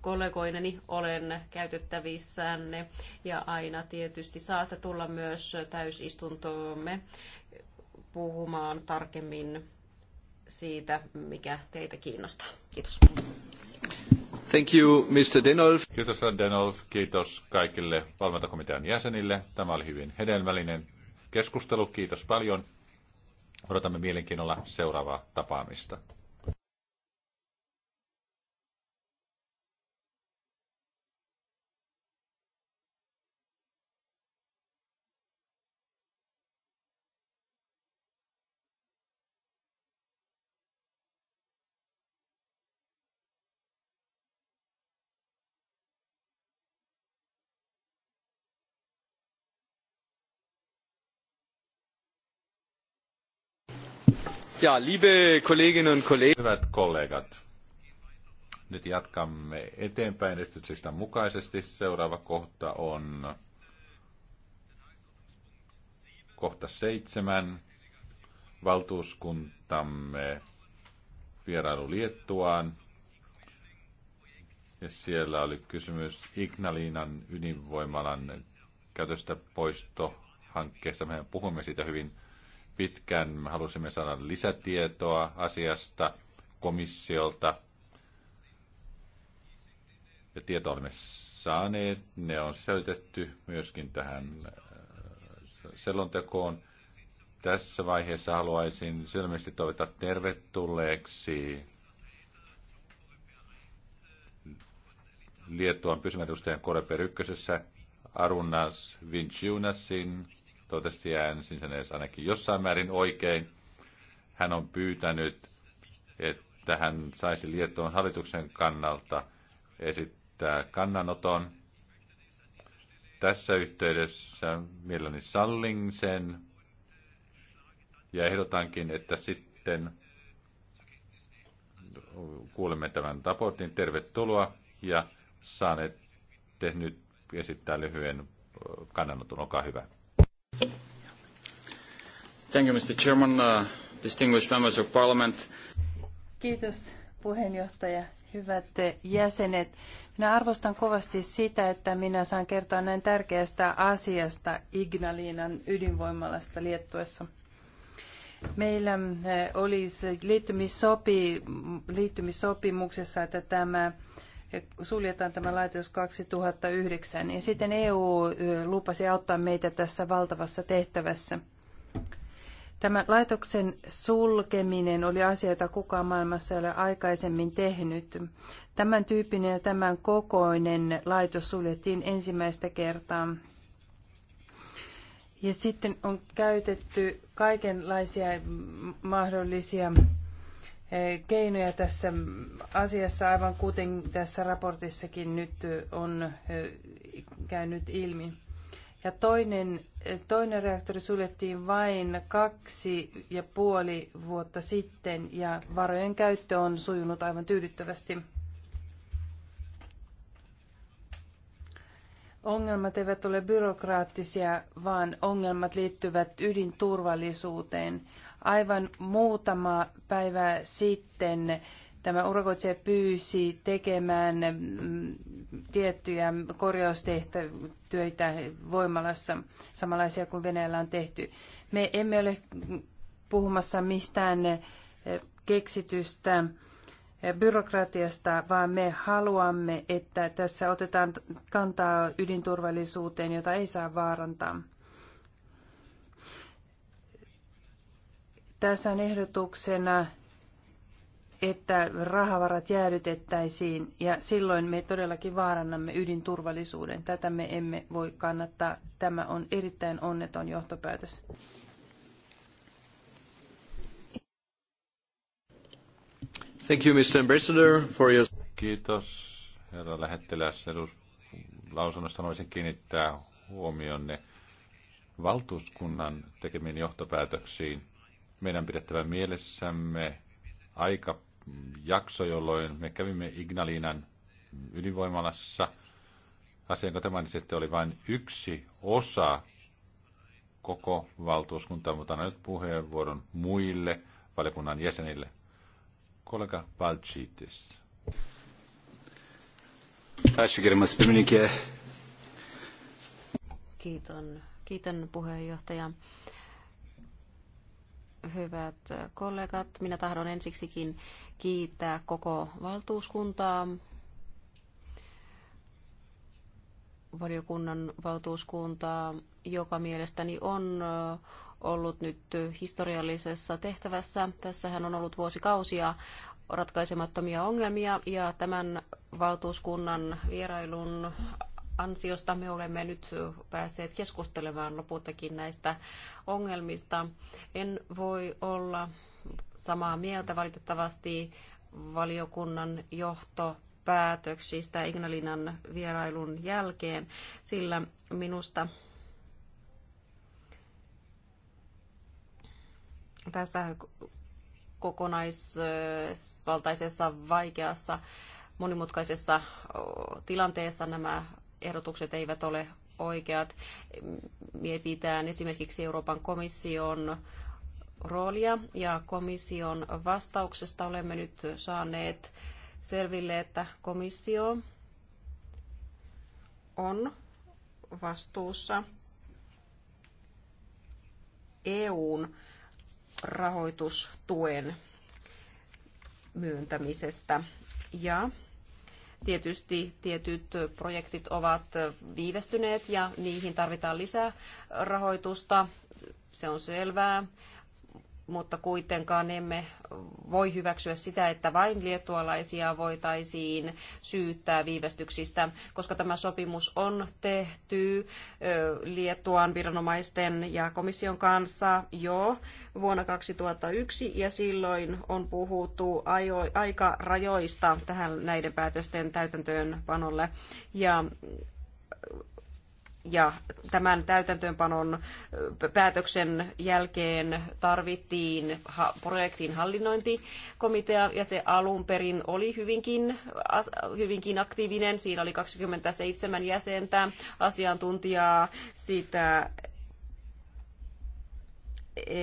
C: kollegoineni olen käytettävissänne ja aina tietysti saatte tulla myös täysistuntoomme puhumaan tarkemmin siitä, mikä teitä kiinnostaa. Kiitos.
A: Thank you, Mr. Denolf. Kiitos, Denolf. Kiitos kaikille valmentakomitean jäsenille. Tämä oli hyvin hedelmällinen keskustelu. Kiitos paljon. Odotamme mielenkiinnolla seuraavaa tapaamista. Ja, liebe Kolleginnen und Kollegen. Hyvät kollegat, nyt jatkamme eteenpäin esityksestä mukaisesti. Seuraava kohta on kohta seitsemän. Valtuuskuntamme vierailu Liettuaan. Ja siellä oli kysymys Ignaliinan ydinvoimalan käytöstä poistohankkeesta. Me puhumme siitä hyvin pitkään. Me halusimme saada lisätietoa asiasta komissiolta. Ja tietoa olemme saaneet. Ne on sisällytetty myöskin tähän äh, selontekoon. Tässä vaiheessa haluaisin sydämesti toivota tervetulleeksi Liettuan pysymätustajan edustajan Koreper ykkösessä Arunas Vinciunasin Toivottavasti äänsin sen edes ainakin jossain määrin oikein. Hän on pyytänyt, että hän saisi Liettuan hallituksen kannalta esittää kannanoton. Tässä yhteydessä mielelläni sallin sen ja ehdotankin, että sitten kuulemme tämän raportin. Tervetuloa ja saaneet tehnyt esittää lyhyen kannanoton. Olkaa hyvä. Thank you, Mr. Chairman, uh, distinguished
B: members of parliament. Kiitos puheenjohtaja. Hyvät jäsenet, minä arvostan kovasti sitä, että minä saan kertoa näin tärkeästä asiasta Ignaliinan ydinvoimalasta Liettuessa. Meillä äh, oli liittymissopi, liittymissopimuksessa, että tämä suljetaan tämä laitos 2009. Ja sitten EU lupasi auttaa meitä tässä valtavassa tehtävässä. Tämän laitoksen sulkeminen oli asia, jota kukaan maailmassa ei ole aikaisemmin tehnyt. Tämän tyyppinen ja tämän kokoinen laitos suljettiin ensimmäistä kertaa. Ja sitten on käytetty kaikenlaisia mahdollisia keinoja tässä asiassa, aivan kuten tässä raportissakin nyt on käynyt ilmi. Ja toinen, toinen reaktori suljettiin vain kaksi ja puoli vuotta sitten ja varojen käyttö on sujunut aivan tyydyttävästi. Ongelmat eivät ole byrokraattisia, vaan ongelmat liittyvät ydinturvallisuuteen. Aivan muutama päivä sitten tämä urakoitsija pyysi tekemään mm, tiettyjä korjaustehtäviä voimalassa, samanlaisia kuin Venäjällä on tehty. Me emme ole puhumassa mistään eh, keksitystä eh, byrokratiasta, vaan me haluamme, että tässä otetaan kantaa ydinturvallisuuteen, jota ei saa vaarantaa. Tässä on ehdotuksena, että rahavarat jäädytettäisiin ja silloin me todellakin vaarannamme ydinturvallisuuden. Tätä me emme voi kannattaa. Tämä on erittäin onneton johtopäätös.
C: Thank you, Mr. Ambassador, for your... Kiitos,
A: herra lähettiläs. Lausunnosta voisin kiinnittää huomionne valtuuskunnan tekemiin johtopäätöksiin meidän pidettävä mielessämme aika jakso, jolloin me kävimme Ignalinan ydinvoimalassa. Asian, jonka tämän sitten oli vain yksi osa koko valtuuskuntaa, mutta annan nyt puheenvuoron muille valiokunnan jäsenille. Kollega Valtsiitis. Kiitos,
C: Kiitän, kiitän puheenjohtaja. Hyvät kollegat, minä tahdon ensiksikin kiittää koko valtuuskuntaa. Valiokunnan valtuuskuntaa, joka mielestäni on ollut nyt historiallisessa tehtävässä. Tässähän on ollut vuosikausia ratkaisemattomia ongelmia ja tämän valtuuskunnan vierailun ansiosta me olemme nyt päässeet keskustelemaan lopultakin näistä ongelmista. En voi olla samaa mieltä valitettavasti valiokunnan johto päätöksistä Ignalinan vierailun jälkeen, sillä minusta tässä kokonaisvaltaisessa vaikeassa monimutkaisessa tilanteessa nämä ehdotukset eivät ole oikeat. Mietitään esimerkiksi Euroopan komission roolia ja komission vastauksesta olemme nyt saaneet selville, että komissio on vastuussa EUn rahoitustuen myöntämisestä ja Tietysti tietyt projektit ovat viivästyneet ja niihin tarvitaan lisää rahoitusta. Se on selvää mutta kuitenkaan emme voi hyväksyä sitä, että vain liettualaisia voitaisiin syyttää viivästyksistä, koska tämä sopimus on tehty Liettuan viranomaisten ja komission kanssa jo vuonna 2001 ja silloin on puhuttu ajo- aikarajoista tähän näiden päätösten täytäntöönpanolle ja ja tämän täytäntöönpanon päätöksen jälkeen tarvittiin projektin hallinnointikomitea ja se alun perin oli hyvinkin, hyvinkin aktiivinen. Siinä oli 27 jäsentä, asiantuntijaa, sitä e,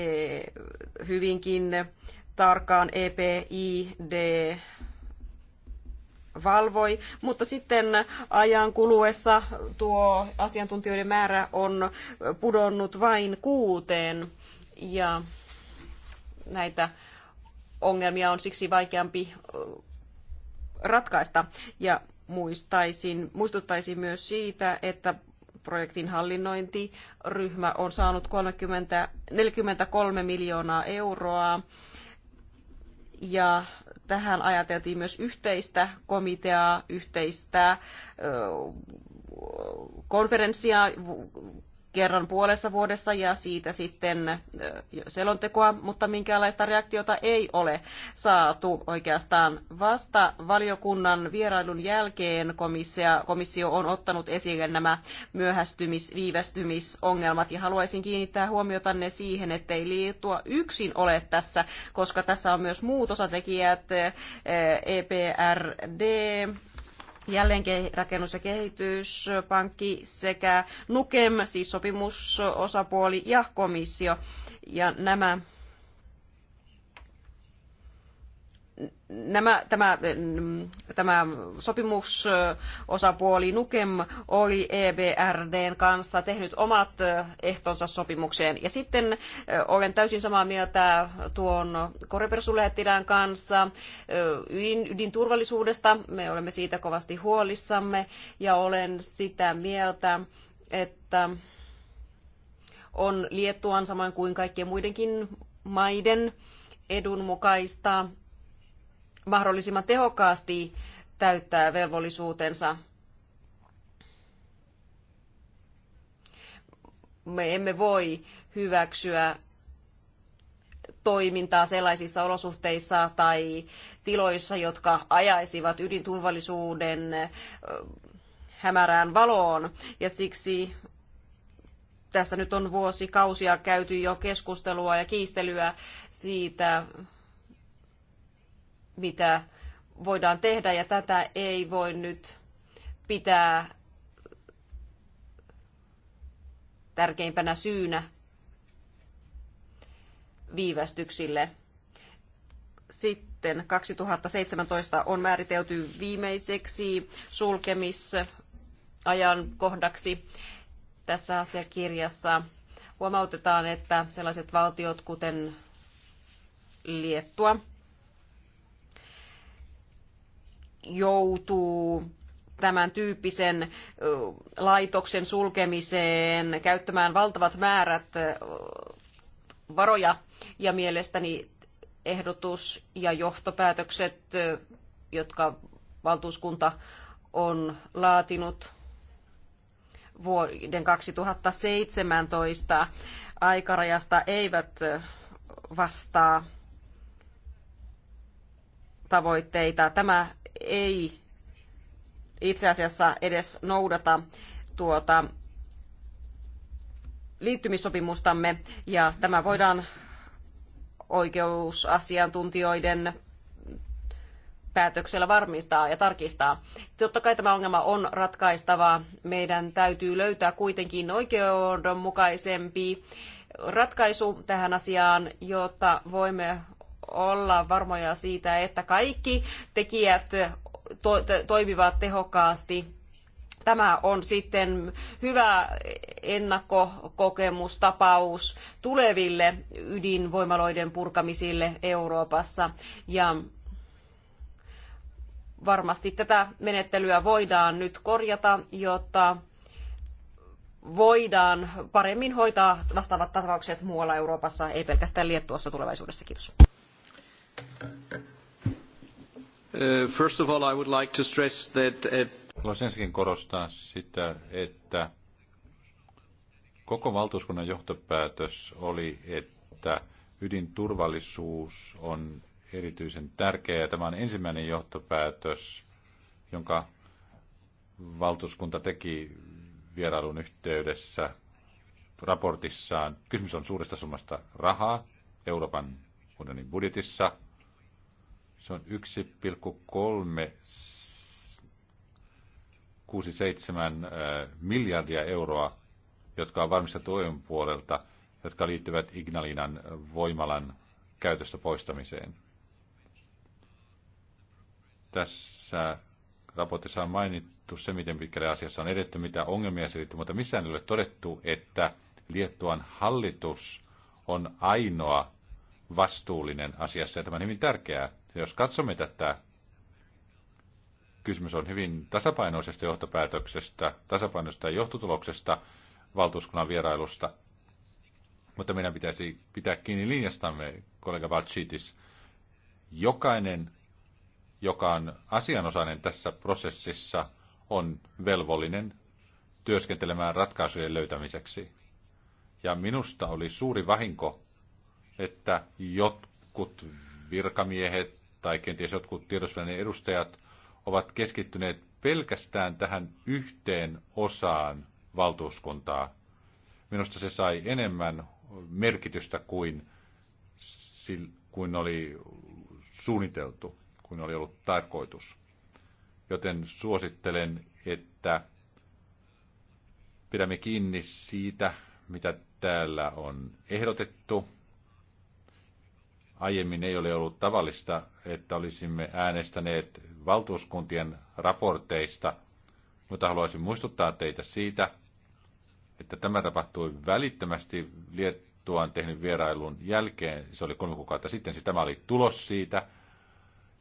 C: hyvinkin tarkkaan EPID valvoi, mutta sitten ajan kuluessa tuo asiantuntijoiden määrä on pudonnut vain kuuteen ja näitä ongelmia on siksi vaikeampi ratkaista. Ja muistaisin, muistuttaisin myös siitä, että projektin hallinnointiryhmä on saanut 30, 43 miljoonaa euroa ja tähän ajateltiin myös yhteistä komiteaa, yhteistä konferenssia kerran puolessa vuodessa ja siitä sitten selontekoa, mutta minkäänlaista reaktiota ei ole saatu oikeastaan vasta valiokunnan vierailun jälkeen komissio, komissio on ottanut esille nämä myöhästymis, viivästymisongelmat ja haluaisin kiinnittää ne siihen, ettei liittua yksin ole tässä, koska tässä on myös muut osatekijät, EPRD, jälleenrakennus- ja kehityspankki sekä NUKEM, siis sopimusosapuoli ja komissio. Ja nämä nämä, tämä, tämä sopimusosapuoli Nukem oli EBRDn kanssa tehnyt omat ehtonsa sopimukseen. Ja sitten olen täysin samaa mieltä tuon Korepersulähettilään kanssa ydinturvallisuudesta. Me olemme siitä kovasti huolissamme ja olen sitä mieltä, että on Liettuan samoin kuin kaikkien muidenkin maiden edun mukaista mahdollisimman tehokkaasti täyttää velvollisuutensa. Me emme voi hyväksyä toimintaa sellaisissa olosuhteissa tai tiloissa, jotka ajaisivat ydinturvallisuuden hämärään valoon. Ja siksi tässä nyt on vuosikausia käyty jo keskustelua ja kiistelyä siitä, mitä voidaan tehdä, ja tätä ei voi nyt pitää tärkeimpänä syynä viivästyksille. Sitten 2017 on määritelty viimeiseksi sulkemisajan kohdaksi. tässä asiakirjassa. Huomautetaan, että sellaiset valtiot kuten Liettua, joutuu tämän tyyppisen laitoksen sulkemiseen käyttämään valtavat määrät varoja ja mielestäni ehdotus ja johtopäätökset, jotka valtuuskunta on laatinut vuoden 2017 aikarajasta eivät vastaa tavoitteita. Tämä ei itse asiassa edes noudata tuota liittymissopimustamme ja tämä voidaan oikeusasiantuntijoiden päätöksellä varmistaa ja tarkistaa. Totta kai tämä ongelma on ratkaistava. Meidän täytyy löytää kuitenkin oikeudenmukaisempi ratkaisu tähän asiaan, jotta voimme olla varmoja siitä, että kaikki tekijät to- toimivat tehokkaasti tämä on sitten hyvä ennakkokokemustapaus tuleville ydinvoimaloiden purkamisille Euroopassa. Ja varmasti tätä menettelyä voidaan nyt korjata, jotta voidaan paremmin hoitaa vastaavat tapaukset muualla Euroopassa, ei pelkästään Liettuassa tulevaisuudessa. Kiitos. Uh, first of all, I would like to stress that... At...
A: Haluaisin ensinnäkin korostaa sitä, että koko valtuuskunnan johtopäätös oli, että ydinturvallisuus on erityisen tärkeä. tämä on ensimmäinen johtopäätös, jonka valtuuskunta teki vierailun yhteydessä raportissaan. Kysymys on suuresta summasta rahaa Euroopan unionin budjetissa – se on 1,367 äh, miljardia euroa, jotka on varmistettu EUn puolelta, jotka liittyvät Ignalinan voimalan käytöstä poistamiseen. Tässä raportissa on mainittu se, miten pitkälle asiassa on edetty, mitä ongelmia selittyy, mutta missään ei ole todettu, että Liettuan hallitus on ainoa vastuullinen asiassa, ja tämä on hyvin tärkeää. Jos katsomme tätä, kysymys on hyvin tasapainoisesta johtopäätöksestä, tasapainoisesta johtotuloksesta valtuuskunnan vierailusta. Mutta meidän pitäisi pitää kiinni linjastamme, kollega Valchitis. Jokainen, joka on asianosainen tässä prosessissa, on velvollinen työskentelemään ratkaisujen löytämiseksi. Ja minusta oli suuri vahinko, että jotkut virkamiehet tai kenties jotkut tiedotusvälineen edustajat ovat keskittyneet pelkästään tähän yhteen osaan valtuuskuntaa. Minusta se sai enemmän merkitystä kuin, kuin oli suunniteltu, kuin oli ollut tarkoitus. Joten suosittelen, että pidämme kiinni siitä, mitä täällä on ehdotettu. Aiemmin ei ole ollut tavallista, että olisimme äänestäneet valtuuskuntien raporteista, mutta haluaisin muistuttaa teitä siitä, että tämä tapahtui välittömästi Liettuaan tehnyt vierailun jälkeen. Se oli kolme kuukautta sitten, siis tämä oli tulos siitä.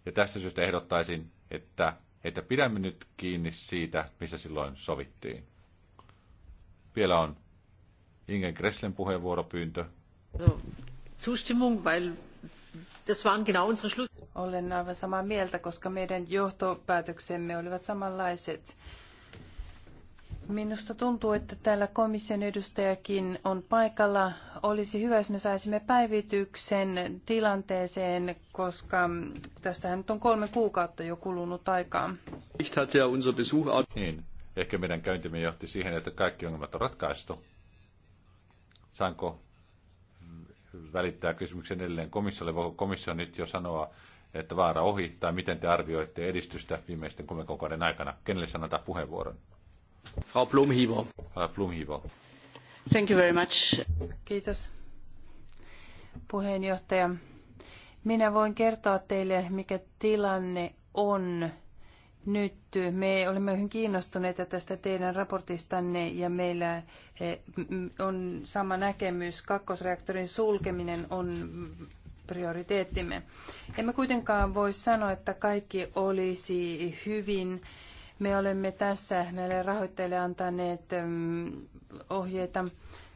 A: Ja tästä syystä ehdottaisin, että, että pidämme nyt kiinni siitä, missä silloin sovittiin. Vielä on Ingen Gresslen puheenvuoropyyntö.
B: Zustimmung, weil Das waren genau unsere Schluss. Olen aivan samaa mieltä, koska meidän johtopäätöksemme olivat samanlaiset. Minusta tuntuu, että täällä komission edustajakin on paikalla. Olisi hyvä, jos me saisimme päivityksen tilanteeseen, koska tästähän nyt on kolme kuukautta jo kulunut aikaa.
A: Niin, ehkä meidän käyntimme johti siihen, että kaikki ongelmat on ratkaistu. Saanko välittää kysymyksen edelleen komissiolle. Voiko komissio nyt jo sanoa, että vaara ohi, tai miten te arvioitte edistystä viimeisten kolmen kuukauden aikana? Kenelle sanotaan puheenvuoron? Frau Blumhivo. Frau Blumhivo.
B: Thank you very much. Kiitos, puheenjohtaja. Minä voin kertoa teille, mikä tilanne on nyt me olemme hyvin kiinnostuneita tästä teidän raportistanne ja meillä eh, on sama näkemys. Kakkosreaktorin sulkeminen on prioriteettimme. Emme kuitenkaan voi sanoa, että kaikki olisi hyvin. Me olemme tässä näille rahoittajille antaneet mm, ohjeita.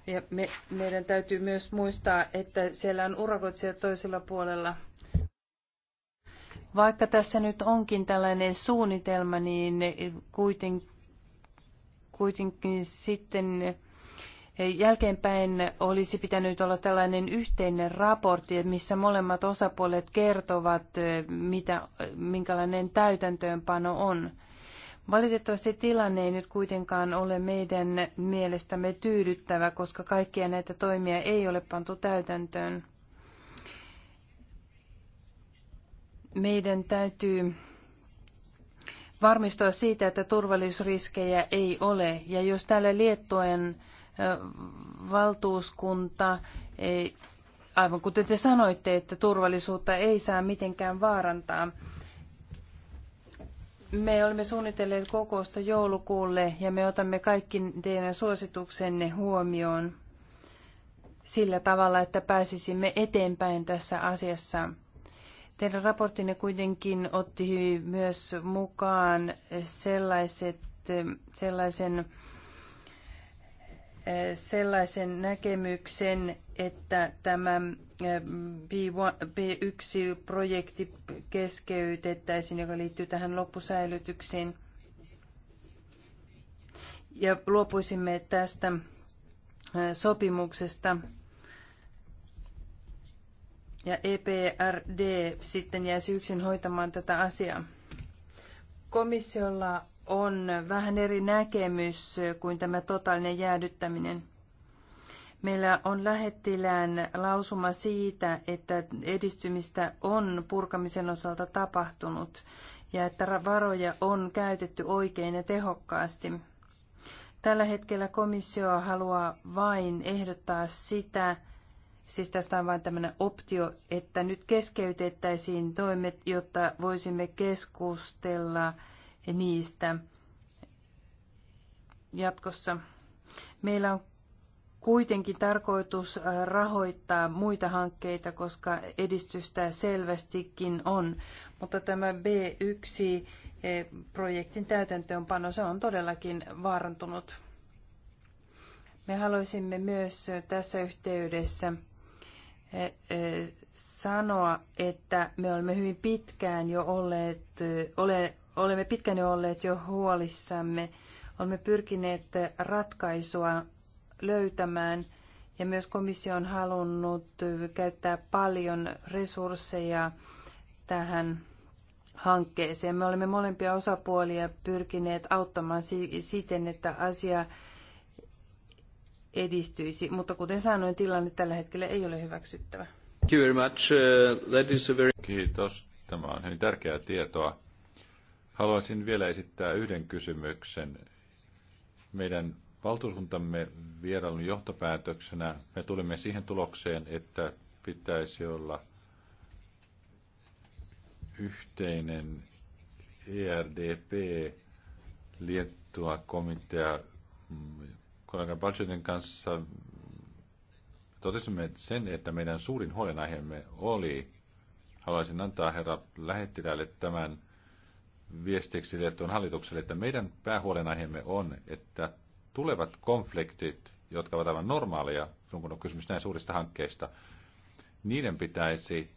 B: Ja me, meidän täytyy myös muistaa, että siellä on urakoitsija toisella puolella – vaikka tässä nyt onkin tällainen suunnitelma, niin kuiten, kuitenkin sitten jälkeenpäin olisi pitänyt olla tällainen yhteinen raportti, missä molemmat osapuolet kertovat, mitä, minkälainen täytäntöönpano on. Valitettavasti tilanne ei nyt kuitenkaan ole meidän mielestämme tyydyttävä, koska kaikkia näitä toimia ei ole pantu täytäntöön. meidän täytyy varmistua siitä, että turvallisuusriskejä ei ole. Ja jos täällä Liettuen valtuuskunta, aivan kuten te sanoitte, että turvallisuutta ei saa mitenkään vaarantaa, me olemme suunnitelleet kokousta joulukuulle ja me otamme kaikki teidän suosituksenne huomioon sillä tavalla, että pääsisimme eteenpäin tässä asiassa. Teidän raporttinne kuitenkin otti myös mukaan sellaiset, sellaisen, sellaisen näkemyksen, että tämä eh, B1-projekti keskeytettäisiin, joka liittyy tähän loppusäilytykseen. Ja luopuisimme tästä eh, sopimuksesta ja EPRD sitten jäisi yksin hoitamaan tätä asiaa. Komissiolla on vähän eri näkemys kuin tämä totaalinen jäädyttäminen. Meillä on lähettilään lausuma siitä, että edistymistä on purkamisen osalta tapahtunut ja että varoja on käytetty oikein ja tehokkaasti. Tällä hetkellä komissio haluaa vain ehdottaa sitä, Siis tästä on vain tämmöinen optio, että nyt keskeytettäisiin toimet, jotta voisimme keskustella niistä jatkossa. Meillä on kuitenkin tarkoitus äh, rahoittaa muita hankkeita, koska edistystä selvästikin on. Mutta tämä B1-projektin eh, täytäntöönpano, se on todellakin vaarantunut. Me haluaisimme myös äh, tässä yhteydessä sanoa, että me olemme hyvin pitkään jo olleet, ole, olemme pitkään jo olleet jo huolissamme. Olemme pyrkineet ratkaisua löytämään ja myös komissio on halunnut käyttää paljon resursseja tähän hankkeeseen. Me olemme molempia osapuolia pyrkineet auttamaan siten, että asia edistyisi, mutta kuten sanoin, tilanne tällä hetkellä ei ole hyväksyttävä. Thank you very much. Uh, that is a very...
A: Kiitos. Tämä on hyvin tärkeää tietoa. Haluaisin vielä esittää yhden kysymyksen. Meidän valtuuskuntamme vierailun johtopäätöksenä me tulimme siihen tulokseen, että pitäisi olla yhteinen ERDP Liettua komitea mm, kollega Balchetin kanssa totesimme sen, että meidän suurin huolenaiheemme oli, haluaisin antaa herra lähettiläille tämän viestiksi tuon hallitukselle, että meidän päähuolenaiheemme on, että tulevat konfliktit, jotka ovat aivan normaaleja, kun on kysymys näin suurista hankkeista, niiden pitäisi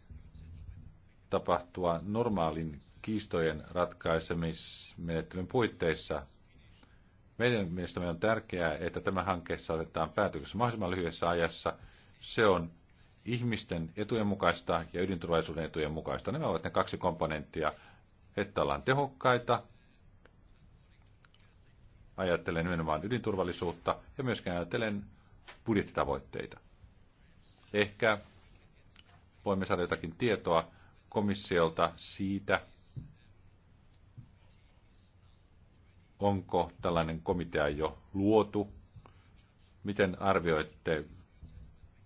A: tapahtua normaalin kiistojen ratkaisemismenettelyn puitteissa, meidän mielestämme on tärkeää, että tämä hanke saatetaan päätöksessä mahdollisimman lyhyessä ajassa. Se on ihmisten etujen mukaista ja ydinturvallisuuden etujen mukaista. Nämä ovat ne kaksi komponenttia, että ollaan tehokkaita, ajattelen nimenomaan ydinturvallisuutta ja myöskin ajattelen budjettitavoitteita. Ehkä voimme saada jotakin tietoa komissiolta siitä, Onko tällainen komitea jo luotu? Miten arvioitte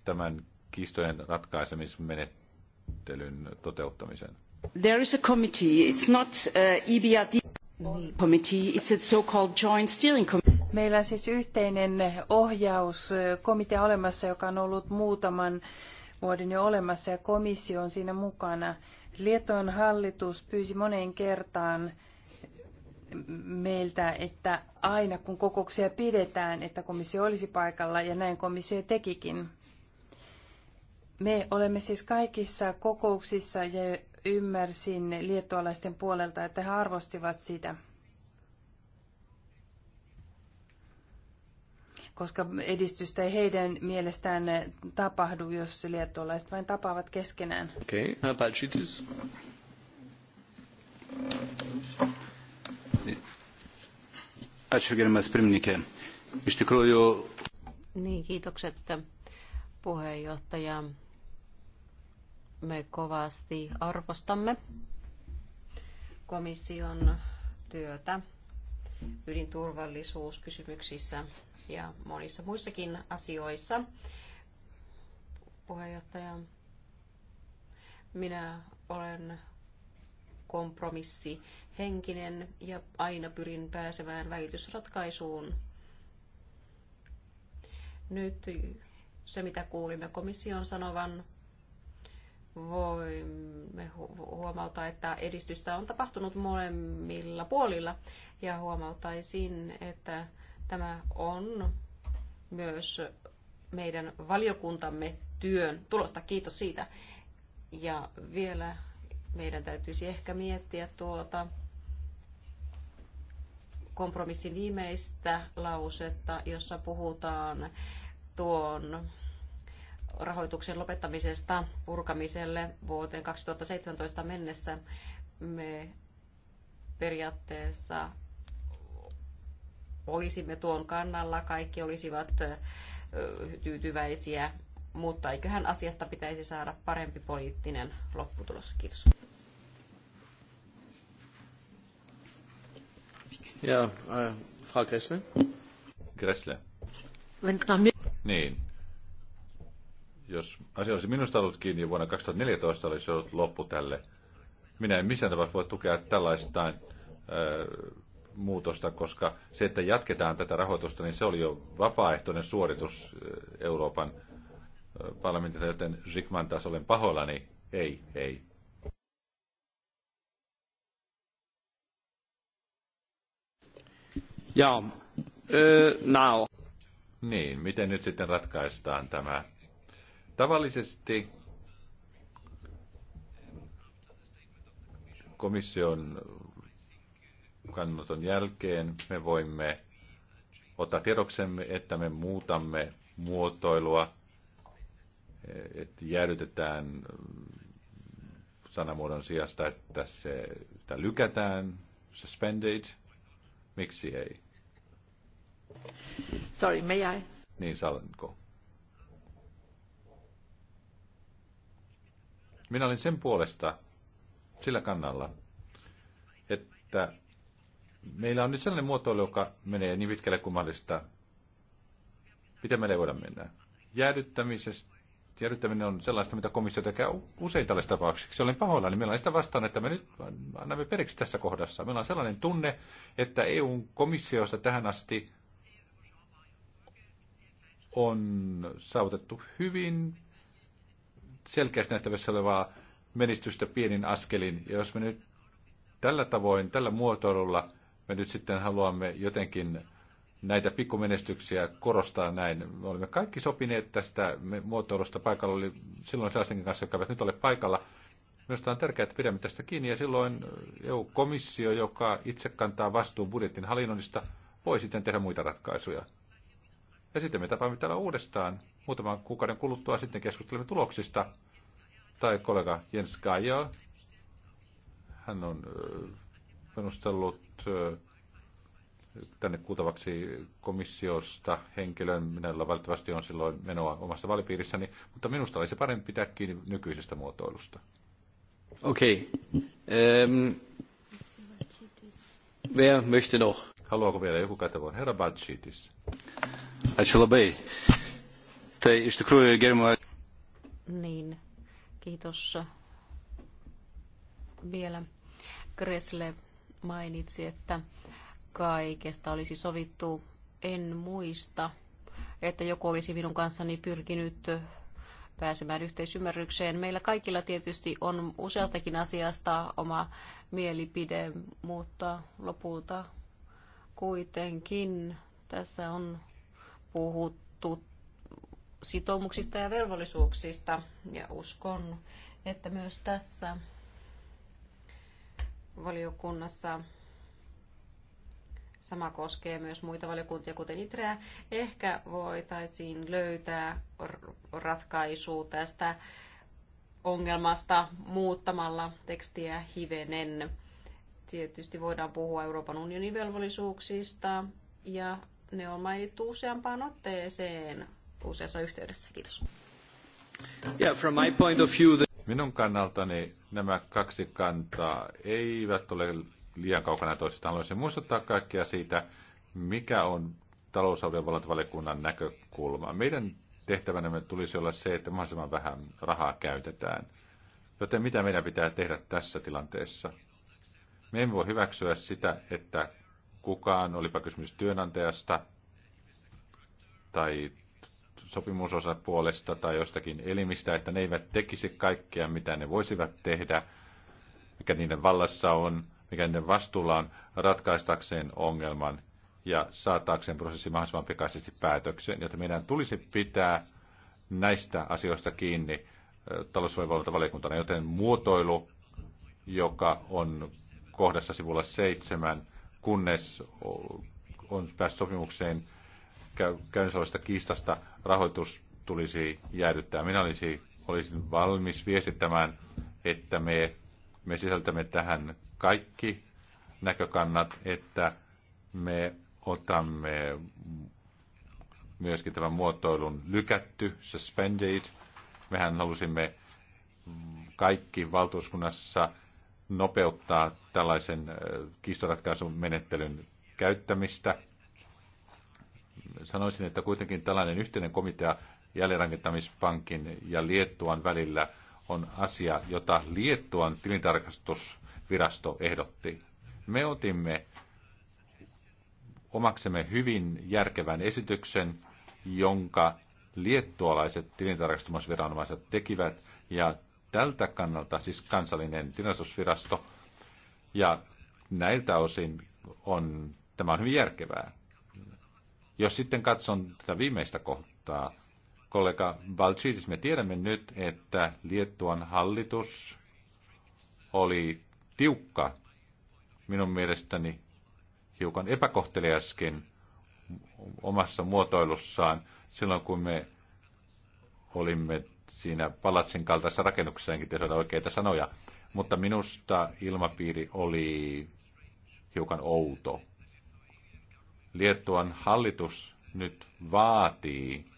A: tämän kiistojen ratkaisemismenettelyn toteuttamisen?
C: There is a committee. It's not uh, EBRD niin. committee. It's a so-called joint steering committee.
B: Meillä on siis yhteinen ohjauskomitea olemassa, joka on ollut muutaman vuoden jo olemassa ja komissio on siinä mukana. Lietoon hallitus pyysi moneen kertaan meiltä, että aina kun kokouksia pidetään, että komissio olisi paikalla ja näin komissio tekikin. Me olemme siis kaikissa kokouksissa ja ymmärsin liettualaisten puolelta, että he arvostivat sitä. koska edistystä ei heidän mielestään tapahdu, jos liettualaiset vain tapaavat keskenään. Okei,
C: okay.
A: Iš tikrųjų...
C: Niin, kiitokset puheenjohtaja. Me kovasti arvostamme komission työtä ydinturvallisuuskysymyksissä ja monissa muissakin asioissa. Puheenjohtaja, minä olen kompromissi henkinen ja aina pyrin pääsemään välitysratkaisuun. Nyt se, mitä kuulimme komission sanovan, voimme huomauttaa, että edistystä on tapahtunut molemmilla puolilla ja huomautaisin, että tämä on myös meidän valiokuntamme työn tulosta. Kiitos siitä. Ja vielä meidän täytyisi ehkä miettiä tuota kompromissin viimeistä lausetta, jossa puhutaan tuon rahoituksen lopettamisesta purkamiselle vuoteen 2017 mennessä. Me periaatteessa olisimme tuon kannalla, kaikki olisivat tyytyväisiä mutta eiköhän asiasta pitäisi saada parempi poliittinen lopputulos. Kiitos.
A: Ja, äh, Frau Gressle. Gressle. Niin. Jos asia olisi minusta ollut kiinni vuonna 2014, olisi ollut loppu tälle. Minä en missään tapauksessa voi tukea tällaista äh, muutosta, koska se, että jatketaan tätä rahoitusta, niin se oli jo vapaaehtoinen suoritus äh, Euroopan parlamentilta, joten Zikman taas olen pahoillani. Ei, ei. Ja, öö, now. Niin, miten nyt sitten ratkaistaan tämä? Tavallisesti komission kannanoton jälkeen me voimme ottaa tiedoksemme, että me muutamme muotoilua että jäädytetään sanamuodon sijasta, että se että lykätään, suspended, miksi ei? Sorry, me jäi. Niin, sallanko? Minä olin sen puolesta sillä kannalla, että meillä on nyt sellainen muotoilu, joka menee niin pitkälle kuin mahdollista, miten meillä ei voida mennä. Jäädyttämisestä jäädyttäminen on sellaista, mitä komissio tekee usein tällaisissa tapauksissa. Olen pahoillani. Niin meillä on sitä vastaan, että me nyt annamme periksi tässä kohdassa. Meillä on sellainen tunne, että EUn komissiosta tähän asti on saavutettu hyvin selkeästi nähtävissä olevaa menestystä pienin askelin. Ja jos me nyt tällä tavoin, tällä muotoilulla me nyt sitten haluamme jotenkin näitä pikkumenestyksiä korostaa näin. Me olimme kaikki sopineet tästä muotoilusta. Paikalla oli silloin sellaisenkin kanssa, jotka eivät nyt ole paikalla. Myös on tärkeää, että pidämme tästä kiinni ja silloin EU-komissio, joka itse kantaa vastuun budjetin hallinnoinnista, voi sitten tehdä muita ratkaisuja. Ja sitten me tapaamme täällä uudestaan. Muutaman kuukauden kuluttua sitten keskustelemme tuloksista. Tai kollega Jens Gaia, hän on perustellut äh, tänne kuultavaksi komissiosta henkilön. Minulla välttämättä on silloin menoa omassa vaalipiirissäni, mutta minusta olisi parempi pitää kiinni nykyisestä muotoilusta.
B: Okei. Okay. Um, ähm, wer möchte noch?
A: Haluaako vielä joku kätevä? Herra Batschitis. Ačiū labai. Tai iš tikrųjų gerimo...
C: Niin, kiitos vielä. Kresle mainitsi, että kaikesta olisi sovittu, en muista, että joku olisi minun kanssani pyrkinyt pääsemään yhteisymmärrykseen. Meillä kaikilla tietysti on useastakin asiasta oma mielipide, mutta lopulta kuitenkin tässä on puhuttu sitoumuksista ja velvollisuuksista ja uskon, että myös tässä valiokunnassa Sama koskee myös muita valiokuntia, kuten ITREä. Ehkä voitaisiin löytää ratkaisu tästä ongelmasta muuttamalla tekstiä hivenen. Tietysti voidaan puhua Euroopan unionin velvollisuuksista ja ne on mainittu useampaan otteeseen useassa yhteydessä. Kiitos.
A: Yeah, from my point of view, the... Minun kannaltani nämä kaksi kantaa eivät ole liian kaukana toisistaan. Haluaisin muistuttaa kaikkia siitä, mikä on talousalueen valvontavaliokunnan näkökulma. Meidän tehtävänämme tulisi olla se, että mahdollisimman vähän rahaa käytetään. Joten mitä meidän pitää tehdä tässä tilanteessa? Me emme voi hyväksyä sitä, että kukaan, olipa kysymys työnantajasta tai sopimusosapuolesta tai jostakin elimistä, että ne eivät tekisi kaikkea, mitä ne voisivat tehdä, mikä niiden vallassa on, mikä niiden vastuulla on ratkaistakseen ongelman ja saataakseen prosessi mahdollisimman pikaisesti päätökseen, joten meidän tulisi pitää näistä asioista kiinni valiokuntana, joten muotoilu, joka on kohdassa sivulla seitsemän, kunnes on päässyt sopimukseen käynnissä kiistasta, rahoitus tulisi jäädyttää. Minä olisi, olisin valmis viestittämään, että me me sisältämme tähän kaikki näkökannat, että me otamme myöskin tämän muotoilun lykätty, suspended. Mehän halusimme kaikki valtuuskunnassa nopeuttaa tällaisen äh, kistoratkaisun menettelyn käyttämistä. Sanoisin, että kuitenkin tällainen yhteinen komitea jälleenrakentamispankin ja Liettuan välillä – on asia, jota Liettuan tilintarkastusvirasto ehdotti. Me otimme omaksemme hyvin järkevän esityksen, jonka liettualaiset tilintarkastusviranomaiset tekivät, ja tältä kannalta siis kansallinen tilintarkastusvirasto, ja näiltä osin on, tämä on hyvin järkevää. Jos sitten katson tätä viimeistä kohtaa, kollega Valtsiitis, me tiedämme nyt, että Liettuan hallitus oli tiukka, minun mielestäni hiukan epäkohteliaskin omassa muotoilussaan silloin, kun me olimme siinä palatsin kaltaisessa rakennuksessa, enkin tehdä oikeita sanoja. Mutta minusta ilmapiiri oli hiukan outo. Liettuan hallitus nyt vaatii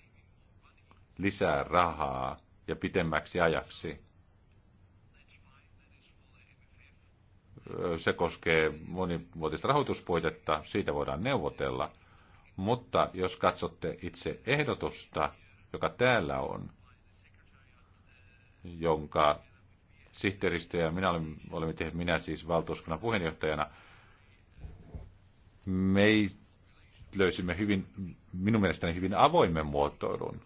A: lisää rahaa ja pitemmäksi ajaksi. Se koskee monivuotista rahoituspuitetta, siitä voidaan neuvotella. Mutta jos katsotte itse ehdotusta, joka täällä on, jonka sihteeristö ja minä olemme, tehneet, minä siis valtuuskunnan puheenjohtajana, me löysimme hyvin, minun mielestäni hyvin avoimen muotoilun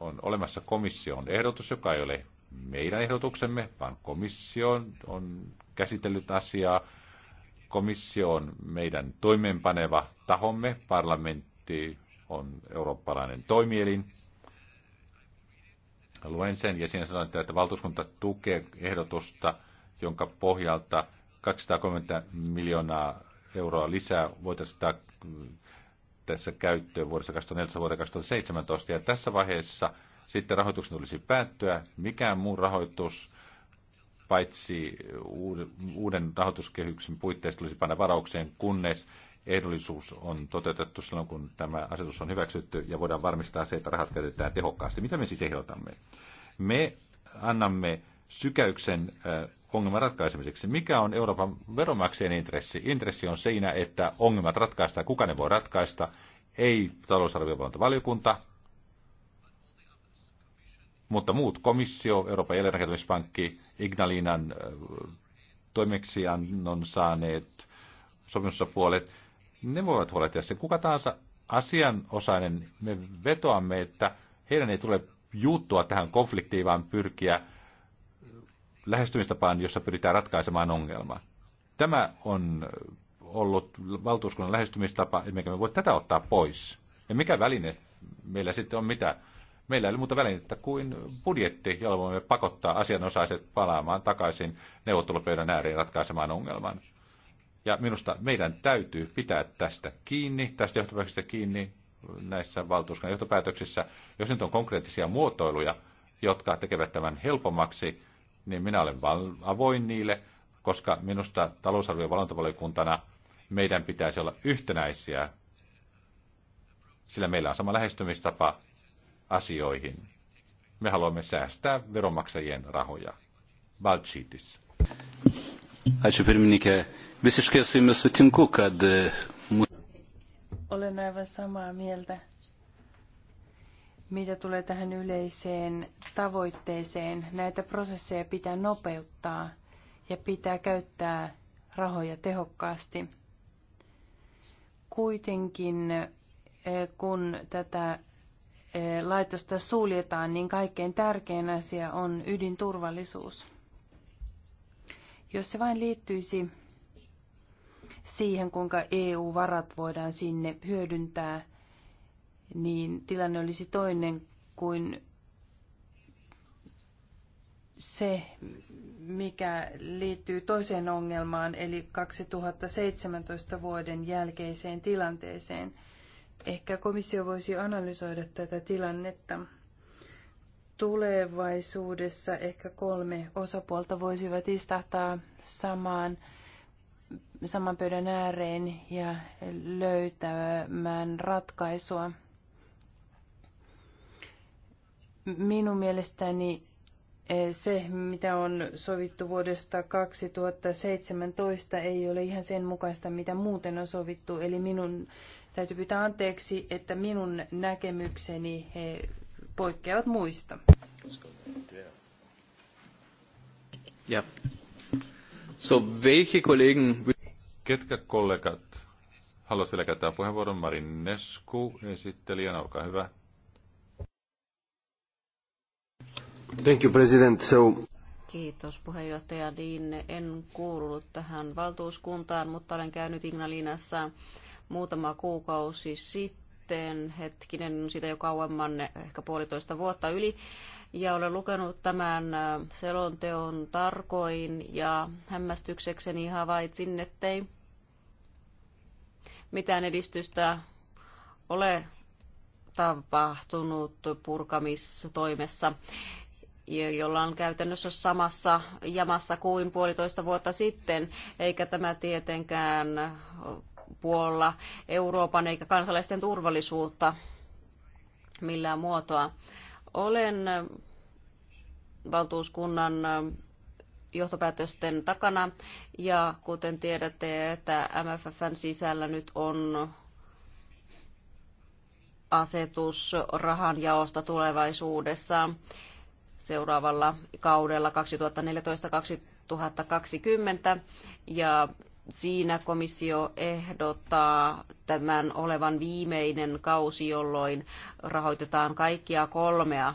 A: on olemassa komission ehdotus, joka ei ole meidän ehdotuksemme, vaan komissio on, käsitellyt asiaa. Komissio on meidän toimeenpaneva tahomme, parlamentti on eurooppalainen toimielin. Luen sen ja siinä sanotaan, että valtuuskunta tukee ehdotusta, jonka pohjalta 230 miljoonaa euroa lisää voitaisiin tässä käyttöön vuodesta 2014 vuoteen 2017. Ja tässä vaiheessa sitten rahoituksen tulisi päättyä. Mikään muu rahoitus paitsi uuden rahoituskehyksen puitteissa tulisi panna varaukseen, kunnes ehdollisuus on toteutettu silloin, kun tämä asetus on hyväksytty ja voidaan varmistaa se, että rahat käytetään tehokkaasti. Mitä me siis ehdotamme? Me annamme sykäyksen äh, ongelman ratkaisemiseksi. Mikä on Euroopan veronmaksajien intressi? Intressi on siinä, että ongelmat ratkaistaan, kuka ne voi ratkaista, ei talousarviovalvontavaliokunta, mutta muut komissio, Euroopan jälleenrakentamispankki, Ignalinan äh, toimeksiannon saaneet sopimusosapuolet, ne voivat huolehtia sen. Kuka tahansa asianosainen, me vetoamme, että heidän ei tule juuttua tähän konfliktiin, vaan pyrkiä lähestymistapaan, jossa pyritään ratkaisemaan ongelma. Tämä on ollut valtuuskunnan lähestymistapa, emmekä me voi tätä ottaa pois. Ja mikä väline meillä sitten on mitä? Meillä ei ole muuta välinettä kuin budjetti, jolla voimme pakottaa asianosaiset palaamaan takaisin neuvottelupöydän ääriin ratkaisemaan ongelman. Ja minusta meidän täytyy pitää tästä kiinni, tästä johtopäätöksestä kiinni näissä valtuuskunnan johtopäätöksissä. Jos nyt on konkreettisia muotoiluja, jotka tekevät tämän helpommaksi, niin minä olen avoin niille, koska minusta talousarvion valvontavaliokuntana meidän pitäisi olla yhtenäisiä, sillä meillä on sama lähestymistapa asioihin. Me haluamme säästää veronmaksajien rahoja. Valtsiitis. E,
B: olen aivan samaa mieltä mitä tulee tähän yleiseen tavoitteeseen, näitä prosesseja pitää nopeuttaa ja pitää käyttää rahoja tehokkaasti. Kuitenkin eh, kun tätä eh, laitosta suljetaan, niin kaikkein tärkein asia on ydinturvallisuus. Jos se vain liittyisi siihen, kuinka EU-varat voidaan sinne hyödyntää, niin tilanne olisi toinen kuin se, mikä liittyy toiseen ongelmaan, eli 2017 vuoden jälkeiseen tilanteeseen. Ehkä komissio voisi analysoida tätä tilannetta. Tulevaisuudessa ehkä kolme osapuolta voisivat istahtaa samaan, saman pöydän ääreen ja löytämään ratkaisua. Minun mielestäni eh, se, mitä on sovittu vuodesta 2017, ei ole ihan sen mukaista, mitä muuten on sovittu. Eli minun täytyy pyytää anteeksi, että minun näkemykseni poikkeavat muista.
C: Ja.
A: So, welche Kollegen... Ketkä kollegat haluaisivat vielä käyttää puheenvuoron? Marin Nesku esittelijän, olkaa hyvä.
C: Thank you, President. So... Kiitos puheenjohtaja Dean. En kuulunut tähän valtuuskuntaan, mutta olen käynyt Ignalinassa muutama kuukausi sitten, hetkinen, sitä jo kauemman, ehkä puolitoista vuotta yli, ja olen lukenut tämän äh, selonteon tarkoin, ja hämmästyksekseni havaitsin, ettei mitään edistystä ole tapahtunut purkamistoimessa jolla on käytännössä samassa jamassa kuin puolitoista vuotta sitten, eikä tämä tietenkään puolla Euroopan eikä kansalaisten turvallisuutta millään muotoa. Olen valtuuskunnan johtopäätösten takana ja kuten tiedätte, että MFFn sisällä nyt on asetus jaosta tulevaisuudessa seuraavalla kaudella 2014-2020 ja siinä komissio ehdottaa tämän olevan viimeinen kausi, jolloin rahoitetaan kaikkia kolmea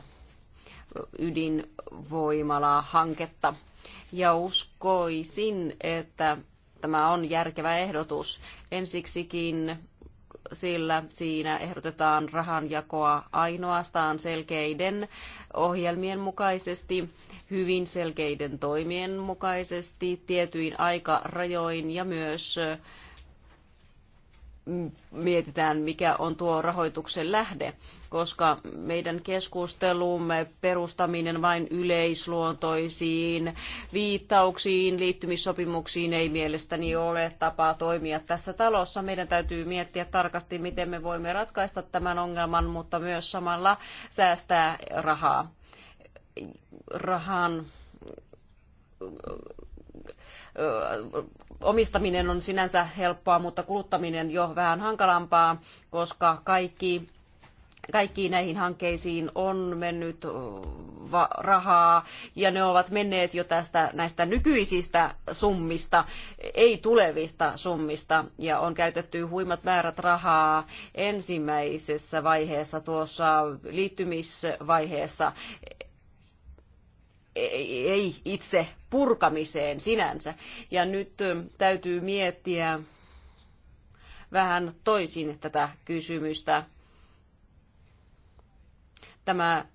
C: ydinvoimalaa hanketta. Ja uskoisin, että tämä on järkevä ehdotus. Ensiksikin sillä siinä ehdotetaan rahanjakoa ainoastaan selkeiden ohjelmien mukaisesti, hyvin selkeiden toimien mukaisesti, tietyin aikarajoin ja myös mietitään, mikä on tuo rahoituksen lähde, koska meidän keskustelumme perustaminen vain yleisluontoisiin viittauksiin, liittymissopimuksiin ei mielestäni ole tapa toimia tässä talossa. Meidän täytyy miettiä tarkasti, miten me voimme ratkaista tämän ongelman, mutta myös samalla säästää rahaa. Rahan omistaminen on sinänsä helppoa, mutta kuluttaminen jo vähän hankalampaa, koska kaikki kaikkiin näihin hankkeisiin on mennyt rahaa ja ne ovat menneet jo tästä näistä nykyisistä summista, ei tulevista summista ja on käytetty huimat määrät rahaa ensimmäisessä vaiheessa tuossa liittymisvaiheessa ei itse purkamiseen sinänsä. Ja nyt täytyy miettiä vähän toisin tätä kysymystä. Tämä,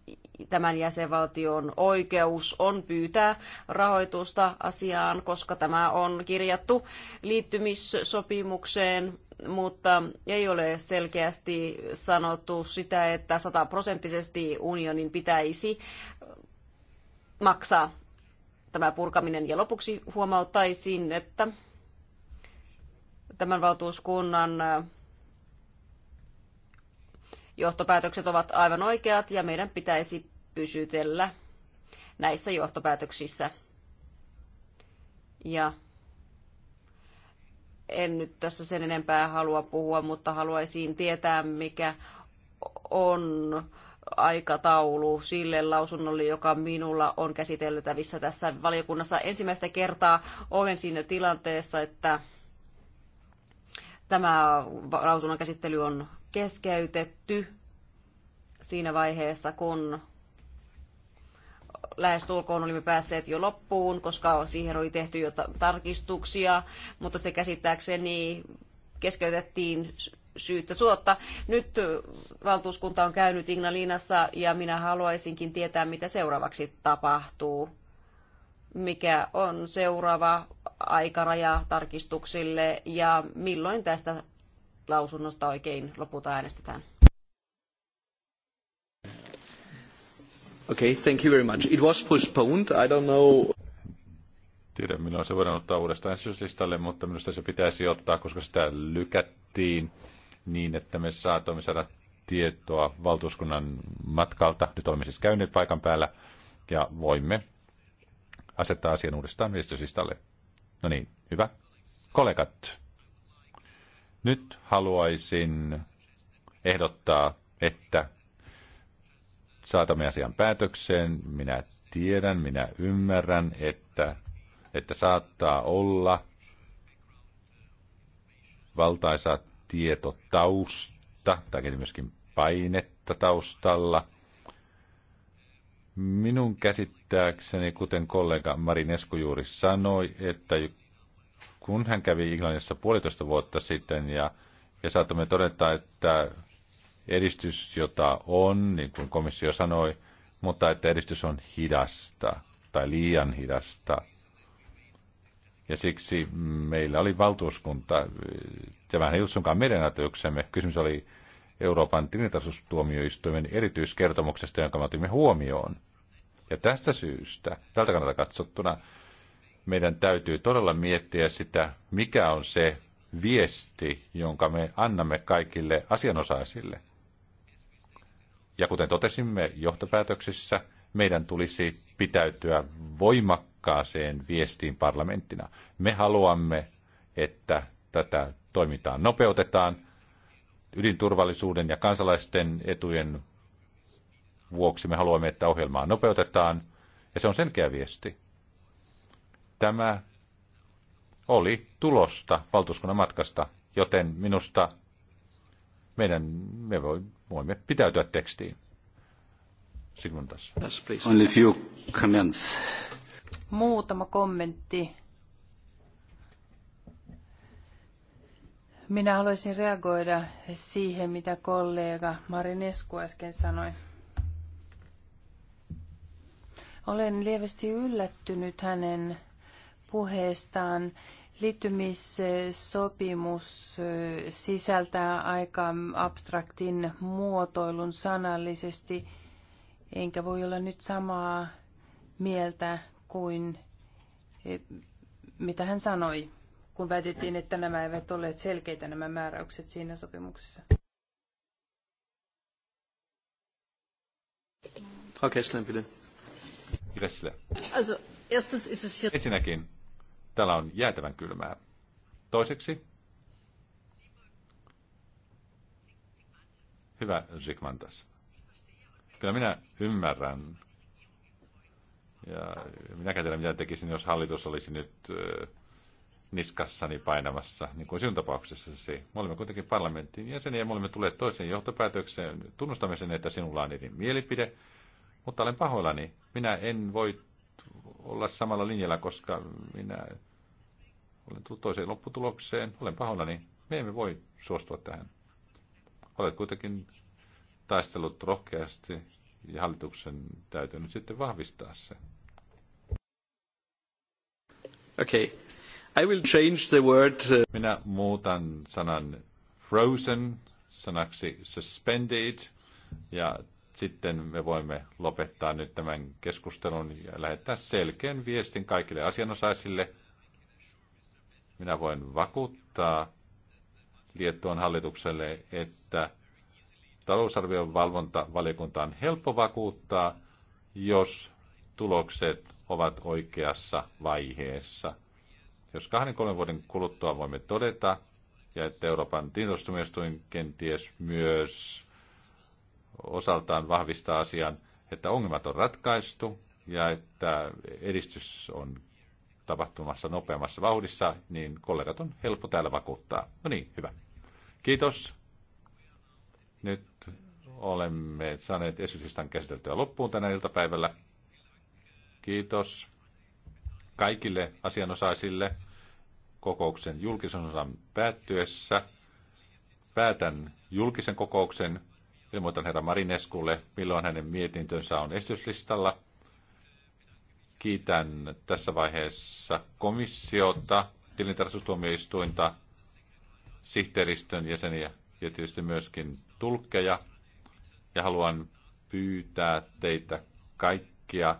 C: tämän jäsenvaltion oikeus on pyytää rahoitusta asiaan, koska tämä on kirjattu liittymissopimukseen mutta ei ole selkeästi sanottu sitä, että sataprosenttisesti unionin pitäisi maksaa tämä purkaminen. Ja lopuksi huomauttaisin, että tämän valtuuskunnan johtopäätökset ovat aivan oikeat ja meidän pitäisi pysytellä näissä johtopäätöksissä. Ja en nyt tässä sen enempää halua puhua, mutta haluaisin tietää, mikä on aikataulu sille lausunnolle, joka minulla on käsiteltävissä tässä valiokunnassa. Ensimmäistä kertaa olen siinä tilanteessa, että tämä lausunnon käsittely on keskeytetty siinä vaiheessa, kun lähestulkoon olimme päässeet jo loppuun, koska siihen oli tehty jo tarkistuksia, mutta se käsittääkseni keskeytettiin syyttä suotta. Nyt valtuuskunta on käynyt Ignalinassa ja minä haluaisinkin tietää, mitä seuraavaksi tapahtuu. Mikä on seuraava aikaraja tarkistuksille ja milloin tästä lausunnosta oikein lopulta äänestetään? Okay, thank you very much. It was postponed. I don't know
A: tiedä milloin se voidaan ottaa uudestaan esityslistalle, mutta minusta se pitäisi ottaa, koska sitä lykättiin niin, että me saatoimme saada tietoa valtuuskunnan matkalta. Nyt olemme siis käyneet paikan päällä ja voimme asettaa asian uudestaan viestysistalle. No niin, hyvä. Kollegat, nyt haluaisin ehdottaa, että saatamme asian päätökseen. Minä tiedän, minä ymmärrän, että, että saattaa olla valtaisat tietotausta, tai myöskin painetta taustalla. Minun käsittääkseni, kuten kollega Marinesku juuri sanoi, että kun hän kävi Englannissa puolitoista vuotta sitten ja, ja saatamme todeta, että edistys, jota on, niin kuin komissio sanoi, mutta että edistys on hidasta tai liian hidasta. Ja siksi meillä oli valtuuskunta vähän ei ollut sunkaan meidän ajatuksemme. Kysymys oli Euroopan tilintarkastustuomioistuimen erityiskertomuksesta, jonka me otimme huomioon. Ja tästä syystä, tältä kannalta katsottuna, meidän täytyy todella miettiä sitä, mikä on se viesti, jonka me annamme kaikille asianosaisille. Ja kuten totesimme johtopäätöksissä, meidän tulisi pitäytyä voimakkaaseen viestiin parlamenttina. Me haluamme, että tätä toimintaa nopeutetaan ydinturvallisuuden ja kansalaisten etujen vuoksi me haluamme, että ohjelmaa nopeutetaan, ja se on selkeä viesti. Tämä oli tulosta valtuuskunnan matkasta, joten minusta meidän, me voimme pitäytyä tekstiin. Sigmund Only few comments.
B: Muutama kommentti Minä haluaisin reagoida siihen, mitä kollega Marinesku äsken sanoi. Olen lievästi yllättynyt hänen puheestaan. Liittymissopimus sisältää aika abstraktin muotoilun sanallisesti, enkä voi olla nyt samaa mieltä kuin mitä hän sanoi kun väitettiin, että nämä eivät olleet selkeitä nämä määräykset siinä sopimuksessa.
A: Ensinnäkin, täällä on jäätävän kylmää. Toiseksi, hyvä Zygmantas, Kyllä minä ymmärrän, ja minä tiedä, mitä tekisin, jos hallitus olisi nyt äh, niskassani painamassa, niin kuin sinun tapauksessasi. Me olemme kuitenkin parlamentin jäseniä ja me olemme tulleet toiseen johtopäätökseen. Tunnustamme sen, että sinulla on eri mielipide, mutta olen pahoillani. Minä en voi olla samalla linjalla, koska minä olen tullut toiseen lopputulokseen. Olen pahoillani. Me emme voi suostua tähän. Olet kuitenkin taistellut rohkeasti ja hallituksen täytyy nyt sitten vahvistaa se. Okei. Okay. I will change the word. Uh, Minä muutan sanan frozen sanaksi suspended ja sitten me voimme lopettaa nyt tämän keskustelun ja lähettää selkeän viestin kaikille asianosaisille. Minä voin vakuuttaa Liettuan hallitukselle, että talousarvion valvontavaliokunta on helppo vakuuttaa, jos tulokset ovat oikeassa vaiheessa. Jos kahden kolmen vuoden kuluttua voimme todeta, ja että Euroopan tietostumistuin kenties myös osaltaan vahvistaa asian, että ongelmat on ratkaistu ja että edistys on tapahtumassa nopeammassa vauhdissa, niin kollegat on helppo täällä vakuuttaa. No niin, hyvä. Kiitos. Nyt olemme saaneet esitystään käsiteltyä loppuun tänä iltapäivällä. Kiitos kaikille asianosaisille kokouksen julkisen osan päättyessä. Päätän julkisen kokouksen. Ilmoitan herra Marineskulle, milloin hänen mietintönsä on esityslistalla. Kiitän tässä vaiheessa komissiota, tilintarkastustuomioistuinta, sihteeristön jäseniä ja tietysti myöskin tulkkeja. Ja haluan pyytää teitä kaikkia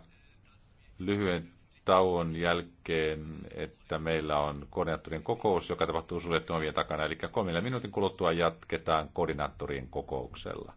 A: lyhyen tauon jälkeen, että meillä on koordinaattorin kokous, joka tapahtuu suljettuna takana. Eli kolmella minuutin kuluttua jatketaan koordinaattorin kokouksella.